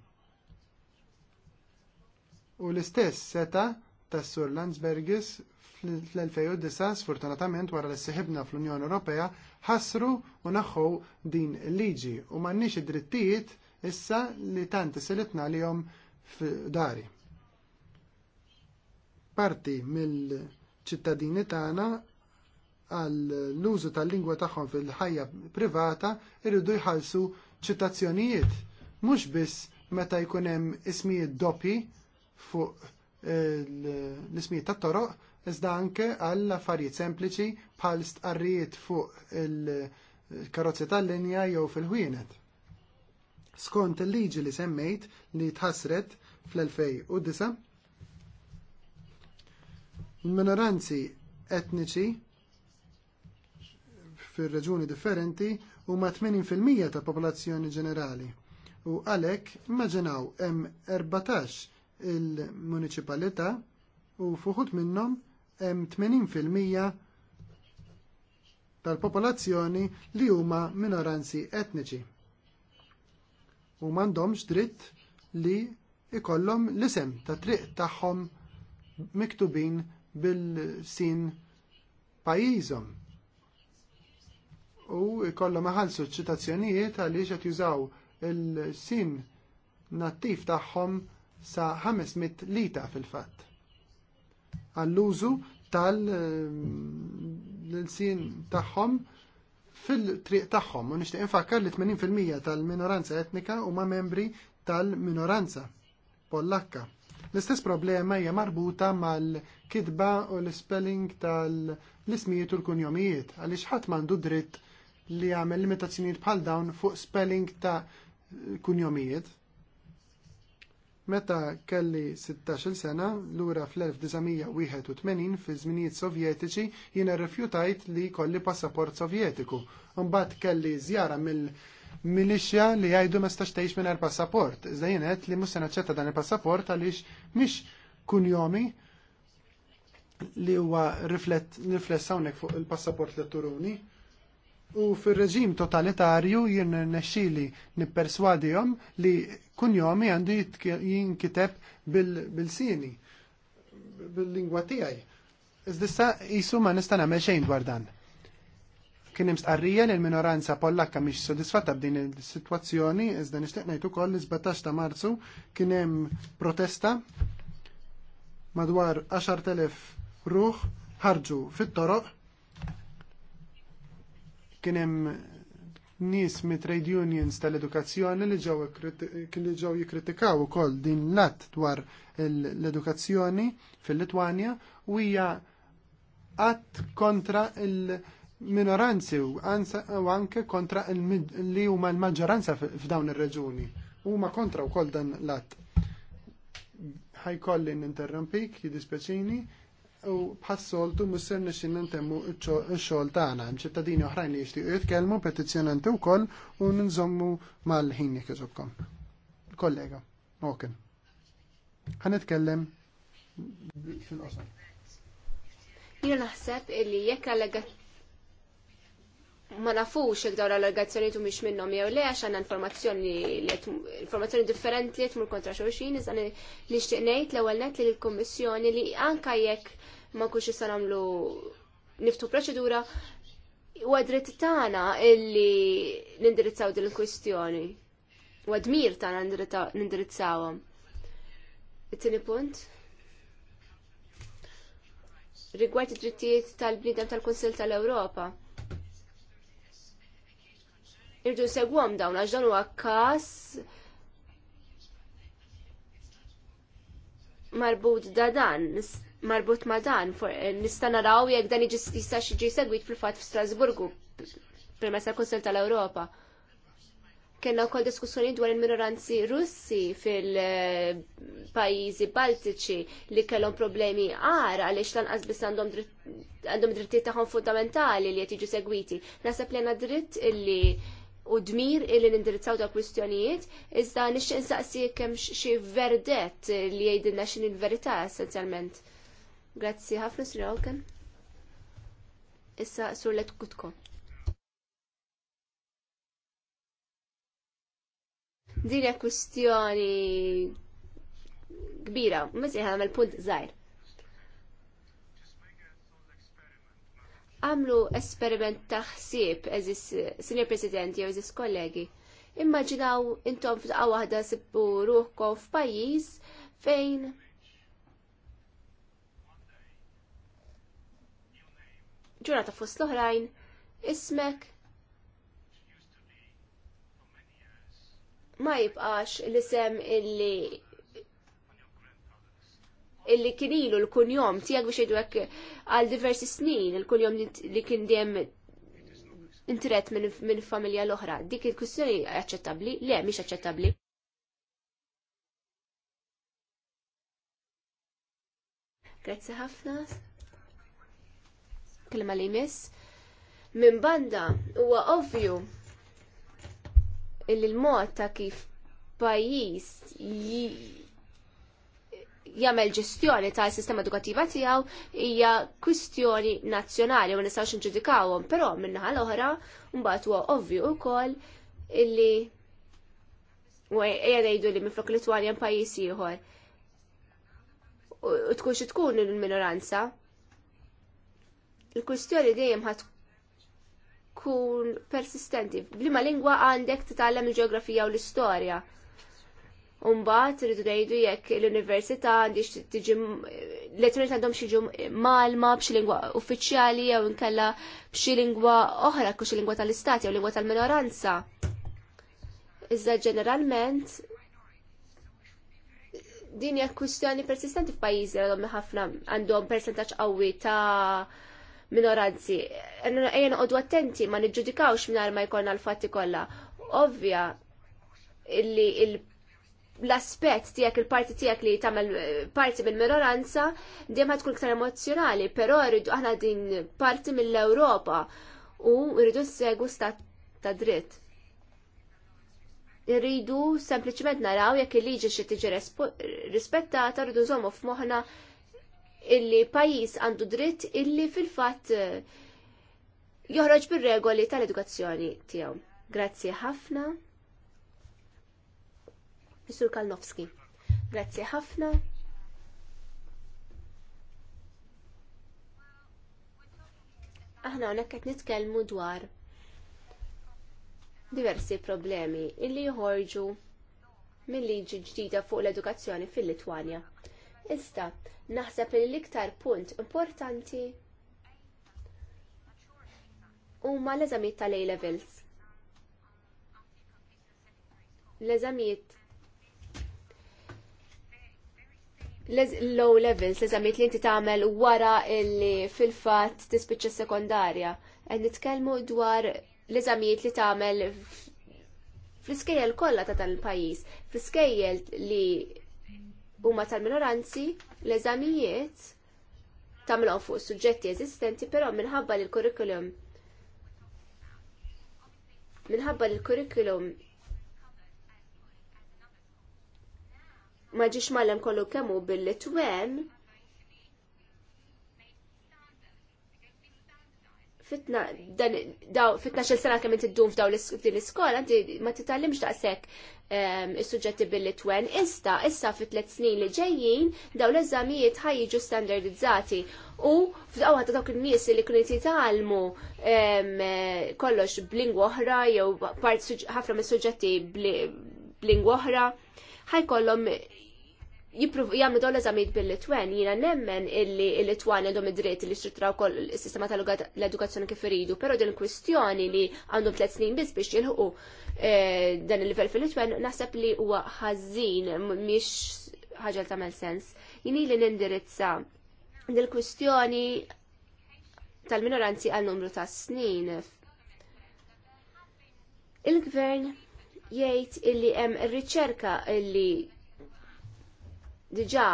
U l-istess seta tas-Sur Landsbergis fl-2009 sfortunatament wara li siħibna fl-Unjoni Ewropea ħassru u naħħu din il-liġi u m'għandniex id-drittijiet issa li tant isilitna f' f'dari. Parti mill-ċittadini tagħna għall użu tal-lingwa tagħhom fil-ħajja privata irridu jħallsu ċitazzjonijiet mhux biss meta jkun hemm ismijiet doppi fuq eh, l-ismijiet tat-toroq iżda anke għall affarijiet sempliċi bħal stqarrijiet fuq il-karozzi tal-linja jew fil-ħwienet. Skont il-liġi li semmejt li tħassret fl-2009, il-minoranzi etniċi fir-reġuni differenti huma 80% ta' popolazzjoni ġenerali. U għalhekk immaġinaw hemm 14 il-municipalità u fuħut minnhom hemm 80% tal-popolazzjoni li huma minoranzi etniċi. U m'għandhomx dritt li ikollhom l-isem ta' triq tagħhom miktubin bil-sin pajjiżhom. U ikollhom iħallsu ċitazzjonijiet għaliex qed jużaw il-sin nattiv tagħhom sa 500 lita fil-fatt għall-użu tal-sin tagħhom fil-triq tagħhom u nixtieq infakkar li 80% tal-minoranza etnika huma membri tal-minoranza Pollakka. L-istess problema hija marbuta mal-kidba u l-spelling tal-ismijiet u l-kunjomijiet għaliex ħadd m'għandu dritt li jagħmel limitazzjonijiet bħal dawn fuq spelling ta' kunjomijiet Meta kelli 16 sena, lura fl-1981 fi żminijiet sovjetiċi jiena rrifjutajt li kolli passaport sovjetiku. Mbagħad kelli żjara mill-milixja li jgħidu ma stax tgħix mingħajr passaport. Iżda jien għedt li mhux se naċċetta dan il-passaport għaliex mhix jomi li huwa rifless hawnhekk fuq il-passaport li turuni. U fir-reġim totalitarju jien nexxili nipperswadihom li kun jomi għandu jinkiteb bil-sini, bil-lingwa tijaj. Iżdissa jisu ma nista' nagħmel xejn dwar dan. Kien hemm stqarrija li l-minoranza Pollakka mhix sodisfatta b'din is-sitwazzjoni, iżda nixtieq ngħid ukoll li 17 ta' Marzu kien hemm protesta madwar 10,000 ruħ ħarġu fit-toroq kien hemm nies mit trade unions tal-edukazzjoni li ġew li ġew jikkritikaw ukoll din l-att dwar l-edukazzjoni fil-Litwanja u hija att kontra il-minoranzi u anke kontra li huma l-maġġoranza f'dawn ir-reġuni. Huma kontra wkoll dan l-att ħajkolli ninterrompik, jidispjaċini, u bħassoltu musser nixin nintemmu il-xol tagħna. ċittadini oħrajn li jixtiequ jitkellmu, petizzjonanti wkoll u ninżommu mal-ħin jekk Kollega, Hawken. Ħanitkellem fil-qosor. naħseb illi jekk allegat ma nafux jekk dawn l-allegazzjoni tu miex minnhom jew le għax għandna informazzjoni informazzjoni differenti li qed mur kontra xulxin iżda nixtieq ngħid l-ewwel nett li l-Kummissjoni li anke jekk ma kux issa nagħmlu niftu proċedura u għadrit tagħna illi nindirizzaw din il-kwistjoni. U għadmir tagħna nindirizzawhom. It-tieni punt? Rigward id-drittijiet tal-bniedem tal konsil tal-Ewropa. Irdu segwom dawn għax dan huwa każ marbut da dan, marbut ma' dan, eh, nista' naraw jekk dan jista' jiġi segwit fil-fatt f'Strasburgu permezz tal kunsell tal-Ewropa. Kenna wkoll diskussjoni dwar il-minoranzi Russi fil-pajjiżi eh, Baltiċi li kellhom problemi għar għaliex lanqas biss għandhom drittijiet tagħhom fundamentali li qed jiġu segwiti. Naħseb li għandna dritt illi u dmir illi nindirizzaw da kwistjonijiet, iżda nixtieq insaqsi kemm xi verdett li jgħidilna x'in il-verità essenzjalment. Grazzi ħafna Sir Hawken. Issa sur let kutkom. Dira kwistjoni kbira, mezi ħamel punt zaħir. Għamlu esperiment taħsib, eżis, Senior President, jew eżis kollegi. Immaġinaw intom f'daqqa waħda sibbu ruħkom f'pajjiż fejn ta' fost l-oħrajn, ismek ma jibqax l-isem illi illi kienilu l-kunjom tijak biex jidwek għal diversi snin, l-kunjom li kien djem intret minn familja l-oħra. Dik il kustjoni għacċettabli? Le, miex aċċettabbli. Grazzi ħafna. Kelma li jmiss. Minn banda huwa ovvju li l-mod ta' kif pajjiż jagħmel ġestjoni ta' sistema edukattiva tiegħu hija kwistjoni nazzjonali u nistgħux inġudikawhom, però naħa l-oħra mbagħad huwa ovvju wkoll illi u ejja ngħidu li minflok Litwanja pajjiż ieħor. U tkun tkun il-minoranza, il-kwistjoni dejjem ħat persistenti. Blima lingwa għandek titgħallem il-ġeografija u l-istorja. Umbat rridu ngħidu jekk l-università għandix tiġi l-lettroniet għandhom xi malma b'xi lingwa uffiċjali jew inkella b'xi lingwa oħra kux lingwa tal-istat jew lingwa tal-minoranza. Iżda ġeneralment din hija kwistjoni persistenti f'pajjiżi għandhom ħafna għandhom persentaġġ qawwi ta' minoranzi. Ejjen għodu attenti ma niġġudikawx mingħajr ma jkollna l-fatti kollha. Ovvja illi l-aspett tiegħek il-parti tiegħek li tagħmel eh, parti bil minoranza dejjem tkun iktar emozjonali, però rridu aħna din parti mill-Ewropa u rridu nsegu stat ta' dritt irridu sempliċement naraw jekk il-liġi xi tiġi rispettata rridu f f'moħħna illi pajis għandu dritt illi fil-fatt eh, joħroġ bil regoli tal-edukazzjoni tiegħu. Grazzi ħafna. Misur Kalnowski. Grazzi ħafna. aħna hawnhekk qed nitkellmu dwar diversi problemi illi joħorġu mill-liġi ġdida fuq l-edukazzjoni fil-Litwanja. Iżda, naħseb li l-iktar punt importanti huma l-eżamijiet tal-A levels. L-eżamijiet low levels, l-eżamijiet li inti tagħmel wara li fil-fatt tispiċċa sekondarja. Qed nitkellmu dwar l-eżamijiet li tagħmel fl-iskejjel kollha ta' dan il pajjiż fl-iskejjel li huma tal-minoranzi l-eżamijiet tagħmluhom fuq suġġetti eżistenti però minħabba li l-kurrikulum minħabba l-kurrikulum ma ġiex mallem kollu kemm hu billi fitna dan daw fitna xil sena kemm tiddum f'daw l-iskola inti ma titgħallimx daqshekk ehm, is-suġġetti billi twen. Issa issa fit tliet snin li ġejjin daw l-eżamijiet ħajjiġu standardizzati u f'daqwa ta' dawk in-nies li kienu jitgħallmu ehm, kollox b'lingwa oħra jew ħafna mis-suġġetti b'lingwa oħra ħajkollhom jagħmlu dawn l-eżamijiet bil-Litwen, jiena nemmen illi l-Litwan għandhom id-dritt li xtitraw kol is-sistema tal-edukazzjoni kif iridu, però din kwistjoni li għandhom tliet snin biss biex jilħu eh, dan il-livell fil-Litwen naħseb li huwa ħażin mhix ħaġa li tagħmel sens. Jini li nindirizza dil-kwistjoni tal-minoranzi għal numru ta' snin. Il-gvern jgħid illi hemm riċerka illi diġà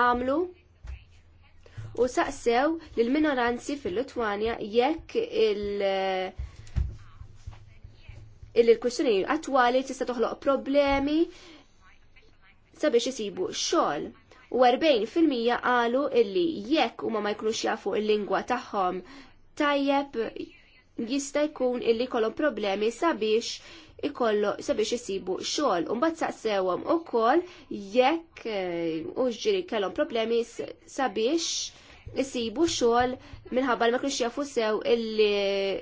għamlu u saqsew l minoranzi fil-Litwanja jekk il- il attwali tista' toħloq problemi sabiex isibu xogħol. U 40% qalu illi jekk huma ma jkunux jafu il-lingwa tagħhom tajjeb jista' jkun illi kolom problemi sabiex ikollu sabiex isibu xogħol. mbagħad saqsewhom ukoll jekk eh, u ġiri kellhom problemi sabiex isibu xogħol minħabba li ma kienx jafu sew illi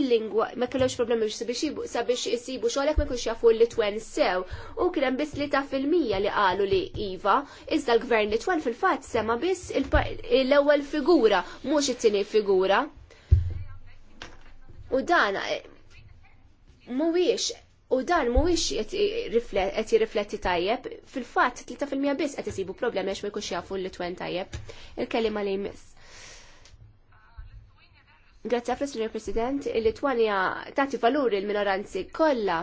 il-lingwa ma kellhomx problemi biex sabiex isibu xogħol jekk ma kienx jafu l-Litwen sew u kien hemm biss li ta' fil-mija li qalu li iva, iżda l-gvern Litwen fil-fatt sema biss l-ewwel figura mhux it-tieni figura U dan eh, mhuwiex u dan mhuwiex qed jirrifletti tajjeb, fil-fatt 3% biss qed isibu problemi għax ma jkunx jafu li twen tajjeb. Il-kelima li jmiss. Grazzi għafra, Sr. President, il-Litwanja tagħti valuri l minoranzi kollha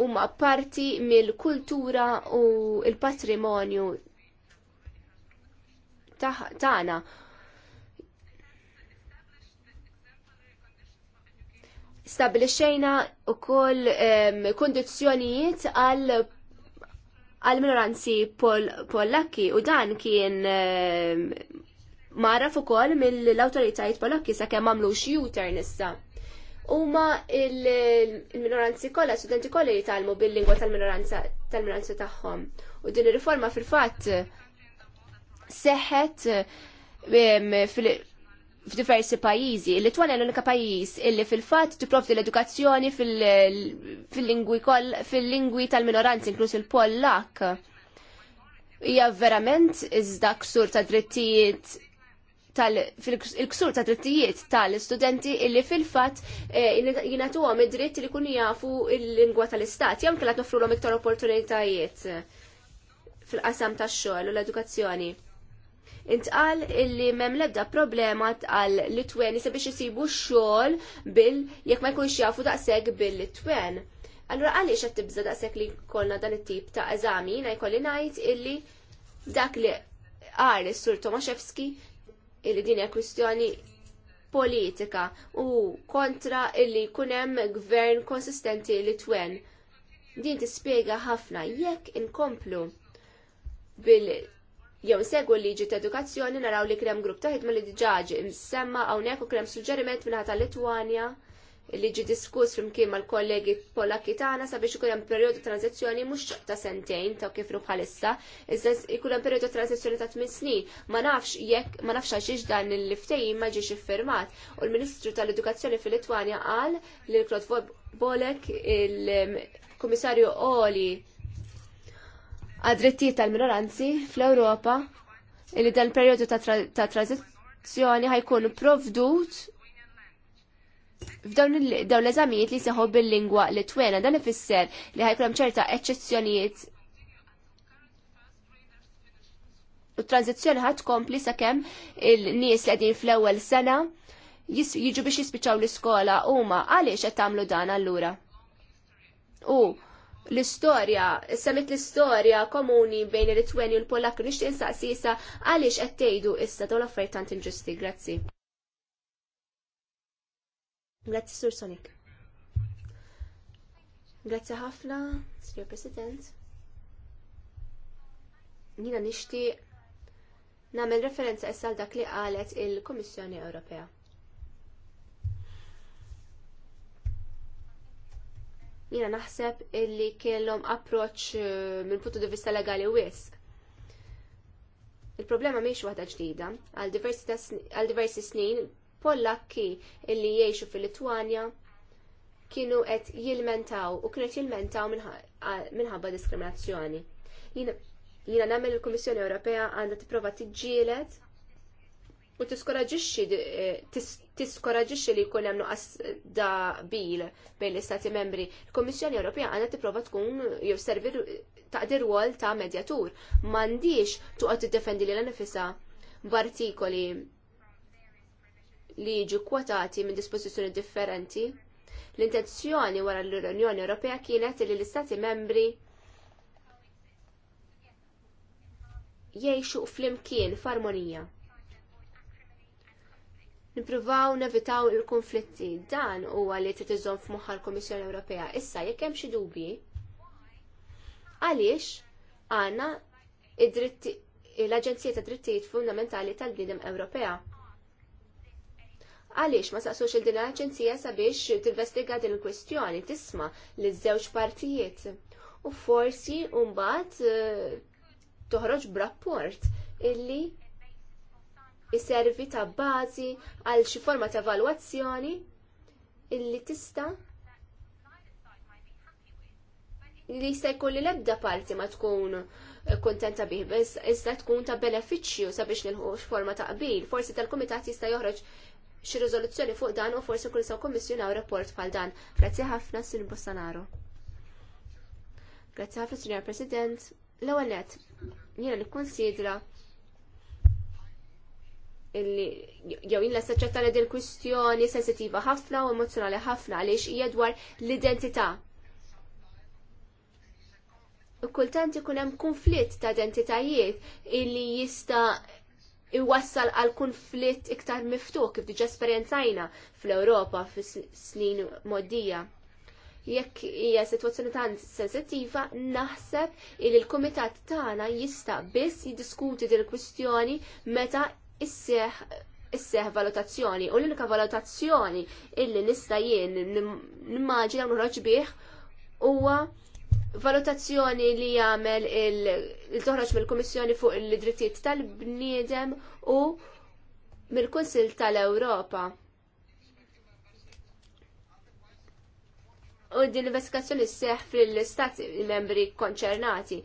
huma parti mill-kultura u l-patrimonju tagħna. Ta stabilixxejna wkoll kundizzjonijiet għal għal minoranzi pollakki u dan kien marraf ukoll mill-awtoritajiet pollakki sakemm għamlu U-turn issa. Huma il-minoranzi kollha, studenti kollha jitalmu bil-lingwa tal-minoranza tal-minoranza tagħhom. U din ir-riforma fil-fatt seħħet f'diversi pajjiżi. Litwana l-unika pajjiż illi fil-fatt tipprovdi l-edukazzjoni fil-lingwi fil tal-minoranzi inkluż il-Pollak. Hija verament iżda ksur ta' drittijiet il-ksur ta' drittijiet tal-studenti illi fil-fat eh, jinatu għom id-dritt li kun jafu il-lingwa tal-istat, jam kellat nofru l-om iktar opportunitajiet fil-qasam ta' xogħol u l-edukazzjoni intqal illi mem lebda problema tqal l-tweni sabiex jisibu xogħol bil jekk ma jkunx jafu daqshekk bil-twen. Allura għaliex qed tibża daqshekk li jkollna dan it-tip ta' eżami jkolli ngħid illi dak li qal sur Tomaszewski illi din hija kwistjoni politika u kontra illi jkun hemm gvern konsistenti li twen. Din tispjega ħafna jekk inkomplu bil jew insegwu liġi ta' edukazzjoni naraw li krem grupp ta' ħidma li diġaġi imsemma hawnhekk neku krem suġġeriment minna ta' Litwanja li ġi diskuss flimkien mal-kollegi Polakki tagħna sabiex ikun hemm perjodu tranzizzjoni mhux ta' sentejn ta' kif rubħalissa, bħalissa, iżda ikun hemm perjodu tranzizzjoni ta' tmien snin. Ma nafx jekk ma nafx għax dan il-ftehim ma ġiex iffirmat. U l-Ministru tal-Edukazzjoni fil litwania qal li Klod Bolek il-Kummissarju Oli għadrittijiet tal-minoranzi fl-Ewropa illi dan periodu ta', tra ta tranzizzjoni ħajkun provdut f'dawn dawn l-eżamijiet li seħu bil-lingwa li twena dan ifisser li ħajkun hemm ċerta eċċezzjonijiet u tranzizzjoni ħad tkompli sakemm il-nies li qegħdin fl-ewwel sena jiġu biex jispiċċaw l-iskola huma għaliex qed tagħmlu dan allura. U l-istorja, semmit l-istorja komuni bejn il-Litweni u l-Polakki, nixtieq insaqsi issa għaliex qed tgħidu issa dawn l-affarijiet tant inġusti. Grazzi. Grazzi Sur Sonic. Grazzi ħafna, Sir President. Jiena nixtieq nagħmel referenza issa għal dak li qalet il-Kummissjoni Ewropea. Jiena naħseb illi kellhom approċċ eh, minn puntu di vista legali wisq. Il-problema miex waħda ġdida, għal diversi snin Pollakki illi jgħixu fil-Litwanja kienu qed jilmentaw u kienet qed jilmentaw minħabba diskriminazzjoni. Jiena nagħmel il-Kummissjoni Ewropea għandha tipprova tiġġieled u eh, tiskoraġixxi li jkun hemm nuqqas da bil bejn l-Istati membri. Il-Kummissjoni Ewropea għandha tipprova tkun jew servi taqdir wol ta' medjatur. M'għandix tuqgħod tiddefendi lil nifisha b'artikoli li jiġu kwotati minn dispożizzjoni differenti. L-intenzjoni wara l-Unjoni Ewropea kienet li l-Istati membri jgħixu flimkien f'armonija nippruvaw nevitaw il-konflitti. Dan huwa li t iżomm f'moħħa l-Kummissjoni Ewropea. Issa jekk hemm xi dubji. Għaliex għandna l-Aġenzija ta' Drittijiet Fundamentali tal-Bniedem Ewropea. Għaliex ma saqsux il-din l-Aġenzija sabiex tinvestiga din il-kwestjoni, tisma' l żewġ partijiet. U forsi mbagħad eh, toħroġ b'rapport illi jiservi ta' bażi għal xi forma ta' evalwazzjoni illi tista' li jista' jkun li l-ebda parti ma tkun kontenta bih, biss iżda tkun ta' benefiċċju sabiex nilħu forma ta' qbil. Forsi tal-kumitat jista' joħroġ xi riżoluzzjoni fuq dan u forsi kull sew għaw rapport bħal dan. Grazzi ħafna Sin Bossanaro. Grazzi ħafna Sinjor President. L-ewwel nett, jiena nikkonsidra illi jew jien l ċetta li din kwistjoni sensitiva ħafna u emozjonali ħafna għaliex hija dwar l-identità. U kultant ikun hemm konflitt ta' identitajiet illi jista' iwassal għal konflitt iktar miftuħ kif diġa esperjenzajna fl-Ewropa fis-snin moddija. Jekk hija sitwazzjoni tant sensittiva, naħseb li l-kumitat tagħna jista' biss jiddiskuti din kwistjoni meta isseħ isseħ valutazzjoni u l-unika valutazzjoni illi nista' jien nimmaġina nħroġ bih huwa valutazzjoni li jagħmel il-toħroġ mill-Kummissjoni fuq il-drittijiet tal-bniedem u mill-Kunsil tal-Ewropa. U din l-investigazzjoni sseħħ fil istati membri konċernati.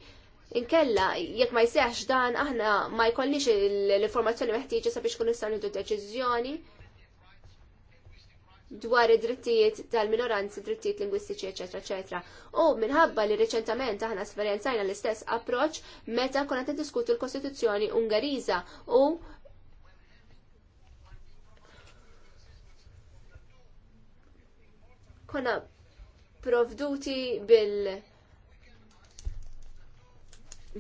Inkella, jekk ma jsejħx dan, aħna ma jkollix l-informazzjoni meħtieġa sabiex kun nistgħu d deċiżjoni dwar id-drittijiet tal-minoranzi, drittijiet lingwistiċi, eċetera, eċetera. U minħabba li reċentament aħna sperjenzajna l-istess approċ meta konna diskutu l-Kostituzzjoni Ungariża u konna provduti bil-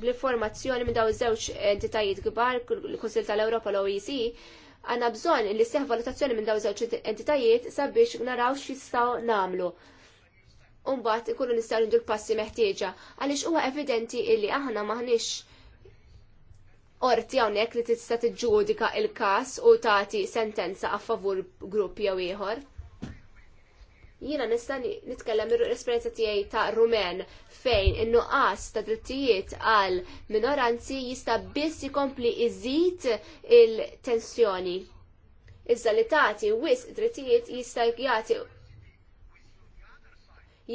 l informazzjoni minn daw iż-żewġ entitajiet kbar, il-Kunsil tal-Ewropa l oec għandna bżonn li seħ valutazzjoni minn daw iż-żewġ entitajiet sabiex naraw x'jistgħu nagħmlu. Umbagħad ikunu nistgħu nindu l-passi meħtieġa għaliex huwa evidenti illi aħna maħniex orti hawnhekk li tista' tiġġudika l każ u tagħti sentenza a favur grupp jew ieħor. Jiena nista' nitkellem l-esperjenza tiegħi ta' Rumen fejn in-nuqqas ta' drittijiet għal minoranzi jista' biss jkompli iżid il-tensjoni. Iżda li tagħti wisq drittijiet jista' jagħti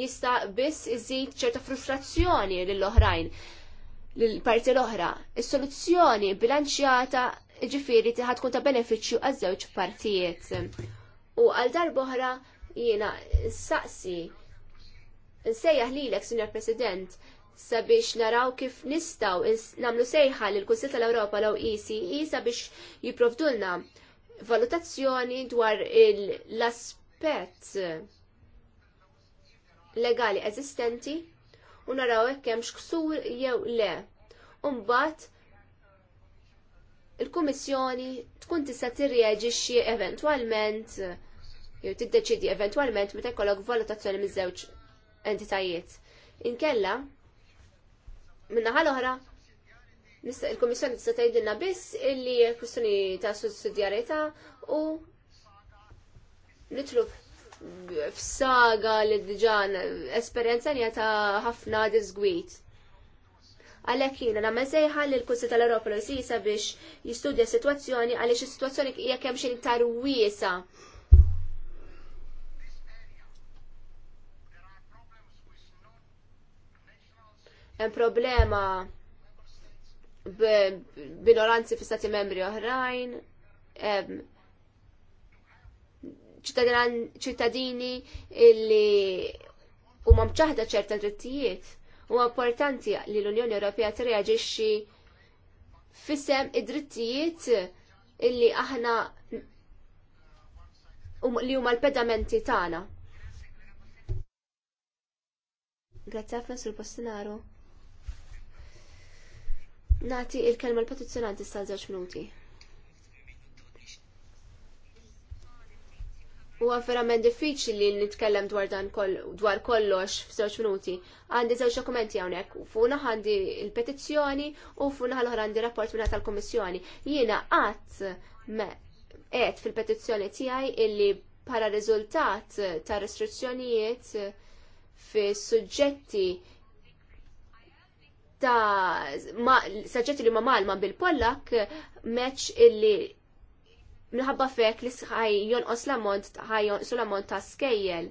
jista' biss iżid ċerta frustrazzjoni lill-oħrajn l-parti l-oħra. Is-soluzzjoni bilanċjata ġifiri tkun ta' benefiċċju għaż-żewġ partijiet. U għal darboħra jiena saqsi nsejjaħ lilek, Sinjor President, sabiex naraw kif nistaw namlu sejħa l kunsil tal-Ewropa l ECE sabiex jiprovdulna valutazzjoni dwar l-aspett legali eżistenti u naraw hekk x'ksur jew le. Umbagħad il-Kummissjoni tkun tista' tirreaġixxi eventwalment jew tiddeċidi eventwalment meta jkollok valutazzjoni miż-żewġ entitajiet. Inkella, minnaħa l-oħra, il-Komissjoni tista' tgħidilna biss illi kwistjoni ta' sussidjarjetà u nitlu f'saga li diġà esperjenza ta' ħafna disgwit. Għalhekk jiena nagħmel sejħa li l-Kunsi tal-Ewropa l biex jistudja s-sitwazzjoni għaliex is-sitwazzjoni hija kemm xejn tar wiesa' Hemm problema b'inoranzi fi stati membri oħrajn, ċittadini illi huma mċaħda ċerta drittijiet. U importanti li l-Unjoni Ewropea tirreġixxi fissem id-drittijiet illi aħna um, li huma l-pedamenti tagħna. Grazie ħafna sur Postinaro. Nati il-kelma l-petizzjonanti sta' żewġ minuti. Huwa verament diffiċli li nitkellem dwar dan dwar kollox f'żewġ minuti. Għandi żewġ dokumenti hawnhekk, funa għandi il-petizzjoni u funa l-oħra għandi rapport minn tal-Kummissjoni. Jiena qatt qed fil-petizzjoni tiegħi illi bħala riżultat ta' restrizzjonijiet fi suġġetti ta' ma, saġġetti li ma' Malma bil-Pollak meċ illi minħabba fek li sħaj jonqos l-ammont ħaj jonqos l-ammont ta' skejjel.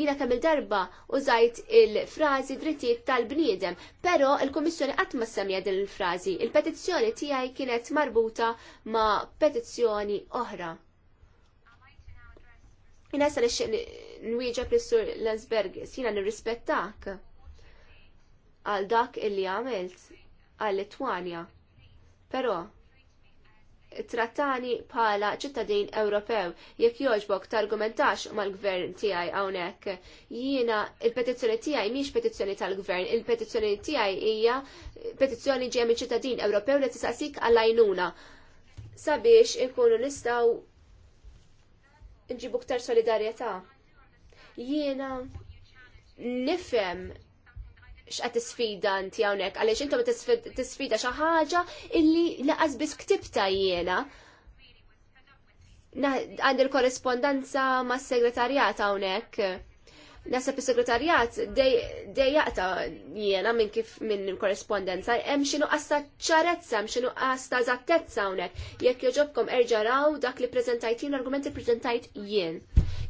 Jina kemm il-darba użajt il-frażi drittijiet tal-bniedem, però il kummissjoni qatt ma semja din il-frażi. Il-petizzjoni tiegħi kienet marbuta ma' petizzjoni oħra. Jina sa nixtieq nwieġeb lis-Sur Lansbergis, jina nirrispettak għal dak illi għamilt għal Litwanja. Però, trattani bħala ċittadin Ewropew jekk jogħġbok targumentax mal-gvern tiegħi hawnhekk. Jiena il-petizzjoni tiegħi mhix petizzjoni tal-gvern, il-petizzjoni tiegħi hija petizzjoni ġej minn ċittadin Ewropew li tisaqsik għall-għajnuna sabiex inkunu nistgħu nġibu ktar solidarjetà. Jiena nifhem x'qed tisfida inti hawnhekk għaliex intom tisfida xi ħaġa illi laqas biss ktibta jiena. Għand il korrespondanza mas segretarjat hawnhekk. Nasab is-segretarjat dej jaqta jiena minn kif minn il korrespondenza hemm xi ta' ċarezza, hemm xi nuqqas ta' hawnhekk. Jekk joġobkom erġaraw dak li preżentajt jien argumenti preżentajt jien.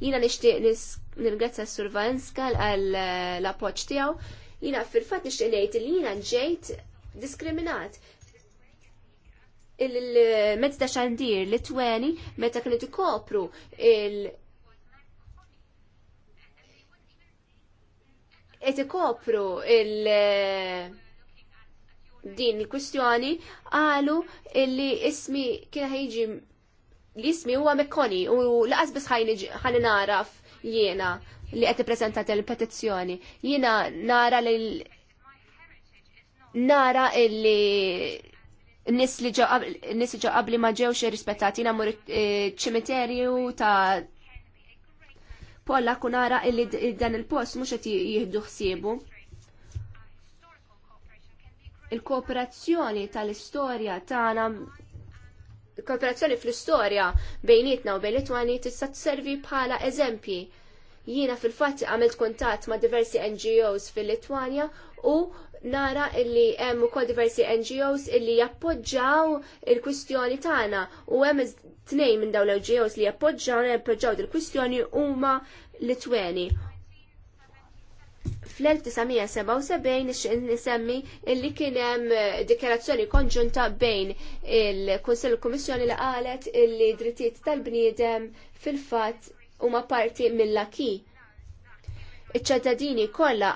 Jiena nixtieq nirgrazza s-Sur għal l-appoġġ tiegħu Jina fil-fat nixtieq ngħid li jina ġejt diskriminat il medz ta' xandir li tweni meta kienu kopru il- et kopru il- din il-kwistjoni għalu illi ismi kien ħajġi l-ismi huwa mekkoni u laqas biss ħajni naraf jiena li qed prezentat il-petizzjoni. Jiena nara li nara li nis li ġo qabli ma ġewx irrispettati jina mur eh, ċimiterju ta' Polla nara li dan il-post mhux qed jieħdu ħsiebu. Il-kooperazzjoni tal-istorja tagħna kooperazzjoni fl-istorja bejnietna u bejn Litwani tista' tservi bħala eżempji Jiena fil-fatt għamilt kuntatt ma' diversi NGOs fil-Litwanja u nara illi hemm ukoll diversi NGOs illi jappoġġaw il-kwistjoni tagħna u hemm tnejn minn dawn l-NGOs li jappoġġaw jappoġġaw il-kwistjoni huma Litweni. Fl-1977 nisemmi illi kien hemm eh, dikjarazzjoni konġunta bejn il-Kunsill u kummissjoni li qalet illi drittijiet tal-bniedem fil-fatt huma parti mill-laki. Iċ-ċittadini kollha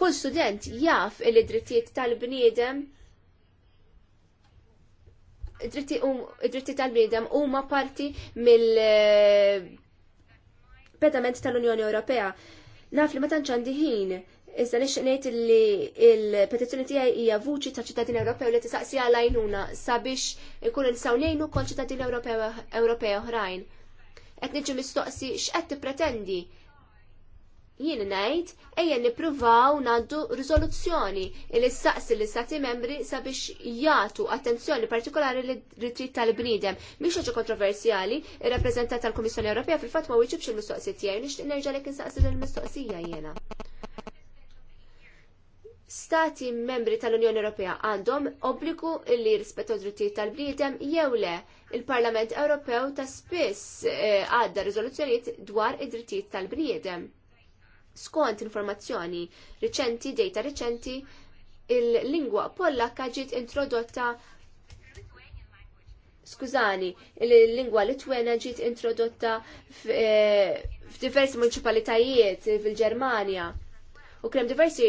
kull student jaf il-drittijiet tal-bniedem id-dritti tal-bniedem huma parti mill eh, pedament tal-Unjoni Ewropea. Naf li ma tantx għandi ħin, iżda nix ngħid li l-petizzjoni tiegħi hija vuċi ta' ċittadin Ewropew li tisaqsija għajnuna sabiex ikunu nistgħu ngħinu kol ċittadin Ewropew oħrajn qed niġi mistoqsi x'qed tippretendi. Jien ngħid ejja nippruvaw ngħaddu riżoluzzjoni li saqsi li stati membri sabiex jagħtu attenzjoni partikolari li ritrit tal-bniedem. Mhix ħaġa kontroversjali, ir-rappreżentant tal-Kummissjoni Ewropea fil-fatt ma wiċibx il-mistoqsi tiegħi, nixtieq nerġa' lek insaqsi lill mistoqsija jiena stati membri tal-Unjoni Ewropea għandhom obbligu li rispettaw drittijiet tal-bniedem jew le il-Parlament Ewropew ta' spiss eh, għadda riżoluzzjonijiet dwar id-drittijiet tal-bniedem. Skont informazzjoni riċenti, data riċenti, il-lingwa pollakka ġiet introdotta skużani, il-lingwa litwena ġiet introdotta eh, f'diversi municipalitajiet fil-Ġermanja u kem diversi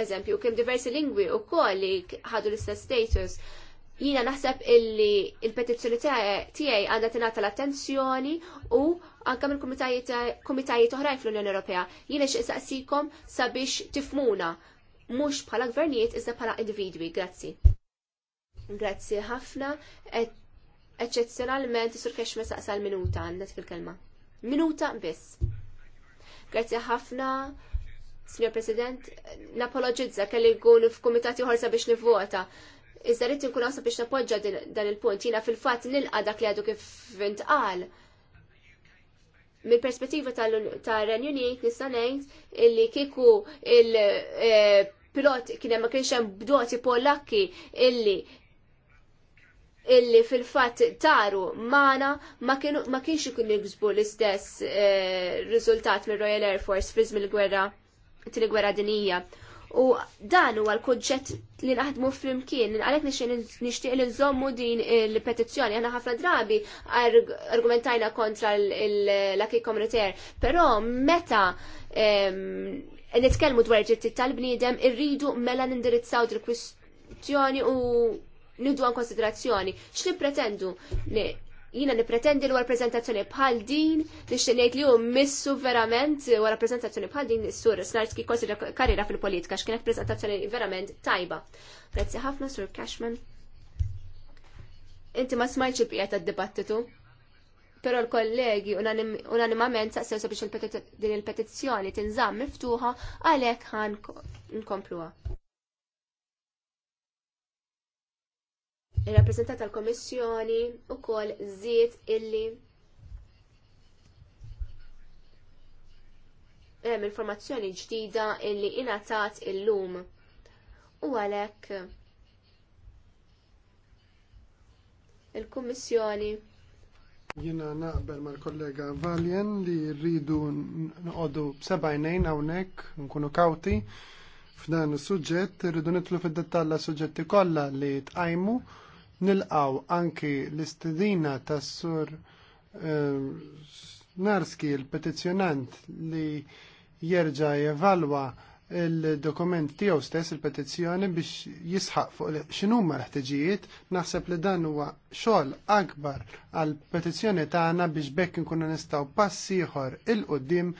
eżempju, u kem diversi lingwi u koll li ħadu l-istess status. Jina naħseb illi il-petizzjoni tiegħi għandha tingħata l-attenzjoni u anke mill kumitajiet oħrajn fl-Unjoni Ewropea. Jiena x'isaqsikom sabiex tifmuna mhux bħala gvernijiet iżda bħala individwi. Grazzi. Grazzi ħafna. Eċċezzjonalment isur kex saqsal minuta għandet fil-kelma. Minuta biss. Grazzi ħafna Signor President, napologizza kelli nkun f'kumitati ħorsa biex nivvota. Iżda rrid nkun biex napoġġa dan il-punt. Jiena fil-fatt nilqa dak li għadu kif għal. Mill-perspettiva tal-Renju Unit nista' ngħid illi kieku il-pilot e, kien hemm ma kienx hemm bdoti Polakki illi illi fil-fatt taru mana ma kienx ikun jiksbu l-istess e, riżultat mir Royal Air Force fiż mill-gwerra tili gwerra dinija. U dan huwa l kuġġett li naħdmu flimkien, għalhekk nixtieq li nżommu din il-petizzjoni, għana ħafna drabi argumentajna kontra l-akki komunitar, però meta nitkellmu dwar ġittit tal-bniedem irridu mela nindirizzaw il kwistjoni u nidu għan konsiderazzjoni. pretendu jina nipretendi l għal prezentazzjoni bħal din, nixtieq ngħid li hu missu verament eh, wara prezentazzjoni bħal din is-sur Snarski kosi karriera fil-politika x'kienet prezentazzjoni verament tajba. Grazzi ħafna sur Cashman. Inti ma smajtx l bqija tad-dibattitu. Però l-kollegi unanimament saqsew sabiex din il-petizzjoni tinżamm miftuħa għalhekk ħan nkompluha. il-rappresentant tal-Komissjoni u kol illi hemm informazzjoni ġdida illi ingħatat illum. U għalhekk il-Kummissjoni Jina naqbel mal-kollega Valjen li rridu nqodu jnejn hawnhekk nkunu kawti f'dan is-suġġett, irridu nitlu fid-dettall suġġetti kollha li tqajmu nilqaw anki l-istedina tas sur ehm, Narski, il-petizjonant li jerġa jevalwa il-dokument tiegħu stess il-petizzjoni biex jisħaq fuq x'inhuma l-ħtiġijiet, naħseb li dan huwa xogħol akbar għall petizzjoni tagħna biex bekk inkunu nistgħu pass ieħor il-qudiem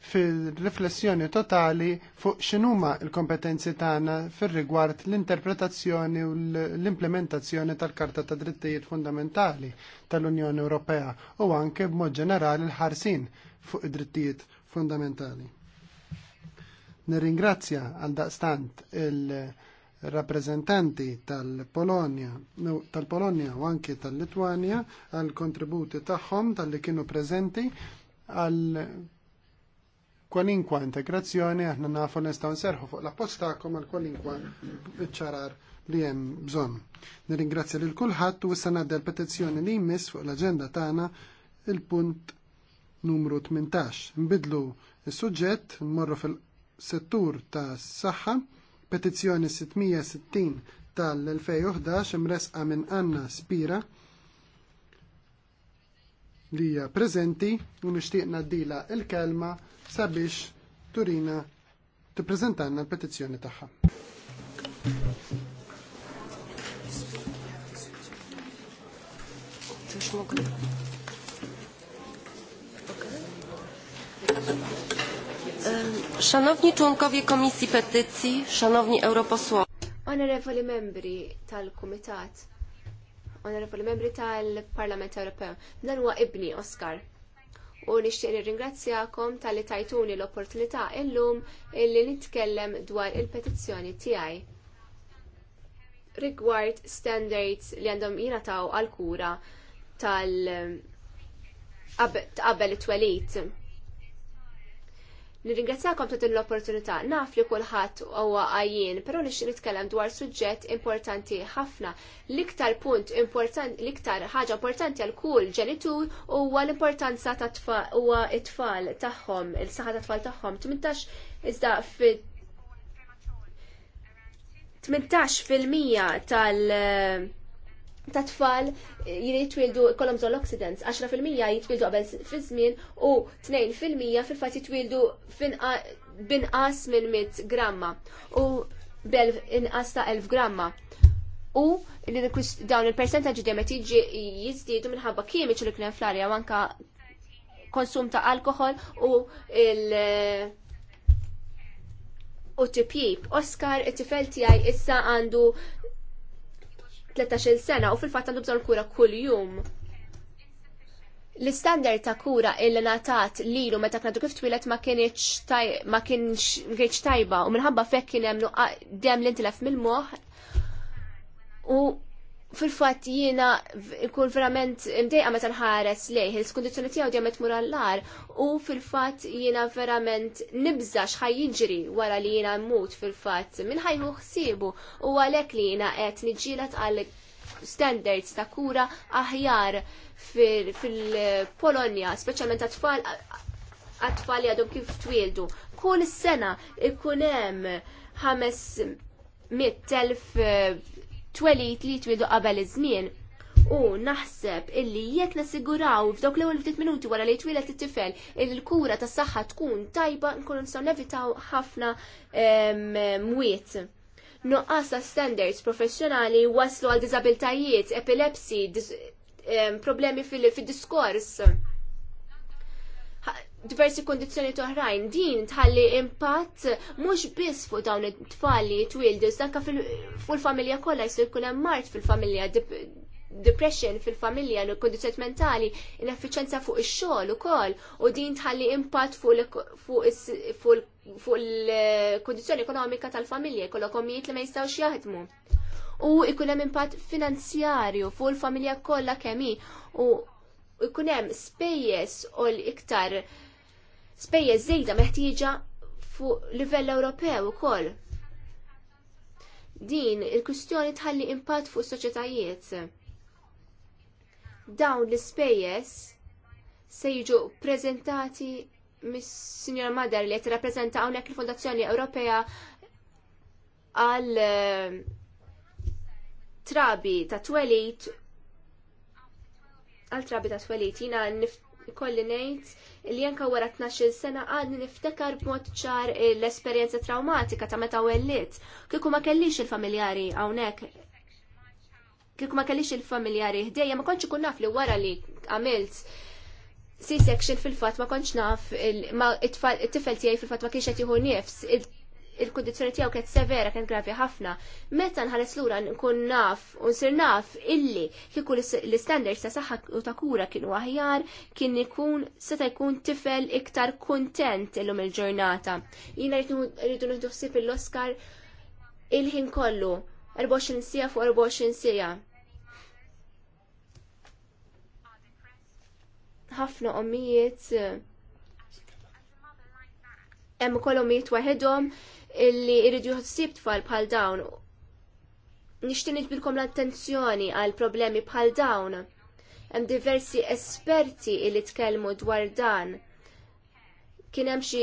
fil-riflessjoni totali fuq x'inhuma l-kompetenzi tagħna fir-rigward l-interpretazzjoni u l-implementazzjoni tal-Karta ta' Drittijiet Fundamentali tal-Unjoni Ewropea u anke b'mod ġenerali l-ħarsin fuq id-drittijiet fundamentali. Nirringrazzja għal daqstant il-rappreżentanti tal-Polonja tal-Polonja u anke tal-Litwanja għal kontributi tagħhom tal-li kienu prezenti għal kwalinkwa integrazzjoni aħna nafu nistaw nserħu fuq l-appoġġ għal kwalinkwa ċarar li hemm bżonn. Nirringrazzja lil kulħadd u issa ngħaddi l-petizzjoni li jmiss fuq l-aġenda tagħna il-punt numru 18. Nbidlu s-suġġett, nmorru fil-settur ta' s-saħħa, petizzjoni 660 tal-2011 imresqa minn Anna Spira li hija preżenti u nixtieq naddila il-kelma sabiex turina tippreżentanna l-petizzjoni tagħha. Um, szanowni członkowie Komisji Petycji, szanowni europosłowie. Honorable membri tal-Kumitat onorevoli membri tal-Parlament Ewropew. Dan huwa ibni Oskar. U nixtieq nirringrazzjakom tal-li tajtuni l-opportunità illum illi nitkellem dwar il-petizzjoni tiegħi rigward standards li għandhom jingħataw għal kura tal- qabel it-twelit Nirringrazzakom ta' din l-opportunità naf li kulħadd huwa għajjien, però nixtieq nitkellem dwar suġġett importanti ħafna. L-iktar punt importanti, l-iktar ħaġa importanti għal kull ġenitur huwa l-importanza ta' tfal huwa t-tfal tagħhom, il-saħħa ta' tfal tagħhom. 18 iżda fi 18% tal- ta' tfal twildu kolom l oxidants, 10% jitwildu qabel fil-żmien u 2% fil-fat jitwildu binqas minn 100 gramma u bel inqas ta' 1000 gramma. U li dawn il-percentaġi dejjem jiġi jiżdiedu minħabba kimiċi li kien fl-arja u anka konsum ta' alkohol u il- u tipjib. Oskar, it-tifel issa għandu 13 sena u fil-fatt għandu bżonn kura kuljum. L-istandard ta' kura illi natat lilu meta kien kif twilet ma kienx tajba u minħabba fekk kien hemm dem l-intilef mill moħ u fil-fatt jiena ikun verament imdejqa meta nħares lejh, il-skondizjoni tiegħu dejjem tmur għall-ar u fil-fatt jiena verament nibża x'ħaj jiġri wara li jiena mmut fil-fatt minn ħajħu ħsiebu u għalhekk li jiena qed niġġieled għal standards ta' kura aħjar fil-Polonja, speċjalment għat-tfal għat-tfal għadhom kif twildu. Kull sena ikunem hemm ħames mit telf twelit li twidu qabel iż-żmien. U naħseb illi jekk nassiguraw f'dawk l-ewwel ftit minuti wara li twilet it-tifel illi l-kura tas-saħħa tkun tajba nkunu nistgħu nevitaw ħafna mwiet. Nuqqas ta' standards professjonali waslu għal diżabiltajiet, epilepsi, problemi fil-diskors diversi kondizjoni toħrajn din tħalli impatt mhux biss fuq dawn it-tfal li twildu, anke fuq il-familja kollha jsir jkun hemm mart fil-familja, depression fil-familja, kondizjoni mentali, ineffiċenza fuq ix-xogħol ukoll u din tħalli impatt fuq il-kondizjoni ekonomika tal-familja, jkollok komijiet li ma jistgħux jaħdmu. U jkun hemm impatt finanzjarju fuq il-familja kollha kemm u jkun hemm spejjeż u l-iktar spejjeż żejda meħtieġa fuq livell Ewropew ukoll. Din il-kwistjoni tħalli impatt fuq soċjetajiet. Dawn l-ispejjeż se jiġu ppreżentati mis-Sinjora Madar li qed rappreżenta hawnhekk il-Fondazzjoni Ewropea għal eh, trabi ta' twelit għal trabi ta' twelit jina kolli nejt li jenka wara 12 sena għadni niftekar b'mod ċar l-esperjenza traumatika ta' meta wellit. Kieku ma kellix il-familjari hawnhekk kieku ma kellix il-familjari ħdejja ma kontx ikun naf li wara li għamilt C-section fil-fatt ma kontx naf it-tifel tiegħi fil-fatt ma kienx qed jieħu nifs il-kondizjoni tiegħu kienet severa, kienet gravi ħafna. Meta nħares lura nkun naf u nsir naf illi kieku l istandards ta' saħħa u ta' kura kienu aħjar, kien ikun seta' jkun tifel iktar kuntent illum il-ġurnata. Jina rridu nieħdu ħsieb l-Oscar il-ħin kollu 24 sija fuq 24 sija. ħafna ommijiet eh, hemm ukoll ommijiet waħedhom illi jridu jħossib tfal bħal dawn. Nishtin nitbilkom l-attenzjoni għal problemi bħal dawn. Hemm diversi esperti illi tkellmu dwar dan. Kien hemm xi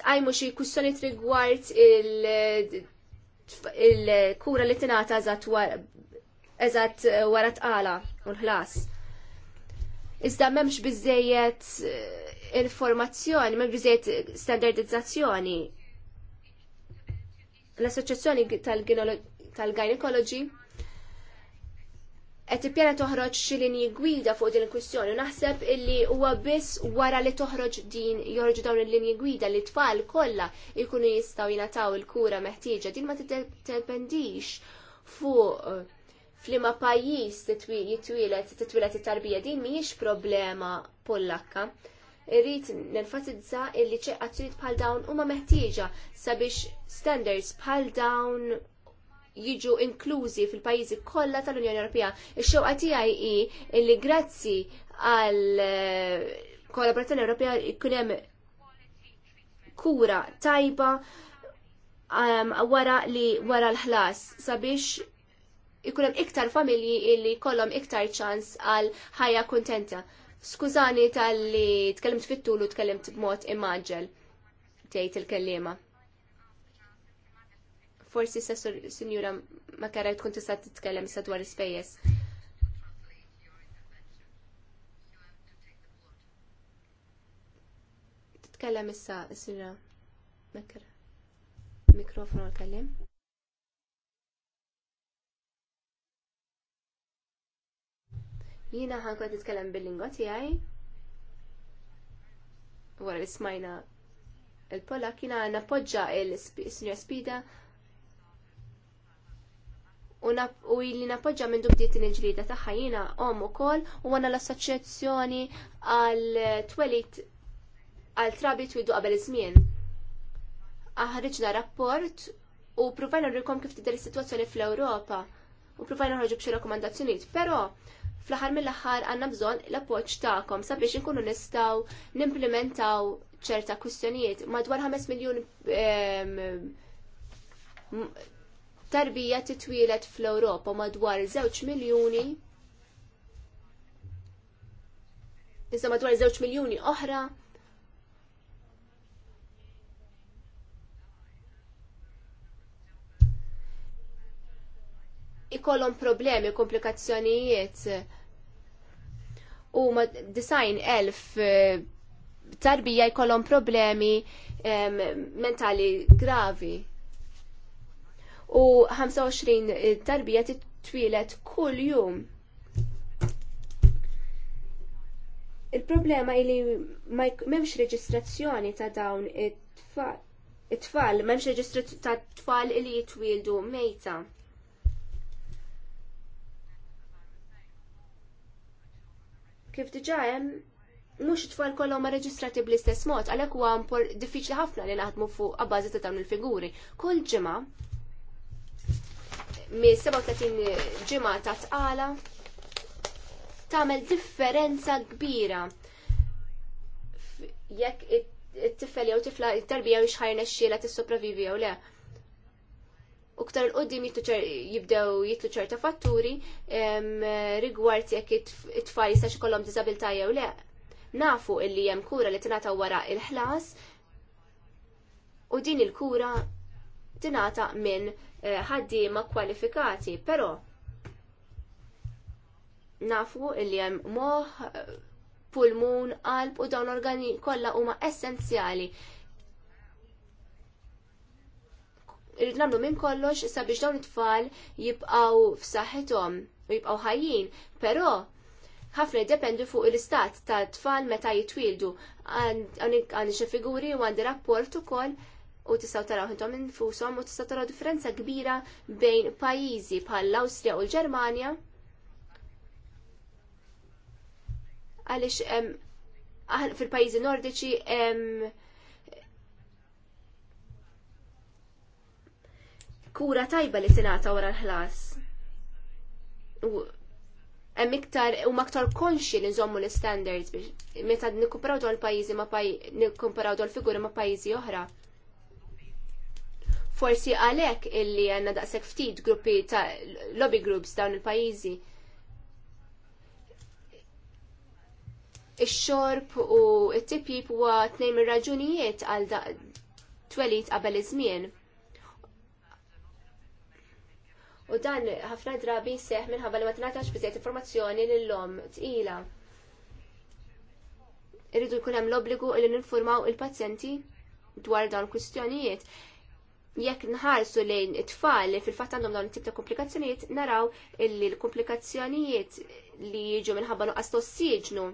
tqajmu xi kwistjonijiet rigward il-kura li tingħata eżatt wara tqala u l-ħlas. Iżda m'hemmx biżejjed eh, informazzjoni, m'hemm biżejjed standardizzazzjoni l-Assoċjazzjoni tal-Gynecology qed tippjana toħroġ xi linji gwida fuq din il-kwistjoni u naħseb illi huwa biss wara li toħroġ din joħorġu dawn il-linji gwida li tfal kollha jkunu jistgħu jingħataw il-kura meħtieġa din ma tiddependix fuq eh, flima pajjiż titwilet titwilet it-tarbija din mhijiex problema pollakka irrid nenfatizza illi ċeqqa trid bħal dawn huma meħtieġa sabiex standards bħal dawn jiġu inklużi fil-pajjiżi kollha tal-Unjoni Ewropea. Ix-xewqa tiegħi hi illi grazzi għal eh, kollaborazzjoni Ewropea ikun hemm kura tajba um, wara li wara l-ħlas sabiex ikun hemm iktar familji li jkollhom iktar ċans għal ħajja kuntenta. Skużani tal-li tkellimt fit-tul u tkellimt b'mod immaġġel, tgħid il-kellima. Forsi sa sinjura ma kara tkun tista' titkellem sa dwar ispejjeż. Titkellem issa, sinjura. Mekkara. Mikrofon għal-kellim. Jina ħankun nitkellem bil-lingwa tiegħi. Wara li smajna il polla jina nappoġġa il-Sinjor Spida u li nappoġġa minn dubdiet il-ġlida tagħha jiena om ukoll u għandna l-assoċjazzjoni għal twelit għal trabi twidu qabel iż-żmien. Aħriġna rapport u provajna rrikom kif tidher is-sitwazzjoni fl-Ewropa u provajna ħarġu b'xi rakkomandazzjonijiet, però fl-aħħar mill-aħħar għandna bżonn l-appoġġ tagħkom sabiex inkunu nistgħu nimplementaw ċerta kwistjonijiet madwar 5 miljun ehm, tarbija titwielet fl-Ewropa madwar 2 miljuni Issa madwar 2 miljuni oħra ikollhom problemi, komplikazzjonijiet u ma design elf eh, tarbija jkollhom problemi um, mentali gravi. U 25 eh, tarbija titwilet kull jum. Il-problema li memx reġistrazzjoni ta' dawn it-tfal, it-tfal, memx reġistrazzjoni ta' tfal li jitwildu mejta. Kif diġa hemm mhux it-tfal kollha huma reġistrati bl-istess mod, għalhekk huwa diffiċli ħafna li naħdmu fuq abbażi ta' dawn il-figuri. Kull ġimgħa minn 37 ġimgħa ta' tqala tagħmel differenza kbira jekk it-tifel jew tifla it-tarbija u xħajna xiela tissopravivi jew le ktar l-qoddim jibdew jitlu ċerta fatturi rigward jekk it-tfal jistax ikollhom diżabilità jew le. Nafu illi hemm kura li tingħata wara il-ħlas u din il-kura tingħata minn eh, ħaddiema kwalifikati, però nafu illi hemm moħħ eh, pulmun, qalb u dawn organi kollha huma essenzjali irrid nagħmlu minn kollox sabiex dawn it-tfal jibqgħu f'saħħithom u jibqgħu ħajjin, però ħafna jiddependu fuq il istat ta' tfal meta jitwildu. Għandi xi figuri u għandi rapport ukoll u tistgħu taraw intom infushom u tistgħu taraw differenza kbira bejn pajjiżi bħal l-Awstrija u l-Ġermanja għaliex fil-pajjiżi nordiċi kura tajba li tingħata wara l-ħlas. U hemm iktar huma aktar konxi li nżommu l-standards biex meta nikkumparaw dwar pajjiżi ma nikkumparaw dwar figuri ma' pajjiżi oħra. Forsi għalhekk illi għandna daqshekk ftit gruppi ta' lobby groups dawn il-pajjiżi. Ix-xorb u t-tipjib huwa tnejn mir-raġunijiet għal twelit qabel iż-żmien. U dan ħafna drabi seħ minħabba li ma tingħatax biżejjed informazzjoni lil-lom tqila. Irridu jkun hemm l-obbligu li ninformaw il-pazjenti dwar dawn kwistjonijiet jekk nħarsu lejn it-tfal li fil-fatt għandhom dawn it-tip ta' komplikazzjonijiet, naraw illi l-komplikazzjonijiet li jiġu minħabba nuqqas tossiġnu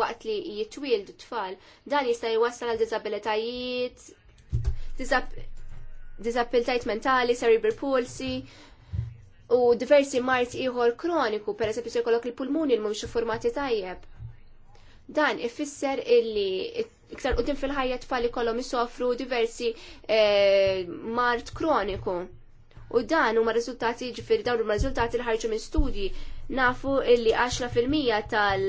waqt li jitwildu t-tfal, dan jista' jwassal għal diżabilitajiet disabilitajt mentali, cerebral palsy u diversi mart ieħor kroniku, per esempio se jkollok il-pulmuni l mhumiex formati tajjeb. Dan ifisser illi iktar qudiem fil-ħajja tfal ikollhom isofru diversi eh, mart kroniku. U dan huma riżultati ġifieri dawn huma riżultati li ħarġu minn studji nafu illi 10% tal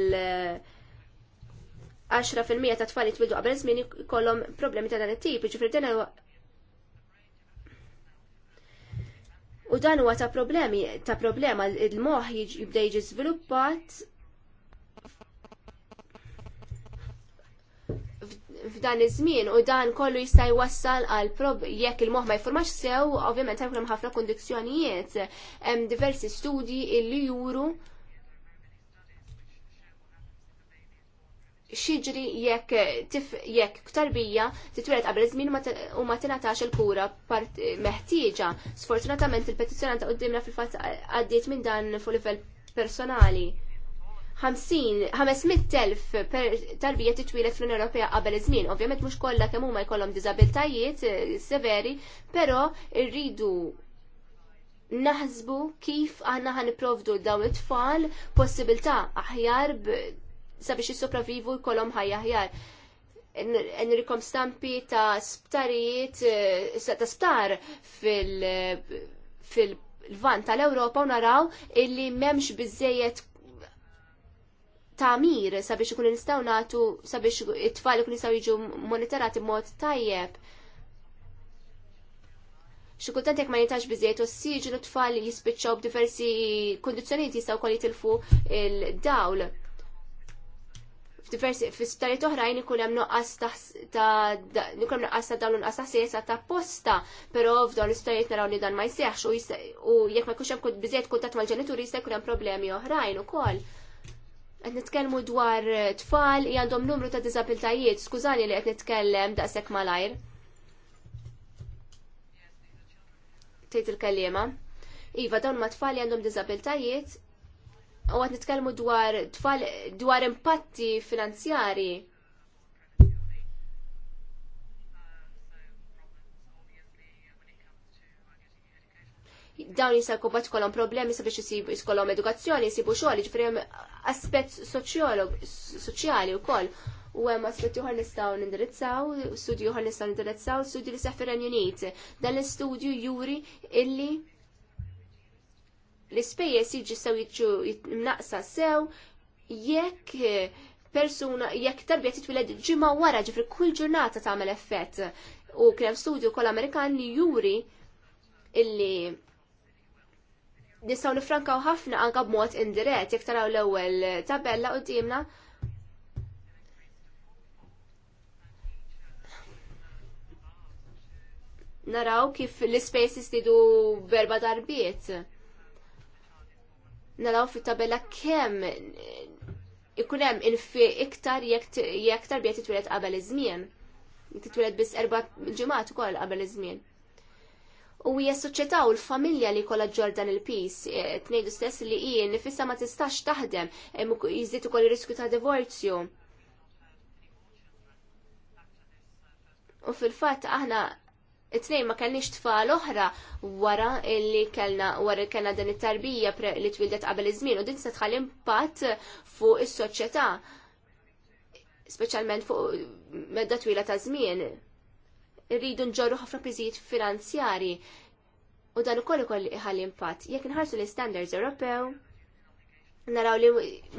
10% ta' tfal jitwildu qabel żmien ikollhom problemi ta' dan it-tip, ġifieri dan U dan huwa ta' problemi, ta' problema il-moħ jibda jiġi żviluppat f'dan iż-żmien u dan kollu jista' jwassal għal prob jekk il-moħ ma jfurmax sew, ovvjament hemm ħafna kundizzjonijiet hemm diversi studji illi juru xiġri jekk tif jekk tarbija titweled qabel żmien u ma tingħatax il-kura meħtieġa. Sfortunatament il-petizzjonanta qudiemna fil-fatt għaddiet minn dan fuq livell personali. 500.000 tarbija titwilet fl-Unjoni Ewropea qabel iż-żmien. Ovvjament mhux kollha kemm huma jkollhom diżabiltajiet eh, severi, però rridu naħsbu kif aħna ħaniprovdu dawn it-tfal possibilità aħjar sabiex jissopravivu jkollhom ħajja ħjar. Enrikom stampi ta' sptarijiet, eh, ta' sptar fil-van tal-Europa u naraw illi memx bizzejiet tamir sabiex ikun nistaw natu sabiex it-tfal ikun nistaw jiġu monitorati mod tajjeb. Xikultant jek ma jintax s ossiġu l tfal jispiċċaw b'diversi kondizjoniet jistaw kol jitilfu il-dawl f'diversi f'istarijiet oħrajn ikun hemm noqqas ta' ikun noqqas ta' dawn nuqqas ta' sejsa ta' posta, però f'dawn l-istarijiet naraw li dan ma jsejħx u jekk ma jkunx hemm biżejjed kuntatt mal-ġenituri jista' jkun hemm problemi oħrajn ukoll. Qed nitkellmu dwar eh, tfal li għandhom numru ta' diżabiltajiet, skużani li qed nitkellem daqshekk malajr. Tgħid il-kelliema. Iva, dawn ma tfal li għandhom diżabiltajiet u għat nitkellmu dwar tfal dwar impatti finanzjari. dawn jisa kubat kolom problemi sabiex jisibu jiskolom edukazzjoni, jisibu xoħli, ġifri jem aspet soċjali u koll. U għem aspet juħar nistaw nindirizzaw, studju juħar nistaw nindirizzaw, studju li seħfir Unit. Dan l-studju juri illi l-ispejjeż jiġisew jiġu jitnaqsa sew jekk eh, persuna jekk tarbija titwiled ġimgħa wara ġifri kull ġurnata tagħmel effett. U kien studju kol Amerikan li juri illi nistgħu nifrankaw ħafna anke b'mod indirett jekk taraw l-ewwel tabella qudiemna. naraw kif l-spaces tidu berba darbiet naraw fit-tabella kemm eh, ikun hemm infi iktar jekk tarbija titwilet qabel iż-żmien. Titwilet biss erba' ġimgħat ukoll qabel iż-żmien. U hija s-soċjetà u l-familja li kollha ġordan il-pis, eh, tnejdu stess li hi nifissa ma tistax taħdem, eh, jiżdied ukoll ir-riskju ta' divorzju. U fil-fatt aħna it-tnejn ma kellniex tfal oħra wara li kellna wara kellna din it-tarbija li twildet qabel iż-żmien u din se tħall impatt fuq is-soċjetà speċjalment fuq medda twila ta' żmien. Irridu nġorru ħafna piżijiet finanzjari u dan ukoll ukoll ħall impatt. Jekk inħarsu l-standards Ewropew, naraw li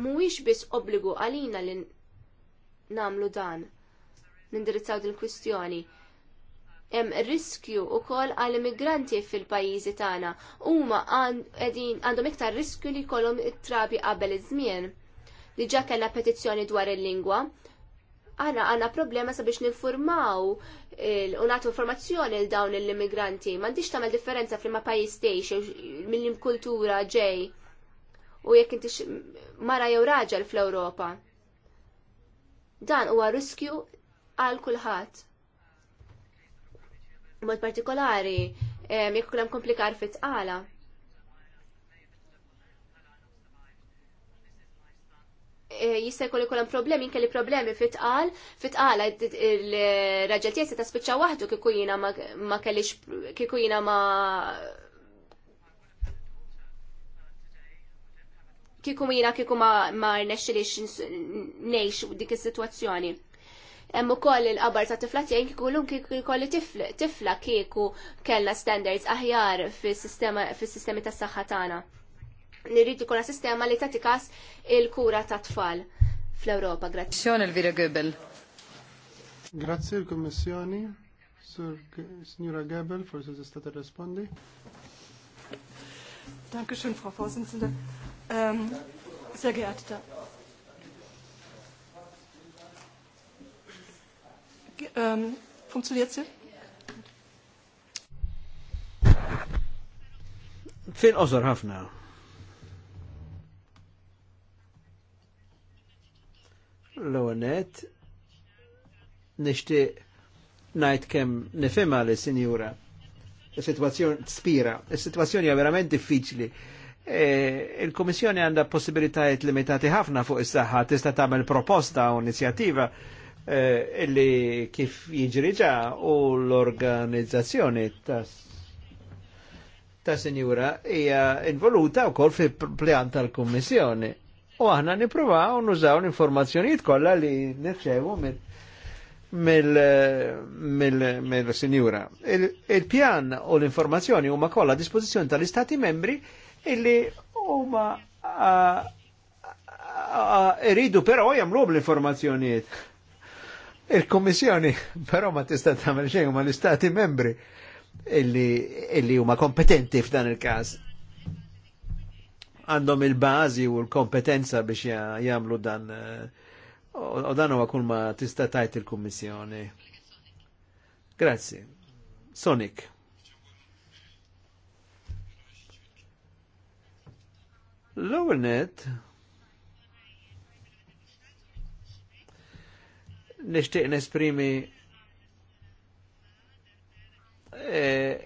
mhuwiex biss obbligu għalina li nagħmlu dan nindirizzaw din il-kwistjoni hemm riskju wkoll għall immigranti fil-pajjiżi tagħna. Huma qegħdin għandhom iktar riskju li jkollhom trabi qabel iż-żmien. Diġà kellna petizzjoni dwar il-lingwa. Aħna għandna problema sabiex ninformaw u nagħtu informazzjoni l dawn l-immigranti. M'għandix tagħmel differenza fl-ma pajjiż tgħix mill kultura ġej u jekk intix mara jew raġel fl-Ewropa. Dan huwa riskju għal kulħadd mod partikolari jekk kulem komplikar fit tqala. jista' jkun ikollhom problemi kelli problemi fit tqal fit tqala il-raġel tiegħi se taspiċċa waħdu kieku jiena ma kellix kieku jiena ma kieku jiena kieku ma rnexxilix ngħix dik is-sitwazzjoni. Hemm ukoll il-qabar ta' tifla tiegħi jkunu jkolli tifla kieku kellna standards aħjar fis-sistemi tas-saħħa tagħna. Nirrid ikun sistema li tagħti każ il-kura ta' tfal fl-Ewropa. Grazzi. il-Vira Goebel. Grazzi l-Kummissjoni. Sur Signora Goebel, se tista' tirrespondi. Dankeschön, Frau Vorsitzende. Ähm, sehr geehrte Ähm, funktioniert sie? Fil-qosor ħafna. L-għonet, nishti najt kem nifema li sinjura. Il-situazzjoni spira, il-situazzjoni hija verament diffiċli. E, Il-Komissjoni għanda possibilitajiet limitati ħafna fuq is-saħħa tista' tagħmel proposta u inizjattiva Eh, illi kif jiġriġa u l-organizzazzjoni ta' sinjura hija involuta wkoll fi pjan tal-Kummissjoni. U aħna nippruvaw nużaw l-informazzjonijiet kollha li nirċevu mill-sinjura. Il-pjan u l-informazzjoni huma kollha a dispożizzjoni tal-Istati membri illi huma iridu però jagħmluhom l-informazzjonijiet. Il-Kommissjoni <laughs> però ma tista' tagħmel xejn huma l-Istati membri illi huma kompetenti f'dan il-każ għandhom il-bażi u l-kompetenza biex jagħmlu dan eh, u dan huwa kull ma tista' tajt il-Kummissjoni. Grazzi. Sonic. Lower net nishtiq nesprimi eh,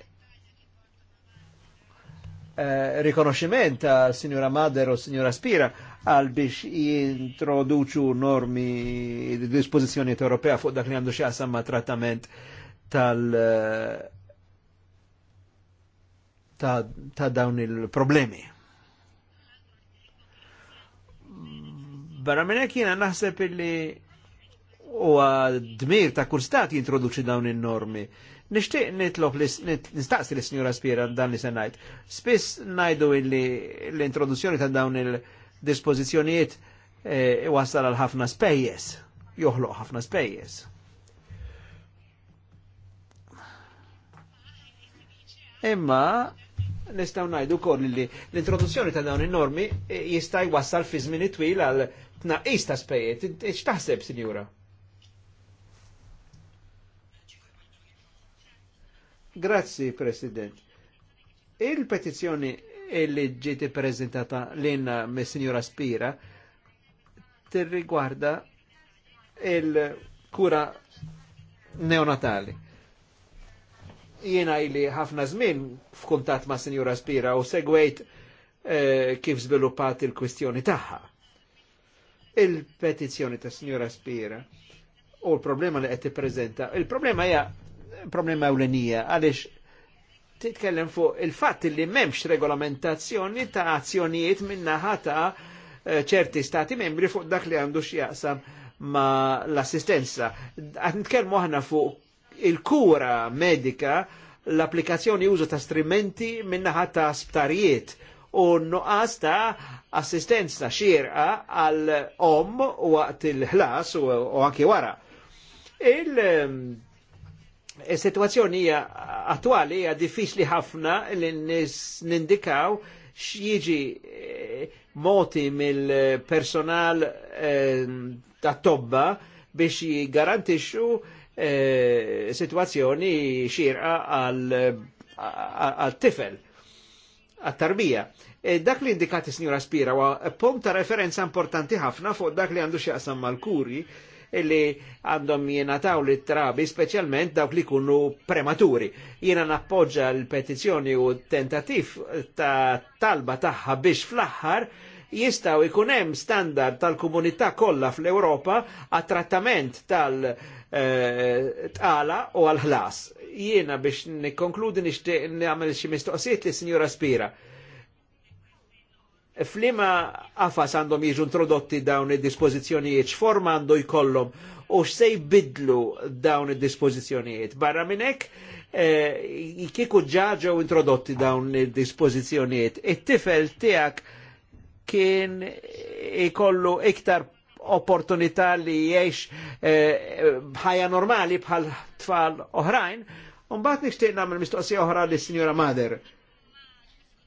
eh, rikonoximent ta' signora Mader u signora Spira għal biex jintroduċu normi dispozizjoni Ewropea fuq dak li għandu xaqsam ma' trattament tal eh, ta', ta dawn il-problemi. Barra minn jena naħseb illi u dmir ta' kull stat jintroduċi dawn in-normi. Nishtiq nitlob nistaqsi l signora Spira dan li se ngħid. Spiss ngħidu illi l-introduzzjoni ta' dawn il-dispożizzjonijiet e, wasal għal ħafna spejjeż, joħloq ħafna spejjeż. Imma nistgħu ngħidu wkoll li l-introduzzjoni ta' dawn in-normi e, jista' jwassal fi żmien twil għal tnaqqis ta' spejjeż. X'taħseb, Sinjura? Grazzi, President. Il-petizjoni illi ġieti prezentata l-inna me signora Spira tirrigwarda il-kura neonatali jiena illi ħafna żmien f'kuntat ma' signora Spira u segwejt eh, kif sviluppat il-kwistjoni taħħa. il petizjoni ta' signora Spira u l-problema li għetti prezenta, Il-problema hija problema ewlenija għaliex titkellem fuq il-fatt li memx regolamentazzjoni ta' azzjonijiet minna ħata eh, ċerti stati membri fuq dak li għandu x'jaqsam ma' l-assistenza. Għat nitkellmu fuq il-kura medika l-applikazzjoni użu ta' strumenti minna ħata sptarijiet u nuqqas ta' assistenza xirqa għal om waqt il-ħlas u anki wara. Ehm, Is-sitwazzjoni hija attwali hija diffiċli ħafna li nindikaw x'jiġi eh, moti mill-personal eh, ta' tobba biex jgarantixxu eh, situazzjoni xirqa għal-tifel, għat tarbija e Dak li indikati signora Spira huwa punt ta' referenza importanti ħafna fuq dak li għandu x'jaqsam mal-kuri li għandhom jenataw li trabi, specialment dawk li kunu prematuri. Jena nappoġġa l-petizjoni u tentativ ta' talba taħħa biex fl-aħħar jistaw ikunem hemm standard tal-komunità kollha fl-Ewropa għat trattament tal-tqala eh, u għal-ħlas. Jiena biex nikkonkludi n-għamil xi mistoqsijiet li Sinjura Spira flima għafas għandhom jiġu introdotti dawn id-dispozizjonijiet, x-forma għandu jkollhom u x-sej jbidlu dawn id-dispożizzjonijiet. Barra minnek, kiku eh, ġaġo kieku introdotti dawn id dispozizjonijiet It-tifel tiegħek kien ikollu iktar opportunità li jiex b'ħajja eh, normali bħal tfal oħrajn, un bat nixtieq nagħmel mistoqsija oħra s signora Mader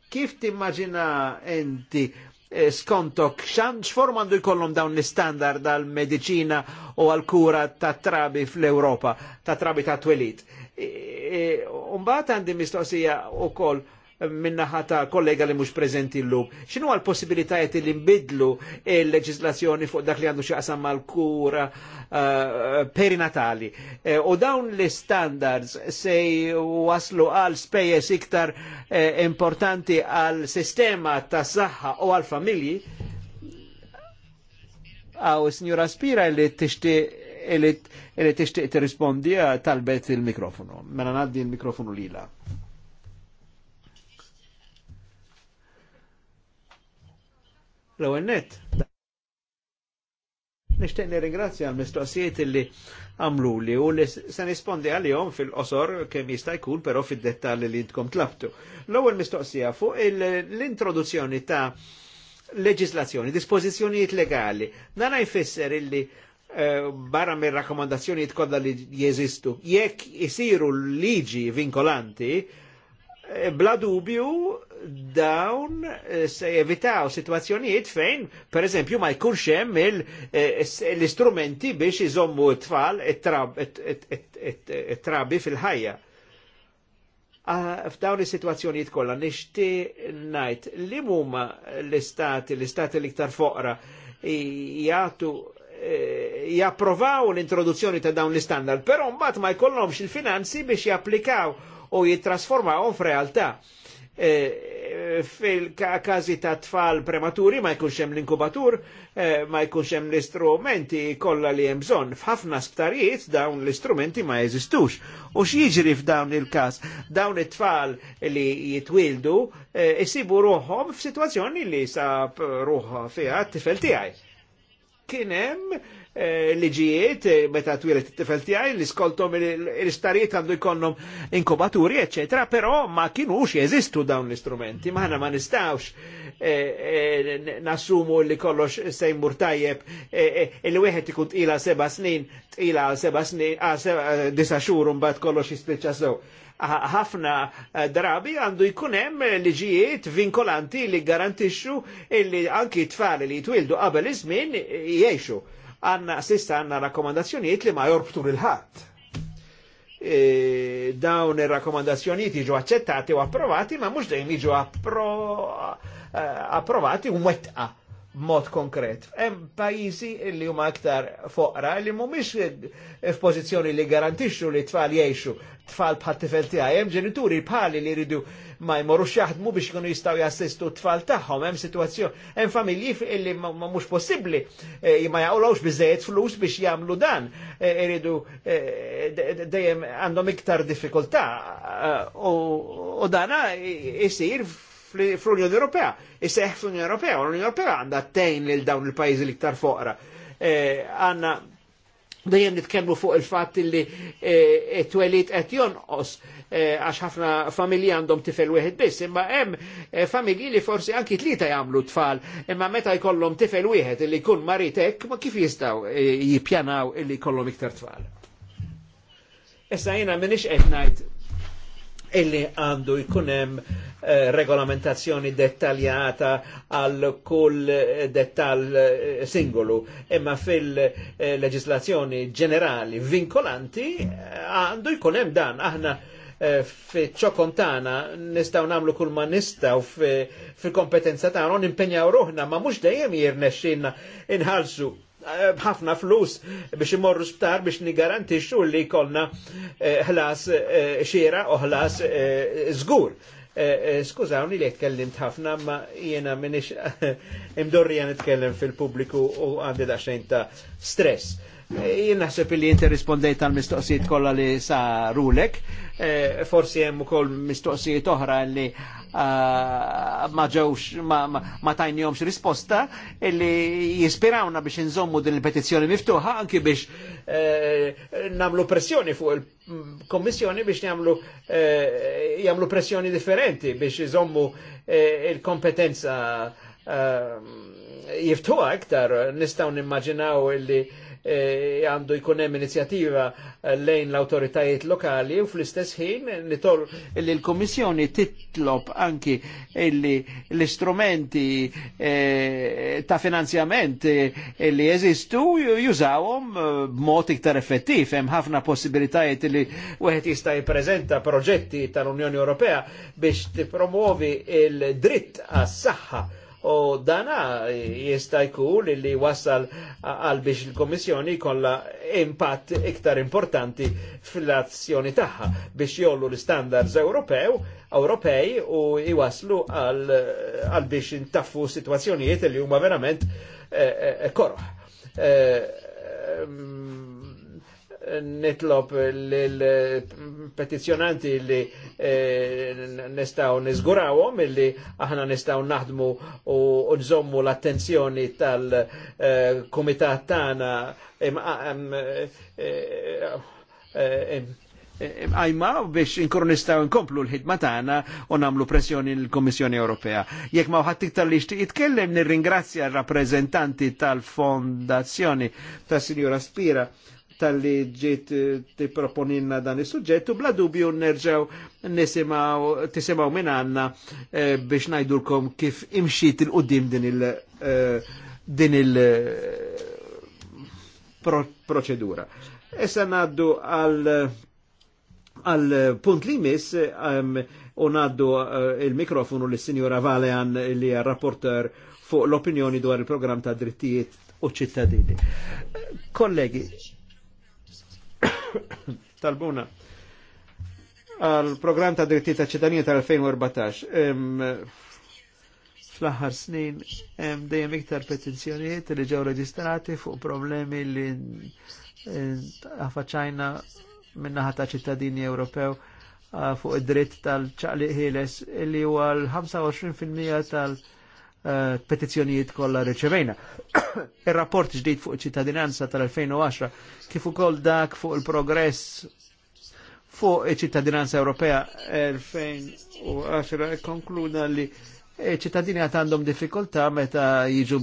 Kif timmaġina enti eh, skontok xanx formandu jkollhom dawn l standard għal medicina u għal kura ta' trabi fl-Europa, ta' trabi ta' twelit. Eh, eh, Umbat għandi mistoqsija u koll minnaħa ta' kollega li mux prezenti l-lub. ċinu għal possibilitajiet li nbidlu il-leġislazzjoni fuq dak li għandu x'aqsam mal-kura uh, perinatali. Eh, u dawn li standards se waslu għal spejjeż iktar uh, importanti għal sistema ta' saħħa u għal familji. Għaw, signora Spira li t tixti li tixtieq tirrispondi talbet il-mikrofonu. Mela ngħaddi il mikrofonu lila. L-ewwel net. ringrazzja għal mistoqsijiet li għamlu li u li se nispondi għalihom fil-qosor kemm jista' jkun però fid-dettalji li intkom tlabtu. L-ewwel mistoqsija fuq l-introduzzjoni ta' leġislazzjoni, dispożizzjonijiet legali. Nara jfisser illi eh, barra minn rakkomandazzjoni jitkodda li jeżistu. Jekk isiru liġi vinkolanti, eh, bla dubju dawn eh, se jevitaw situazzjonijiet fejn, per eżempju, ma jkunx hemm eh, l-istrumenti biex iżommu t-tfal it-trabi fil-ħajja. F'dawn is-sitwazzjonijiet kollha nixti ngħid li huma l-istati, l-istati l-iktar foqra jagħtu eh, japprovaw l-introduzzjoni ta' dawn l-istandard, però mbagħad ma jkollhomx il-finanzi biex japplikaw u jittrasformaw f'realtà. realtà Eh, fil-kazi ta' tfal prematuri ma jkunx hemm l-inkubatur, eh, ma jkunx hemm l-istrumenti kollha li hemm bżonn. F'ħafna sptarijiet dawn l-istrumenti ma jeżistux. U x'jiġri f'dawn il-każ? Dawn it-tfal li jitwildu eh, isibu ruħhom f'sitwazzjoni li sa ruħ fiha t-tifel tiegħi. Kien hemm Eh, liġijiet, eh, meta twilet it-tifel tiegħi li skoltom l-istarijiet għandu jkollhom inkubaturi, eċetera, però ma kienux jeżistu dawn l-istrumenti, maħna ma nistawx eh, nassumu li kollox sejmur tajjeb li wieħed ikun tqila seba' snin, tqila seba' snin, ah, disa' xhur mbagħad kollox jispiċċa sew ħafna drabi għandu jkun hemm liġijiet vinkolanti li garantixxu li anki t-tfal li jitwildu qabel iż-żmien jgħixu għanna sista għanna rakkomandazzjonijiet li ma jorbtu l-ħat. E, dawn ir-rakkomandazzjonijiet jiġu accettati u approvati, ma mux dejjem iġu eh, approvati u mwettqa mod konkret. Hemm pajjiżi li huma aktar foqra li mhumiex f'pożizzjoni li garantixxu li tfal jgħixu tfal bħat tifel tiegħi, hemm ġenituri bħali li jridu ma jmorrux jaħdmu biex kienu jistgħu jassistu t-tfal tagħhom, hemm sitwazzjoni, hemm familji li mhux possibbli eh, ma jaqolawx biżejjed flus biex jagħmlu dan, eh, iridu eh, dejjem għandhom iktar diffikultà u dana jsir fl-Unjoni Ewropea. Iseħ fl-Unjoni Ewropea, u l-Unjoni Ewropea għandha tejn lil dawn il-pajjiżi li iktar foqra. Eh, għanna, dejjem nitkellmu fuq il fat li eh, t-twelit qed jonqos eh, għax ħafna familji għandhom tifel wieħed biss, imma hemm familji li forsi anki tlieta jagħmlu tfal, imma meta jkollhom tifel wieħed li jkun maritek, ma kif jistgħu jippjanaw illi jkollhom iktar tfal. Issa jiena minix qed ngħid illi għandu jkunem eh, regolamentazzjoni dettaljata għal kull dettal eh, singolu, imma fil-leġislazzjoni ġenerali vinkolanti eh, għandu jkunem dan. Aħna eh, fi ċokontana nistaw namlu kull ma nistaw fi, kompetenza ta' impenjaw ruħna, ma mux dejjem jirnexxin inħalsu bħafna eh, flus biex imorru sptar biex nigarantixxu li kolna eh, ħlas eh, xira u ħlas żgur. Skużawni li tkellimt ħafna, ma jena minix <laughs> imdurri jan nitkellem fil-publiku u għandi daċxajn ta' stress jina naħseb li jinti rispondejt għal mistoqsijiet kolla li sa rulek, e, forsi hemm kol mistoqsijiet oħra li ma ġewx ma tajnihomx risposta li jispirawna biex nżommu din il petizjoni miftuħa anki biex e, namlu pressjoni fuq il-Kommissjoni biex e, jamlu jagħmlu pressjoni differenti biex iżommu il-kompetenza jiftuħa iktar nistgħu nimmaġinaw li E, għandu e, jkun hemm inizjattiva eh, lejn l autoritajiet lokali u fl-istess ħin nitol li l-Kommissjoni titlob anki illi l-istrumenti eh, ta' finanzjament eh, li jeżistu jużawhom b'mod iktar effettiv. Hemm ħafna possibilitajiet li wieħed jista' jippreżenta proġetti tal-Unjoni Ewropea biex tippromuovi il-dritt għas-saħħa u dana jista' jkun li wassal għal biex il komissjoni kolla impatt iktar importanti fil azzjoni taħħa biex jollu l-standards Ewropew Ewropej u jwaslu għal biex intaffu situazzjonijiet li huma verament eh, eh, eh, korroħ. Mm, nitlob l-petizjonanti li eh, nistaw nizgurawom, li aħna nistaw naħdmu u nżommu l-attenzjoni tal-komitat eh, tana imqajma eh, biex inkur nistaw inkomplu l-ħidma tagħna u namlu pressjoni l-Kommissjoni Ewropea. Jekk ma ħadd iktar li xtieq jitkellem nirringrazzja r-rappreżentanti tal-Fondazzjoni ta' Sinjura Spira tal-li ġiet eh, proponinna dan is-suġġett u bla dubju nerġaw nisimaw tisimaw minn għanna eh, biex najdurkom kif imxiet il-qoddim din il- eh, din il- eh, pro proċedura. Issa naddu għal għal punt li mis ehm, u naddu eh, il-mikrofonu l sinjora Valean li għal rapporter fuq l-opinjoni dwar il-program ta' drittijiet u ċittadini. Kollegi, <coughs> talbuna għal program ta' dritti ta' ċittadini tal-2014. Fl-aħħar snin hemm dejjem iktar petizzjonijiet li ġew reġistrati fuq problemi li affaċċajna minnaħa ta' ċittadini Ewropew fuq id-dritt tal-ċaqliq ħieles li huwa l-25% tal-, -tal Eh, petizzjonijiet kollha riċevejna. <coughs> Ir-rapport ġdid fuq ċittadinanza tal-2010 kif ukoll dak fuq il-progress fuq ċittadinanza Ewropea 2010 konkluda li ċittadini għat għandhom diffikultà meta jiġu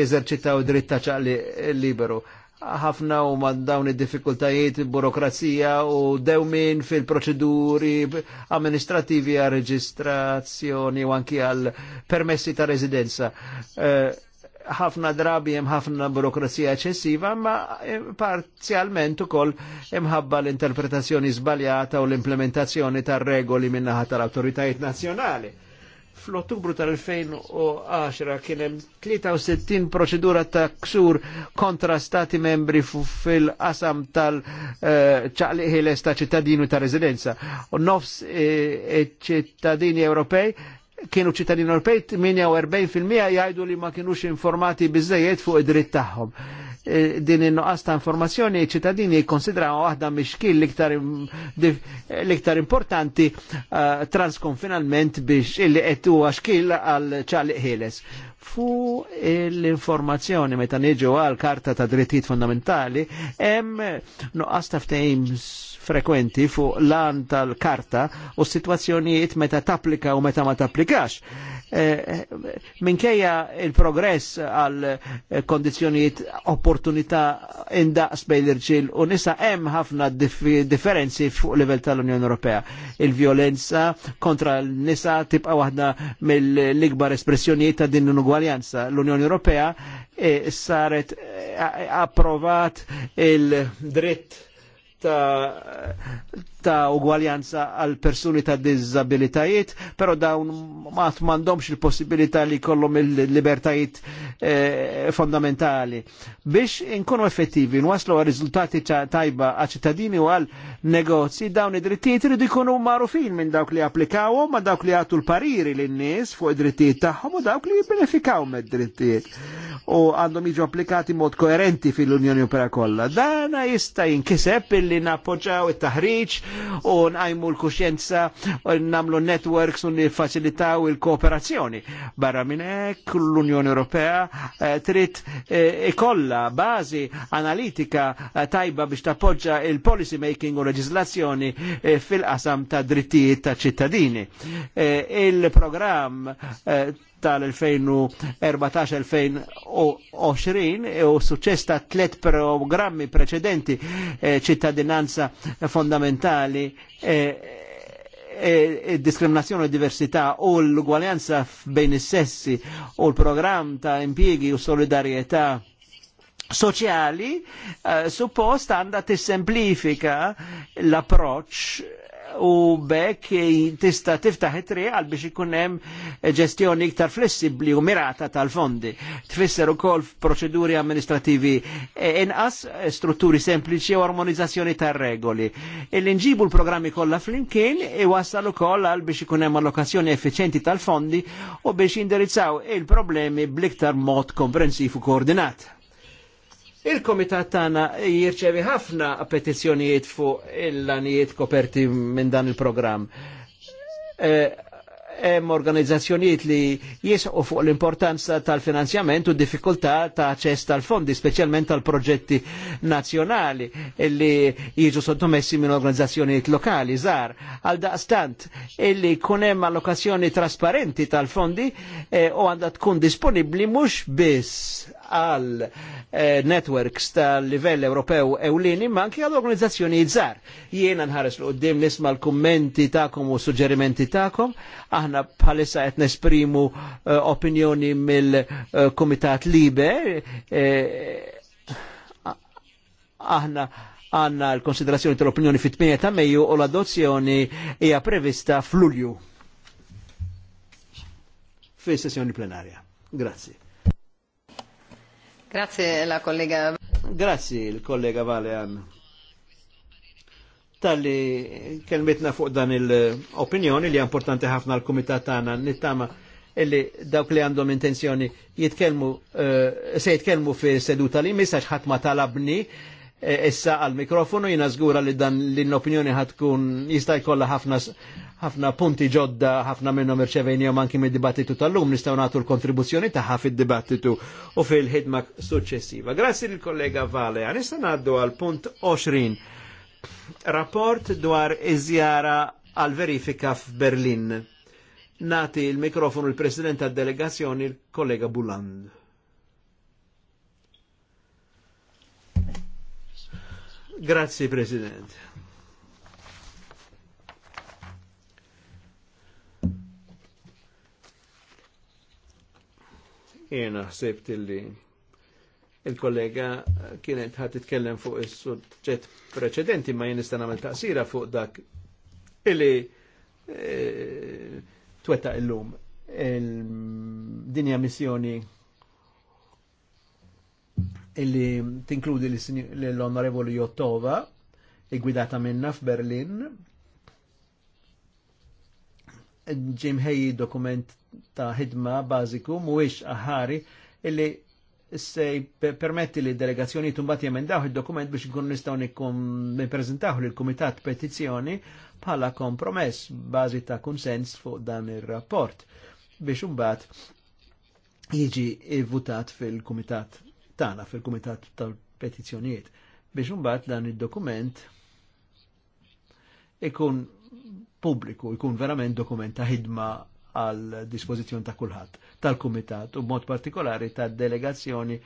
jeżerċitaw dritta ċaqli liberu ħafna u ma dawn id-diffikultajiet burokrazija u dewmin fil-proċeduri amministrativi għal reġistrazzjoni u anki għal permessi ta' residenza. Eh, ħafna drabi hemm ħafna burokrazija eċessiva, ma eh, parzjalment ukoll imħabba l-interpretazzjoni żbaljata u l-implementazzjoni tar regoli minnaħa tal-autoritajiet nazzjonali Fl-Ottubru tal-2010 kien hemm 63 proċedura ta' ksur kontra stati membri fil-qasam tal uh, eh, l ta' ċittadinu ta' residenza. U nofs eh, ċittadini Ewropej kienu ċittadini Ewropej 48% jgħidu li ma kienux informati bizzejiet fuq id-dritt tagħhom. E, din in-noqas ta' informazzjoni ċittadini jikkonsidraw għahda mixkil l-iktar importanti uh, transkonfinalment biex illi qed huwa għal ċaliq ħeles. Fu l-informazzjoni meta niġu għal karta ta' drittijiet fundamentali, hemm noqas ta' frekwenti fuq lan tal-karta u situazzjonijiet meta tapplika u meta ma tapplikax Eh, eh, minkejja il-progress għal eh, kondizjonijiet opportunità indaqs bejn l irġiel u nisa hemm ħafna differenzi fuq livell tal-Unjoni Ewropea. Il-violenza kontra l-nisa tibqa' waħda mill-ikbar espressjonijiet ta' din l-ugwaljanza. L-Unjoni Ewropea eh, saret approvat il-dritt ta' ta' ugwaljanza għal persuni ta' dizabilitajiet, pero dawn ma' mandomx il-possibilità li kollom il-libertajiet eh, fondamentali. Biex inkunu effettivi, nwaslu għal rizultati tajba għal ċittadini u għal negozji, dawn id-drittijiet rridu jkunu marufin minn dawk li applikawhom, ma' dawk li għatu l-pariri l-nies fuq id-drittijiet tagħhom u dawk li jibbenefikaw id drittijiet u għandhom jiġu applikati mod koerenti fil-Unjoni Europea kollha. Dana jista' jinkiseb illi nappoġġaw it-taħriġ u najmu l-kuxjenza u namlu networks u nifacilitaw il-kooperazzjoni. Barra minnek l-Unjoni Ewropea eh, trid eh, ikolla bażi analitika eh, tajba biex tappoġġa il-policy making u leġislazzjoni fil-qasam ta' drittijiet ta' ċittadini. Il-programm tal-2014-2020 e u suċċess ta' tlet programmi preċedenti eh, ċittadinanza eh, fondamentali eh, eh, diskriminazzjoni u e diversità u l-ugwaljanza bejn is-sessi u l-programm ta' impjiegi u solidarietà soċjali eh, suppost għandha tissemplifika l-approċċ u bekk tista tiftaħ it-triqal biex ikun hemm ġestjoni iktar flessibbli u mirata tal-fondi. Tfisser ukoll proċeduri amministrativi e, inqas, e, strutturi sempliċi u armonizzazzjoni tar-regoli. Illi nġibu l-programmi kollha flimkien iwassal e ukoll għal biex ikun hemm allokazzjoni effiċenti tal-fondi u biex jindirizzaw il-problemi bl-iktar mod komprensiv u koordinat. Il-komitat tagħna jirċevi ħafna petizzjonijiet fuq il-lanijiet koperti minn dan il-programm. Eh, hemm organizzazzjonijiet li jisqu fuq l-importanza tal-finanzjament u diffikultà ta' aċċess tal-fondi, speċjalment tal-proġetti nazzjonali li jiġu sottomessi minn organizzazzjonijiet lokali żgħar. Għal daqstant illi kun hemm allokazzjoni trasparenti tal-fondi eh, u għandha tkun disponibbli mhux biss għal eh, networks tal-livell Ewropew ewlieni ma anki għal organizzazzjoni żgħar. Jiena nħares l qudiem nisma' l-kummenti tagħkom u suġġerimenti tagħkom, aħna bħalissa qed nesprimu eh, opinjoni mill-Kumitat eh, Libe. Aħna għanna l-konsiderazzjoni tal-opinjoni fit-8 ta' Mejju u l-adozzjoni hija prevista f'Lulju. Fi sessjoni plenarja. Grazie. Grazie la kollega. Grazie il kollega Valean. Talli kelmetna fuq dan il-opinjoni li importanti ħafna l-komitat tagħna nittama illi dawk li għandhom intenzjoni jitkelmu uh, eh, se jitkelmu fi seduta li misax ħadd ma talabni E, issa għal mikrofonu jina zgura li dan l-opinjoni ħatkun jista' jkollha ħafna ħafna punti ġodda ħafna minnhom jom anki mid-dibattitu tal-lum nistgħu nagħtu l-kontribuzzjoni ħaf fid-dibattitu u fil-ħidma successiva. Grazzi lill kollega Vale. Issa naddu għal punt 20. Rapport dwar iżjara għal verifika f'Berlin. Nati il-mikrofonu l-President tad-Delegazzjoni, il-kollega Buland. Grazzi, President. Jena ħsebt illi il-kollega kienet ħat titkellem fuq is-suġġett preċedenti ma jien namel nagħmel taqsira fuq dak illi e, twetta illum il-dinja missjoni illi tinkludi l-Onorevoli Jottova, igwidata minna f'Berlin. Ġim ħeji dokument ta' ħidma bażiku mhuwiex aħari illi se permetti li delegazzjoni tumbat jemendaw il-dokument biex nkun nistaw niprezentaw li l-Kumitat Petizzjoni bħala kompromess bażi ta' konsens fuq dan ir-rapport biex imbagħad jiġi votat fil-Kumitat tana fil-Kumitat tal-Petizzjonijiet biex mbagħad dan id-dokument ikun pubbliku, ikun verament dokument ta' ħidma għal dispożizzjoni ta' kulħadd tal-Kumitat u mod partikolari ta' delegazzjoni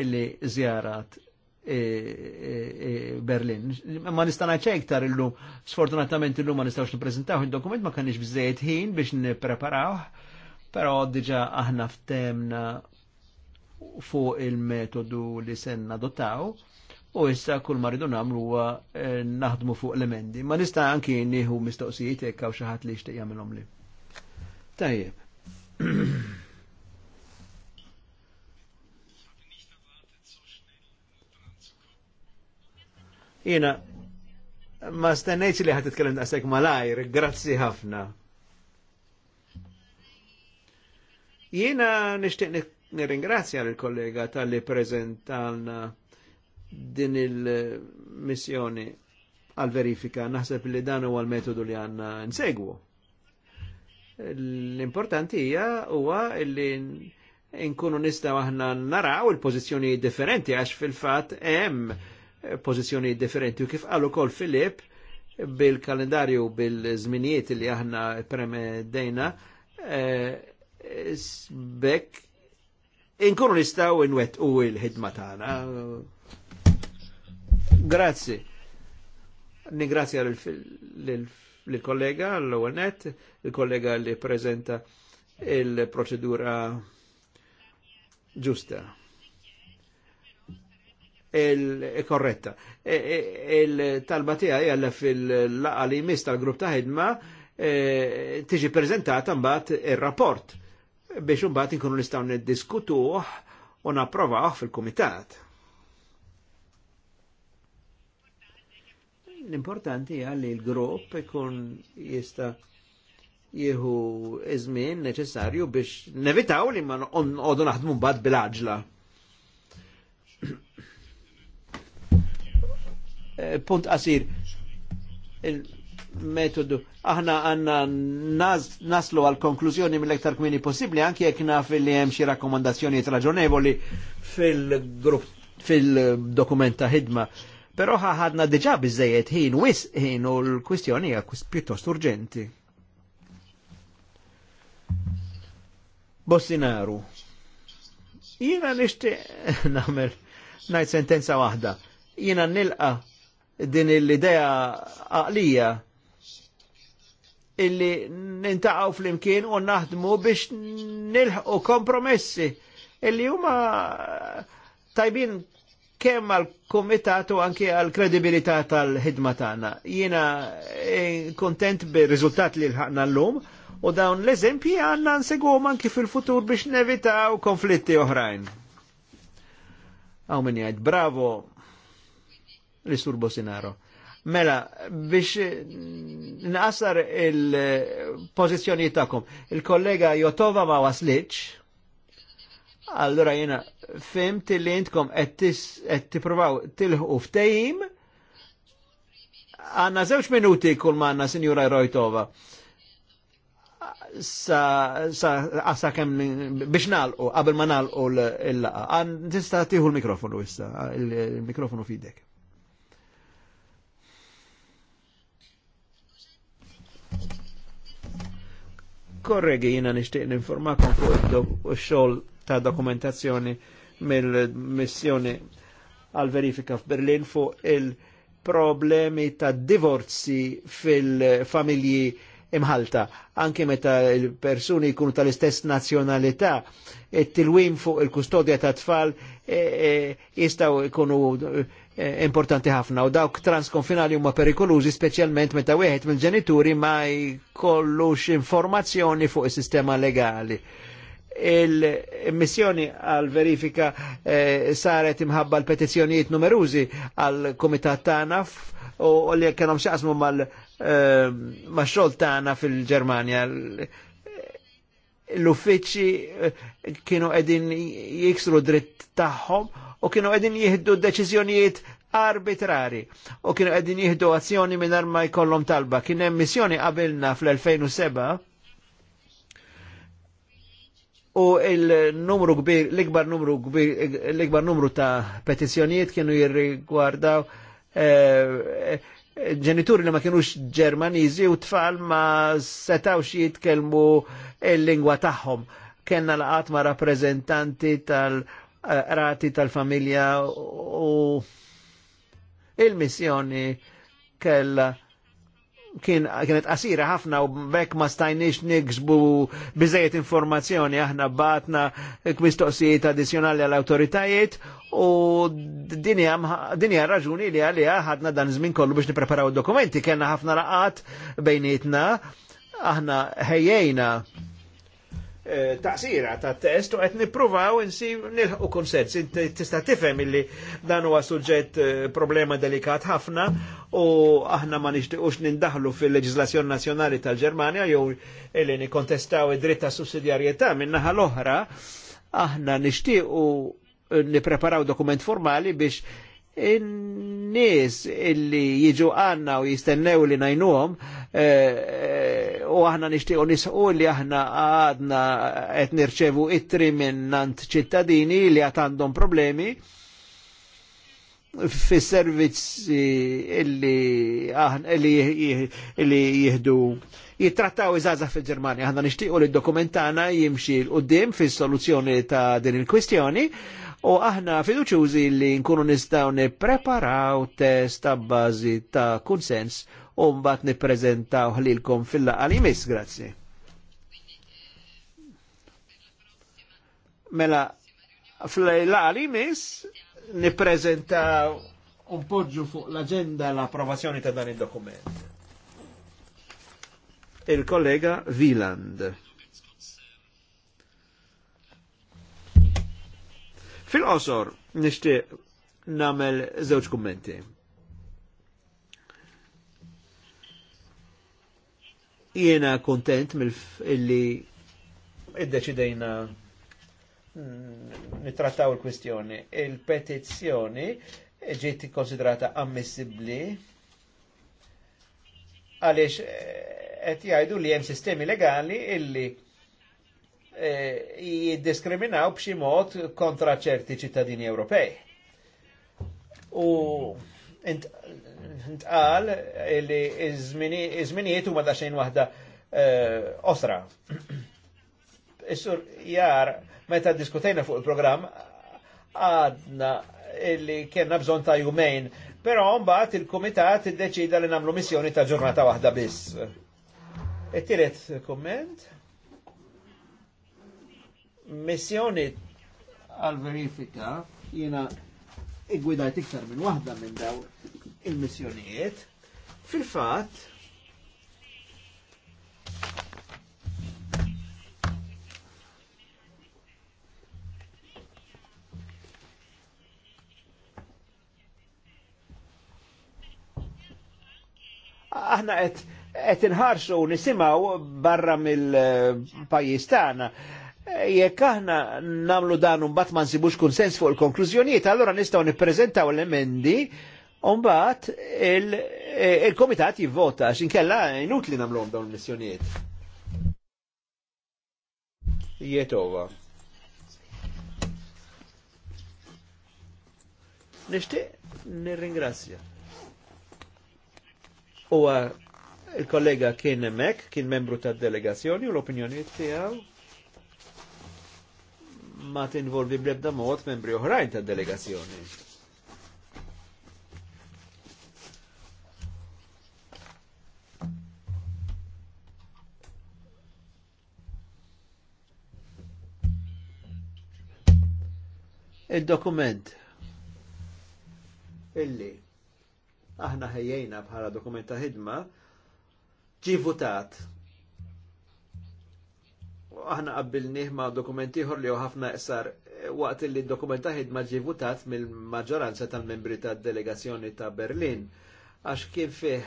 illi żjarat e, e, e Berlin. Ma nistana ċektar illum, sfortunatament illum ma nistawx niprezentaw il-dokument ma kanix bżejt ħin biex nipreparawh, pero diġa aħna ftemna fuq il-metodu li sen adottaw u issa kull maridu namlu huwa eh, naħdmu fuq l-emendi. Ma nista' anki nieħu mistoqsijiet hekk hawn xi ħadd li jixtieq jagħmelhom li. Tajjeb. <clears throat> Jiena ma stennejt li ħad titkellem daqshekk malajr, grazzi ħafna. Jiena nixtieq nirringrazzja l-kollega tal-li prezentalna din il-missjoni għal-verifika, naħseb li dan huwa l-metodu li għanna nsegwu. L-importanti hija huwa li nkunu nistaw aħna naraw il-pożizzjoni differenti għax fil-fatt hemm pożizzjoni differenti u kif qal ukoll Filip bil-kalendarju bil-żminijiet li aħna premedejna eh, bekk inkunu nistaw inwet u il-ħidma tagħna. Grazzi. Ningrazzja l-kollega l-ewwel net, il-kollega li preżenta il-proċedura ġusta. Il-korretta. E e, e, il-talba tiegħi fil laqali li mis tal-grupp ta' ħidma tiġi prezentata mbagħad ir-rapport biex imbagħad nkunu nistaw niddiskutuh u napprovaħ fil komitat L-importanti għalli l-grupp ikun jista' jihu izmin neċessarju biex nevitaw li ma n nqogħdu naħdmu bad bil ħagġla Punt għasir, metodu. Aħna għanna naslu għal konklużjoni mill-ektar kmini possibli, anki jek naf li hemm xi rakkomandazzjoni raġonevoli fil-grupp fil-dokument ta' ħidma. Però ħadna diġà biżejjed ħin wis ħin u l-kwistjoni hija pjuttost urġenti. Bossinaru. Jina nixtieq <laughs> nagħmel ngħid sentenza waħda. Jina nilqa' din l-idea għaqlija illi nintaqgħu flimkien u naħdmu biex nilħqu kompromessi illi huma tajbin kemm għal komitat u anke għal kredibilità tal-ħidma tagħna. Jiena eh, kontent bir-riżultat li lħaqna llum u dawn l-eżempji għandna nsegwhom anki fil-futur biex nevitaw konflitti oħrajn. Għaw min jgħid bravo l-istur Bosinaro. Mela, biex naqsar il-pozizjoni ta'kom, il-kollega Jotova ma waslitx, allura jena fimt li intkom qed tippruvaw tilħu ftehim, għanna zewċ minuti kull manna, Sinjura Rojtova sa, sa, kem biex nalqu, qabel ma nalqu l-laqa. Għan Tista tiħu l-mikrofonu issa, l mikrofonu fidek. korregi jina nishtiq ninformakom fuq il xogħol ta' dokumentazzjoni mill-missjoni għal verifika f'Berlin fuq il-problemi ta' divorzi fil-familji imħalta, Anki meta il-persuni jkunu tal-istess nazjonalità, it-tilwim fuq il-kustodja ta' tfal jistaw e, e, jkunu e, Eh, importanti ħafna u dawk transkonfinali huma perikolużi speċjalment meta wieħed mill-ġenituri ma jkollux informazzjoni fuq is-sistema legali il-missjoni għal verifika eh, saret imħabba l-petizjonijiet numerużi għal komitat tana u li kienom xaqsmu mal eh, xogħol tagħna fil-Germania l-uffiċi eh, kienu qegħdin jiksru dritt tagħhom u kienu qegħdin jihdu deċiżjonijiet arbitrari u kienu qegħdin jihdu azzjoni mingħajr ma jkollhom talba. Kien hemm missjoni qabilna fl-2007 u il-numru kbir, l-ikbar numru kbir, l-ikbar numru ta' petizjonijiet kienu jirrigwardaw eh, ġenituri li ma kienux ġermaniżi u tfal ma setawx jitkellmu il-lingwa tagħhom. Kenna laqat ma' rappreżentanti tal-rati tal-familja u il-missjoni kella kien, kienet qasira ħafna u bekk ma stajniex niksbu biżejjed informazzjoni aħna batna kmistoqsijiet addizzjonali għall awtoritajiet u dinja raġuni li għaliha ħadna dan żmien kollu biex nippreparaw id-dokumenti, kellna ħafna raqat bejnietna, aħna ħejjejna Eh, taqsira ta' test u qed nippruvaw insib nilħu konsens. Inti tista' tifhem illi dan huwa suġġett eh, problema delikat ħafna u aħna ma nixtiqux nindaħlu fil-leġislazzjoni nazzjonali tal-Ġermanja jew illi nikontestaw id-dritt ta' sussidjarjetà minnaħa l-oħra aħna nixtiequ nippreparaw dokument formali biex in-nies illi jiġu għanna u jistennew li najnuhom eh, eh, u aħna nixtiequ nisqu li aħna għadna qed nirċevu ittri minnant ċittadini li għad għandhom problemi fis servizzi illi aħna illi, jihdu jittrattaw iżaza fil-Ġermanja. Aħna nixtiequ li d-dokumentana jimxi l-qoddim fis-soluzzjoni ta' din il-kwistjoni. il il kwistjoni u aħna fiduċużi li nkunu nistaw nipreparaw test ta' bazi ta' konsens u mbagħad nippreżentaw ħlilkom fil-laqgħa li miss, grazzi. Mela fil-laqgħa li miss nippreżentaw un poġġu fuq l-agenda l-approvazzjoni ta' dan il-dokument. Il-kollega Wieland. Fil-qosor, nishti namel żewġ kummenti. Jiena kontent mill li id-deċidejna nitrattaw il-kwistjoni. Il-petizzjoni ġiet konsidrata ammissibli għaliex eh, qed jgħidu li hemm sistemi legali illi E, jiddiskriminaw b'xi mod kontra ċerti ċittadini Ewropej. U intqal li iż-żminijiet huma xejn waħda e, osra. Issur jar meta diskutejna fuq il-programm għadna illi kienna bżon ta' jumejn, però mbagħad il-kumitat iddeċida li nagħmlu missjoni ta' ġurnata waħda biss. Ittiret e, komment? missjoni għal-verifika jina igwidajt iktar minn wahda minn daw il-missjonijiet fil-fat aħna qed qed inħarsu nisimgħu barra mill-pajjiż tagħna jekk aħna namlu dan un ma nsibux konsens fuq il-konklużjonijiet, allora nistgħu nippreżentaw l-emendi Umbat, eh, il-komitat jivvota għax inkella inutli namlom dawn missjonijiet. Jietova. Nishtiq nirringrazzja. Uwa il-kollega kien emmek, kien membru tad delegazzjoni u l-opinjoniet tiegħu ma tinvolvi bl mod membri oħrajn ta' delegazzjoni. Il-dokument illi aħna ħejjejna bħala dokument ta' ħidma ġi votat aħna qabbilnih ma' dokumenti ħor li ħafna sar eh, waqt li d ħid ma ġie mill-maġġoranza tal-membri tad-delegazzjoni ta' Berlin għax kien fih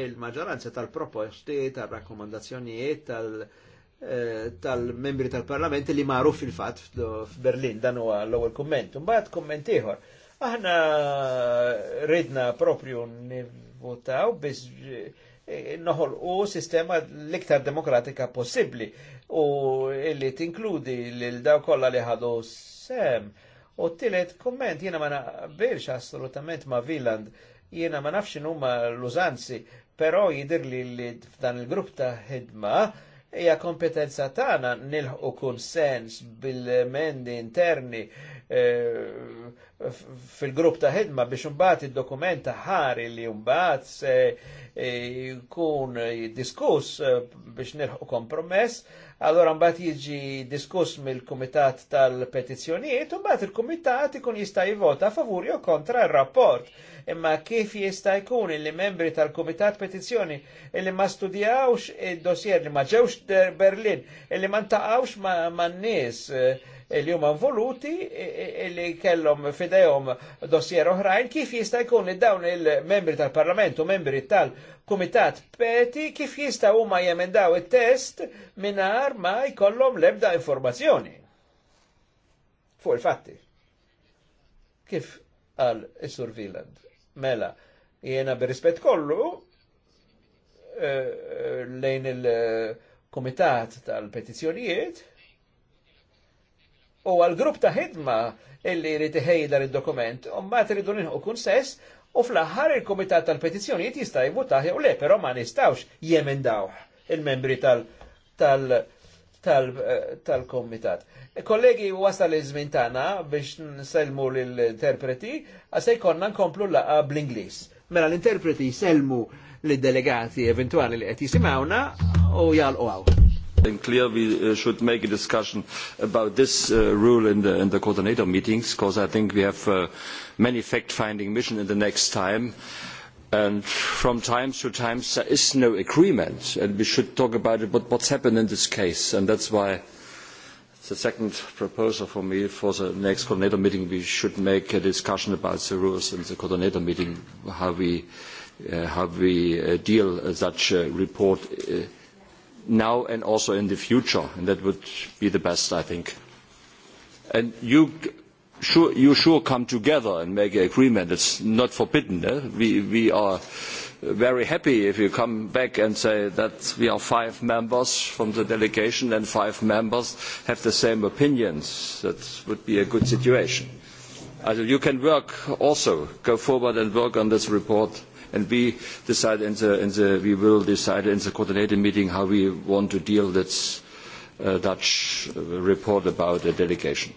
il-maġġoranza tal-proposti, tal-rakkomandazzjonijiet, eh, tal-membri tal-parlament li maru fil-fat f'Berlin, dan huwa l-ewwel kumment. Mbagħad kumment ieħor. Aħna ridna propju nivvotaw biex noħol u sistema l-iktar demokratika possibli u illi tinkludi l-daw kolla li ħadu sem. U t tillet komment jena ma naqbilx assolutament ma Viland, jena ma nafx huma l-użanzi, però jidir li f'dan il-grupp ta' ħidma hija kompetenza tagħna nilħu sens bil-mendi interni eh, fil-grupp ta' ħidma biex imbagħad id dokumenta ħari li mbagħad se eh, jkun diskuss eh, biex nilħu kompromess, allora mbagħad jiġi diskuss mill-Kumitat tal-Petizzjonijiet u mbagħad il-Kumitat ikun jista' jivota favur jew kontra r-rapport imma kif jista' jkun li membri tal-Kumitat Petizzjoni illi ma studjawx id-dossier li ma ġewx Berlin, illi ma ntaqawx ma' nies eh, li huma involuti li kellhom fidejhom dossier oħrajn, kif jista' jkun li dawn il-membri tal-Parlament u membri tal-Kumitat Peti kif jista' huma jemendaw it-test mingħajr ma jkollhom l-ebda informazzjoni fuq il-fatti. Kif għal il-Sur Wieland? Mela, jena b'rispett kollu eh, lejn il-komitat tal-petizjonijiet u għal-grupp ta' ħidma illi jrid iħejdar il-dokument, u mbagħad iridu ninħu kun sess u fl-aħħar il-Komitat tal-Petizzjonijiet jista' jivvutah u le, però ma nistawx jemendaw il-membri tal-Komitat tal-komitat. Tal e, Kollegi, wasal iż-żmien tagħna biex nselmu l-interpreti, għasaj konna nkomplu laqa bl-Inglis. Mela l-interpreti selmu l-delegati eventuali li qed jisimgħuna u jalqu għaw. And clear we uh, should make a discussion about this uh, rule in the, in the coordinator meetings because I think we have uh, many fact-finding mission in the next time. And from time to time, there is no agreement, and we should talk about it, but what's happened in this case. And that's why the second proposal for me for the next coordinator meeting, we should make a discussion about the rules in the coordinator meeting, how we, uh, how we uh, deal with such a report uh, now and also in the future. And that would be the best, I think. And you sure, you sure come together and make an agreement. It's not forbidden. Eh? We, we are very happy if you come back and say that we are five members from the delegation and five members have the same opinions. That would be a good situation. Also, you can work also, go forward and work on this report and we decide in the, in the, we will decide in the coordinated meeting how we want to deal with this uh, Dutch uh, report about the delegation.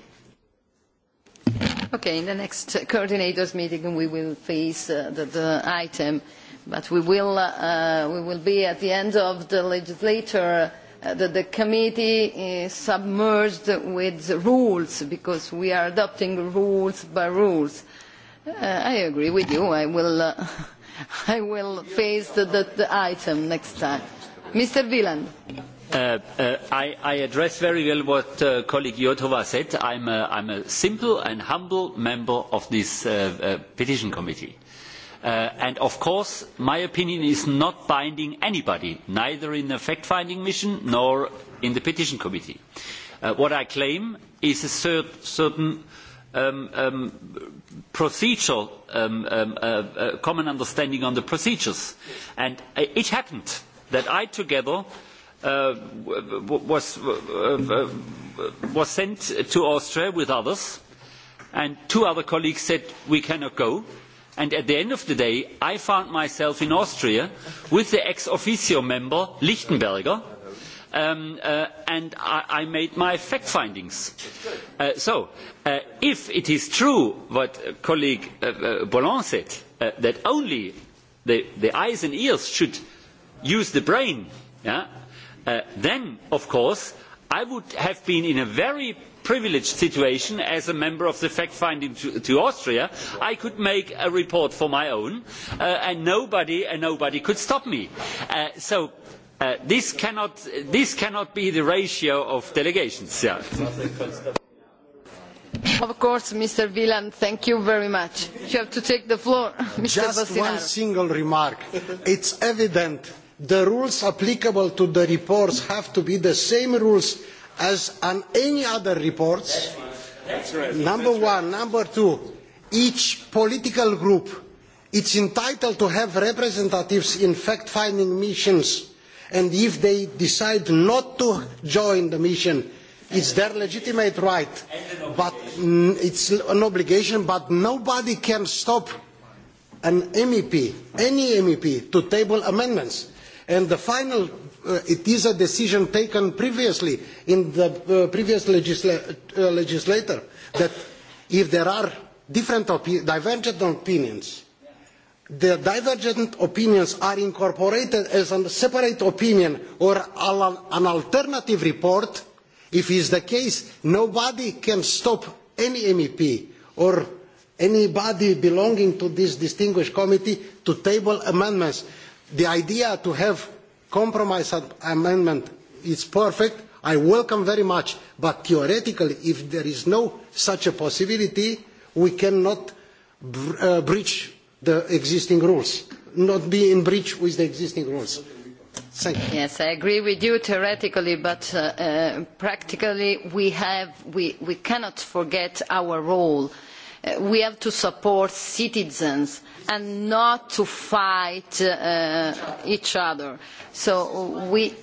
Okay, in the next coordinators meeting we will face uh, the, the item, but we will, uh, we will be at the end of the legislature uh, that the committee is submerged with rules because we are adopting rules by rules. Uh, I agree with you. I will, uh, <laughs> I will face the, the, the item next time. Mr. Wieland. Uh, uh, I, I address very well what uh, colleague Jotova said. I'm a, I'm a simple and humble member of this uh, uh, petition committee. Uh, and of course, my opinion is not binding anybody, neither in the fact-finding mission nor in the petition committee. Uh, what I claim is a cert certain um, um, procedural um, um, uh, uh, common understanding on the procedures. And uh, it happened that I, together was, uh, was sent to Austria with others, and two other colleagues said, we cannot go. And at the end of the day, I found myself in Austria with the ex officio member, Lichtenberger, um, uh, and I, I made my fact findings. Uh, so, uh, if it is true what colleague uh, uh, Bolland said, uh, that only the, the eyes and ears should use the brain, yeah, Uh, then, of course, I would have been in a very privileged situation as a member of the fact finding to, to Austria. I could make a report for my own, uh, and nobody and uh, nobody could stop me. Uh, so. Uh, this, cannot, this cannot be the ratio of delegations. Yeah. Of course, Mr. Wieland, thank you very much. You have to take the floor, <laughs> Mr. Just Bolsonaro. one single remark. It's evident the rules applicable to the reports have to be the same rules as on any other reports. That's right. That's right. Number That's one. Right. Number two, each political group is entitled to have representatives in fact-finding missions and if they decide not to join the mission, it's their legitimate right, but it's an obligation, but nobody can stop an MEP, any MEP, to table amendments. And the final, uh, it is a decision taken previously in the uh, previous legisla uh, legislator that if there are different opi divergent opinions, the divergent opinions are incorporated as a separate opinion or an alternative report. If is the case, nobody can stop any MEP or anybody belonging to this distinguished committee to table amendments the idea to have compromise amendment is perfect. I welcome very much, but theoretically, if there is no such a possibility, we cannot br uh, breach the existing rules, not be in breach with the existing rules. Yes, I agree with you theoretically, but uh, uh, practically we, have, we, we cannot forget our role. Uh, we have to support citizens and not to fight uh, uh, each other. So we,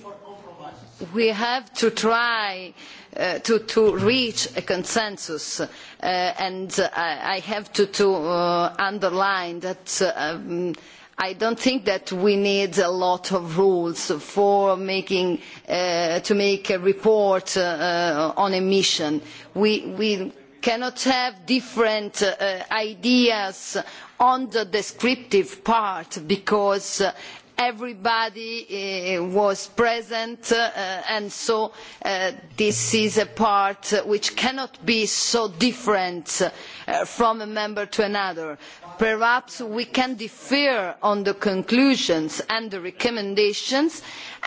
we have to try uh, to, to reach a consensus. Uh, and I, I have to, to uh, underline that uh, um, I don't think that we need a lot of rules for making, uh, to make a report uh, uh on emission. We, we cannot have different uh, ideas on the descriptive part because uh, everybody uh, was present uh, and so uh, this is a part which cannot be so different uh, Uh, from a member to another. Perhaps we can differ on the conclusions and the recommendations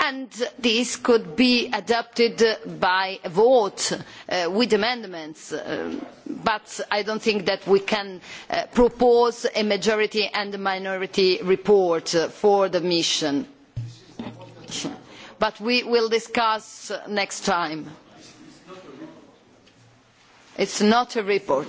and these could be adopted by a vote uh, with amendments. Um, but I do not think that we can uh, propose a majority and a minority report uh, for the mission. But we will discuss next time. It is not a report.